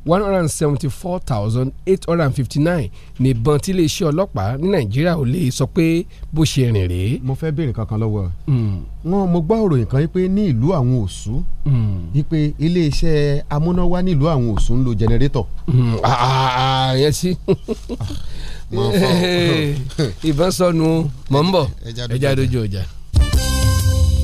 one hundred and seventy four thousand eight hundred and fifty nine nìbọn tí iléeṣẹ́ ọlọ́pàá ní nàìjíríà ò lè sọ pé bó ṣe rìn rèé. mo fẹ́ béèrè kankan lọ́wọ́ hmm. wọn mo gbọ́ òròyìn kan pé ní ìlú àwọn òsù wípé iléeṣẹ́ amúnáwá ní ìlú àwọn òsù ń lo jẹnẹrétọ̀. àyẹ̀sí ah, ah, ah, ìbọn sọnù mọ̀ ń bọ̀ ẹja dojú ọjà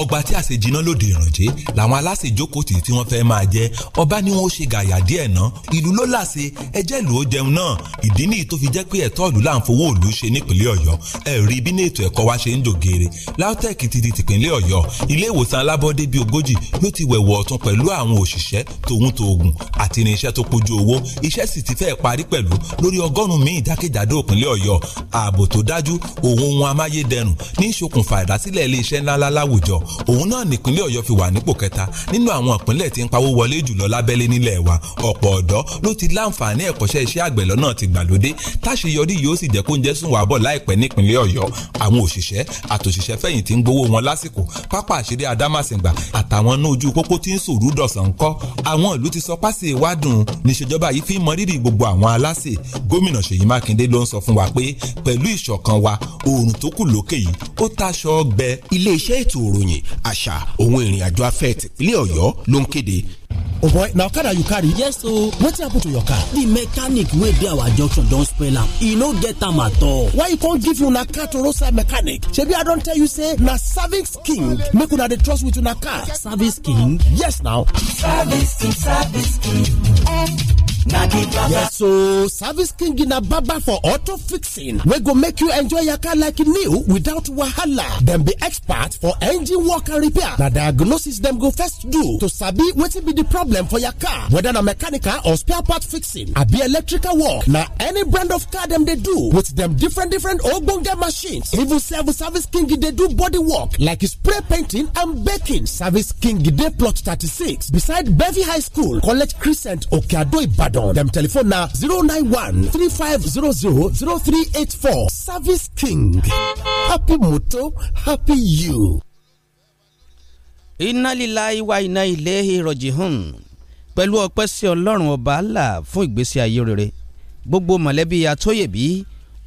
ọgbà tí àṣẹ jiná lòdì ìrànjẹ́ làwọn aláṣẹjókòó tì tí wọ́n fẹ́ máa jẹ ọba ni wọ́n ṣe gàyà díẹ̀ ná ìlú ló láṣẹ ẹjẹ́ ìlú ó jẹun náà ìdí nìyí tó fi jẹ́ pé ẹ̀tọ́ ìlú là ń fowó ìlú ṣe nípínlẹ̀ ọ̀yọ́ ẹ̀rí bí ní ètò ẹ̀kọ́ wa ṣe ń dògèrè LAUTECH ti di tìpínlẹ̀ ọ̀yọ́ ilé ìwòsàn alábọ́dé bíi ogójì yóò ti wẹ̀wọ̀ ọ̀tún pẹ̀lú àwọn òṣìṣẹ́ tòun tòògùn àti irinṣẹ́ tó kojú owó iṣẹ́ sì ti fẹ́ẹ̀ parí pẹ̀lú lórí ọgọ́rùn-ún míì jákèjádò ìpínlẹ̀ ọ̀yọ́ ààbò tó dájú òun ohun amáyédẹrùn ní ìṣokùnfà ìdásílẹ̀ ilé iṣẹ́ ńláńlá láwùjọ òun náà nìpínlẹ̀ ọ̀yọ́ fi wà nípò kẹta nínú àwọn ìpínlẹ̀ tí ń pawó wọlé jùlọ lábẹ́lé nílẹ̀ wa ọ̀pọ̀ ọ̀dọ́ ló ti láǹfààní ẹ̀kọ́ṣẹ́ iṣẹ́ àgbẹ̀ lọ́nà ti gbàlódé táṣeyọrí yóò sì jẹ́ kó ń jẹ́ sùn wà bọ̀ láìpẹ́ nípínlẹ̀ ọ̀yọ́ àwọn òṣìṣẹ́ àtòṣìṣẹ́ fẹ̀yìntì ń gbowó wọn lásìkò pápá àṣírí adámàsìngbà àtàwọn inú ojú pópó tí ń sòrú dọ̀sán ńkọ́ àwọn ìlú ti sọ pásì ìwádùn níṣèjọba yìí fi ń mọ rírì gbogbo àwọn aláṣẹ gómìnà Ṣèyí Mákindé ló ń sọ fún wa pé pẹ̀lú ìṣọ̀kan wa oòrùn tó kù lókè yìí ó taṣọ ọgbẹ́ iléeṣẹ́ ètò òròyìn ìròyìn àṣà òun ìrìn àjò afẹ́ tìpínlẹ̀ Ọ̀yọ́ ló ń kéde oh boy na okada you carry yes ooo wetin happen to your car the mechanic wey there our junction don't spoil am He no get them at all why you can't give you na car to roadside mechanic shebi i don't tell you say na service king make una the trust with na car service king yes now. service king service king eh, yes so service king na baba for auto fixing We go make you enjoy your car like new without wahala dem be expert for engine work and repair na diagnosis them go first do to sabi wetin be the problem for your car whether na mechanical or spare part fixing abi electrical work na any brand of car dem dey do with dem different different ogbonge machines even service service king dey do body work like spray painting and baking service king dey plot thirty-six beside Bevy high school college crescent okeado ibadan dem telephone na zero nine one three five zero zero zero three eight four service king happy moto happy you inna lillahi wa inna ilaihi raji'un pẹ̀lú ọpẹ́ sí ọlọ́run ọba Allah fún ìgbésí ayé rere gbogbo mọ̀lẹ́bí atóyèbí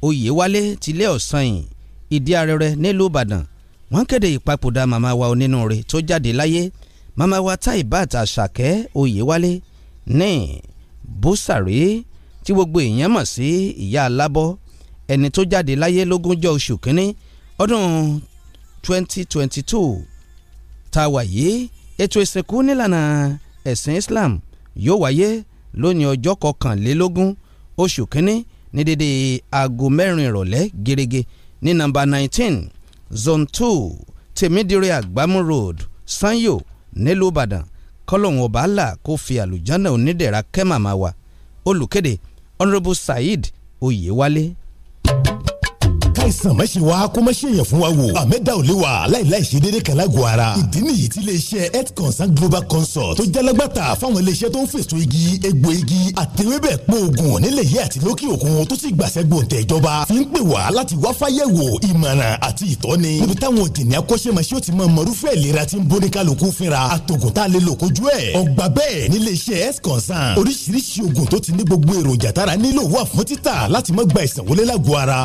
oyèwálé tilé ọ̀sanyìn ìdí arẹrẹ nílùú ìbàdàn wọ́n kéde ìpapòdà màmá wa onínúure tó jáde láyé màmá wa taibat àṣàkẹ́ oyèwálé ní búsàrí tí gbogbo èèyàn mọ̀ sí ìyá alábọ́ ẹni tó jáde láyé lógúnjọ́ oṣù kínní ọdún 2022 tá a wà yìí ètò ìsìnkú nílànà ẹ̀sìn Islam yóò wáyé lónìí ọjọ́ kọkànlélógún oṣù kínní ní dédé aago mẹ́rin ìrọ̀lẹ́ gẹ́gẹ́ ní nàmbà 19 zone two, tèmídìrí àgbámú road sanyo nílùú ìbàdàn kọ́lọ́hún ọba àlà kò fi àlùjánà onídẹ̀ra kẹ́màmá wa olùkéde honourable saheed oyewale káìsàn má ṣe wa kó má ṣe yẹn fún wa wò àmẹ́dá ò lè wa aláìláì ṣe déédéé kan lágọ̀ọ́ ara ìdí nìyí tí iléeṣẹ́ health consult global consult tó jalagbàtà fáwọn iléeṣẹ́ tó ń fèsò igi egbò igi àtẹwébẹ̀ pọ̀ oògùn nílẹ̀ yìí àti lókè òkun tó sì gbàṣẹ gbòǹtẹ̀ ìjọba fi ń pè wá láti wá fáyẹ̀wò ìmọ̀ràn àti ìtọ́ni níbi táwọn òjìní akọ́ṣẹ́mọṣẹ́ ò ti mọ mọ̀rúfẹ́ ìlera tí ń bóni kálukú fínra àtògùn tá a lè lò kojú ẹ̀ ọgbà bẹ́ẹ̀ nílé iṣẹ́ health consult oríṣiríṣi oògùn tó ti ní gbogbo èròjà tára nílò wà fún títà láti má gba ìsànwọlé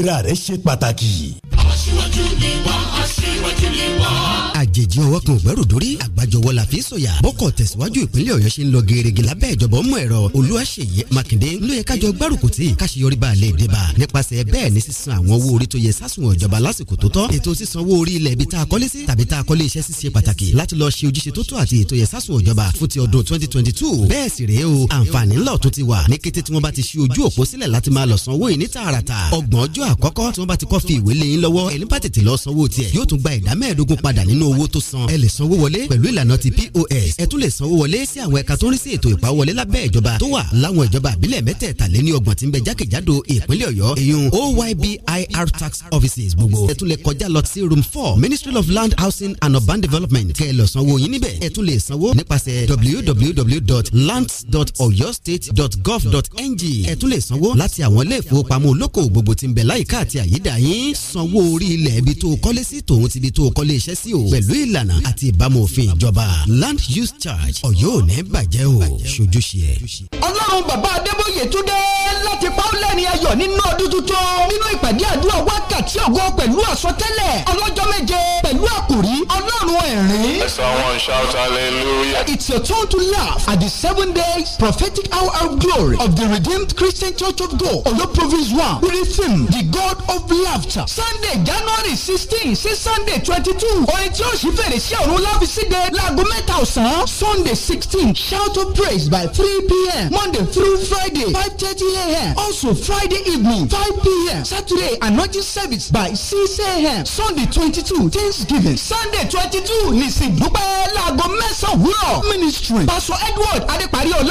ìlera rẹ ṣe pàtàkì. aṣíwájú ni wá aṣíwájú ni wá. àjèjì ọwọ́ kan ògbẹ́rù dórí àgbàjọwọ́ la fi ń sọ̀yà bọ́kọ̀ tẹ̀síwájú ìpínlẹ̀ ọ̀yọ́ ṣe ń lọ gẹ́gẹ́ lábẹ́ ìjọba ọmọ ẹ̀rọ olúwaṣeyẹ mákindé ló yẹ kájọ gbárùkù tí káṣíyọrí bá a lè dé bá nípasẹ̀ bẹ́ẹ̀ ni sísan àwọn owó orí tó yẹ sásùn ìjọba lásìkò tó tọ́ ètò sísan owó orí ilẹ̀ ibi tá a kọ́lé sí tàbí tá a kọ́lé iṣẹ́ ṣíṣe pàtàkì láti lọ ṣe ojúṣe tó tó àti ètò yẹ sásùn ìjọba fún ti ọdún twenty bẹ́ẹ̀ sì rèé o àǹfààní ńlọ tó ti wà ní kété tí wọ́n bá ti ṣí ojú òpó sílẹ̀ láti máa lọ san owó yìí ní tààràtà ọgbọ̀n ọjọ́ àkọ́kọ́ tí wọ́n bá ti kọ́ fi ìwé lé yín lọ́wọ́ ẹ̀yin bá tètè lọ sanwó tiẹ̀ yóò tún gba ìdá mẹ́ẹ̀ẹ́dógún padà nínú owó tó san ẹ lè sanwó wọlé pẹ̀lú ìlànà ti POS ẹ tún lè sanwó wọlé sí àwọn ẹ̀ka tó ń rí sí ètò ìpawọlé lábẹ́ ìjọba tó wà láwọn ìjọba àbílẹ̀ mẹ́tẹ̀ẹ̀tàléní ọgbọ̀n tí ń bẹ jákèjádò ìpínlẹ̀ ọ̀yọ́ èyun OYBIR tax offices gbogbo ẹ tún lè kọjá lọ sí room four Ministry of Land Housing and Urban Development kẹ́ lọ sanwó yín níbẹ̀ ẹ tún lè sanwó nípasẹ̀ www.lands.oyostate.gov.ng ẹ tún lè sanwó láti àwọn ilé ìfowópamọ́ olóko gbogbo tí ń bẹ láyé àyíká àti àyídà yín sanwó orí ilẹ̀ ibi tó kọ́lé sí tòun ti ibi tó kọ́lé iṣẹ́ sí o pẹ̀lú ìlànà àti ìbámu òfin ìjọba land use charge ọ̀yọ́ ò ní bàjẹ́ o ṣojúṣe ẹ̀. ọlọ́run bàbá adébóyè tún láti pa ó lẹ́rìn ayọ̀ nínú ọdún tuntun nínú ìpàdé àdúrà wákàtí ògo pẹ̀lú àsọtẹ́lẹ̀ ọlọ́jọ́ méje pẹ̀lú àkòrí ọlọ́run ẹ̀rín. someone shout hallelujah. it's your turn to laugh at the seven days prophetic hour of glory of the redeemed christian church of god oloprovince one with the the god of laughter sunday january sixteen sí sunday twenty two orin tí ó ṣí fèrèsé ọ̀run láfi síde láago mẹ́ta ọ̀sán sunday sixteen shout of praise by three pm monday through friday five thirty am also friday evening five pm saturday anointing service by six am sunday twenty-two thanksgiving sunday twenty-two nìsín dúpẹ́ láago mẹ́sàn-án wúrọ̀ ministry pastor edward adéparí ọlá.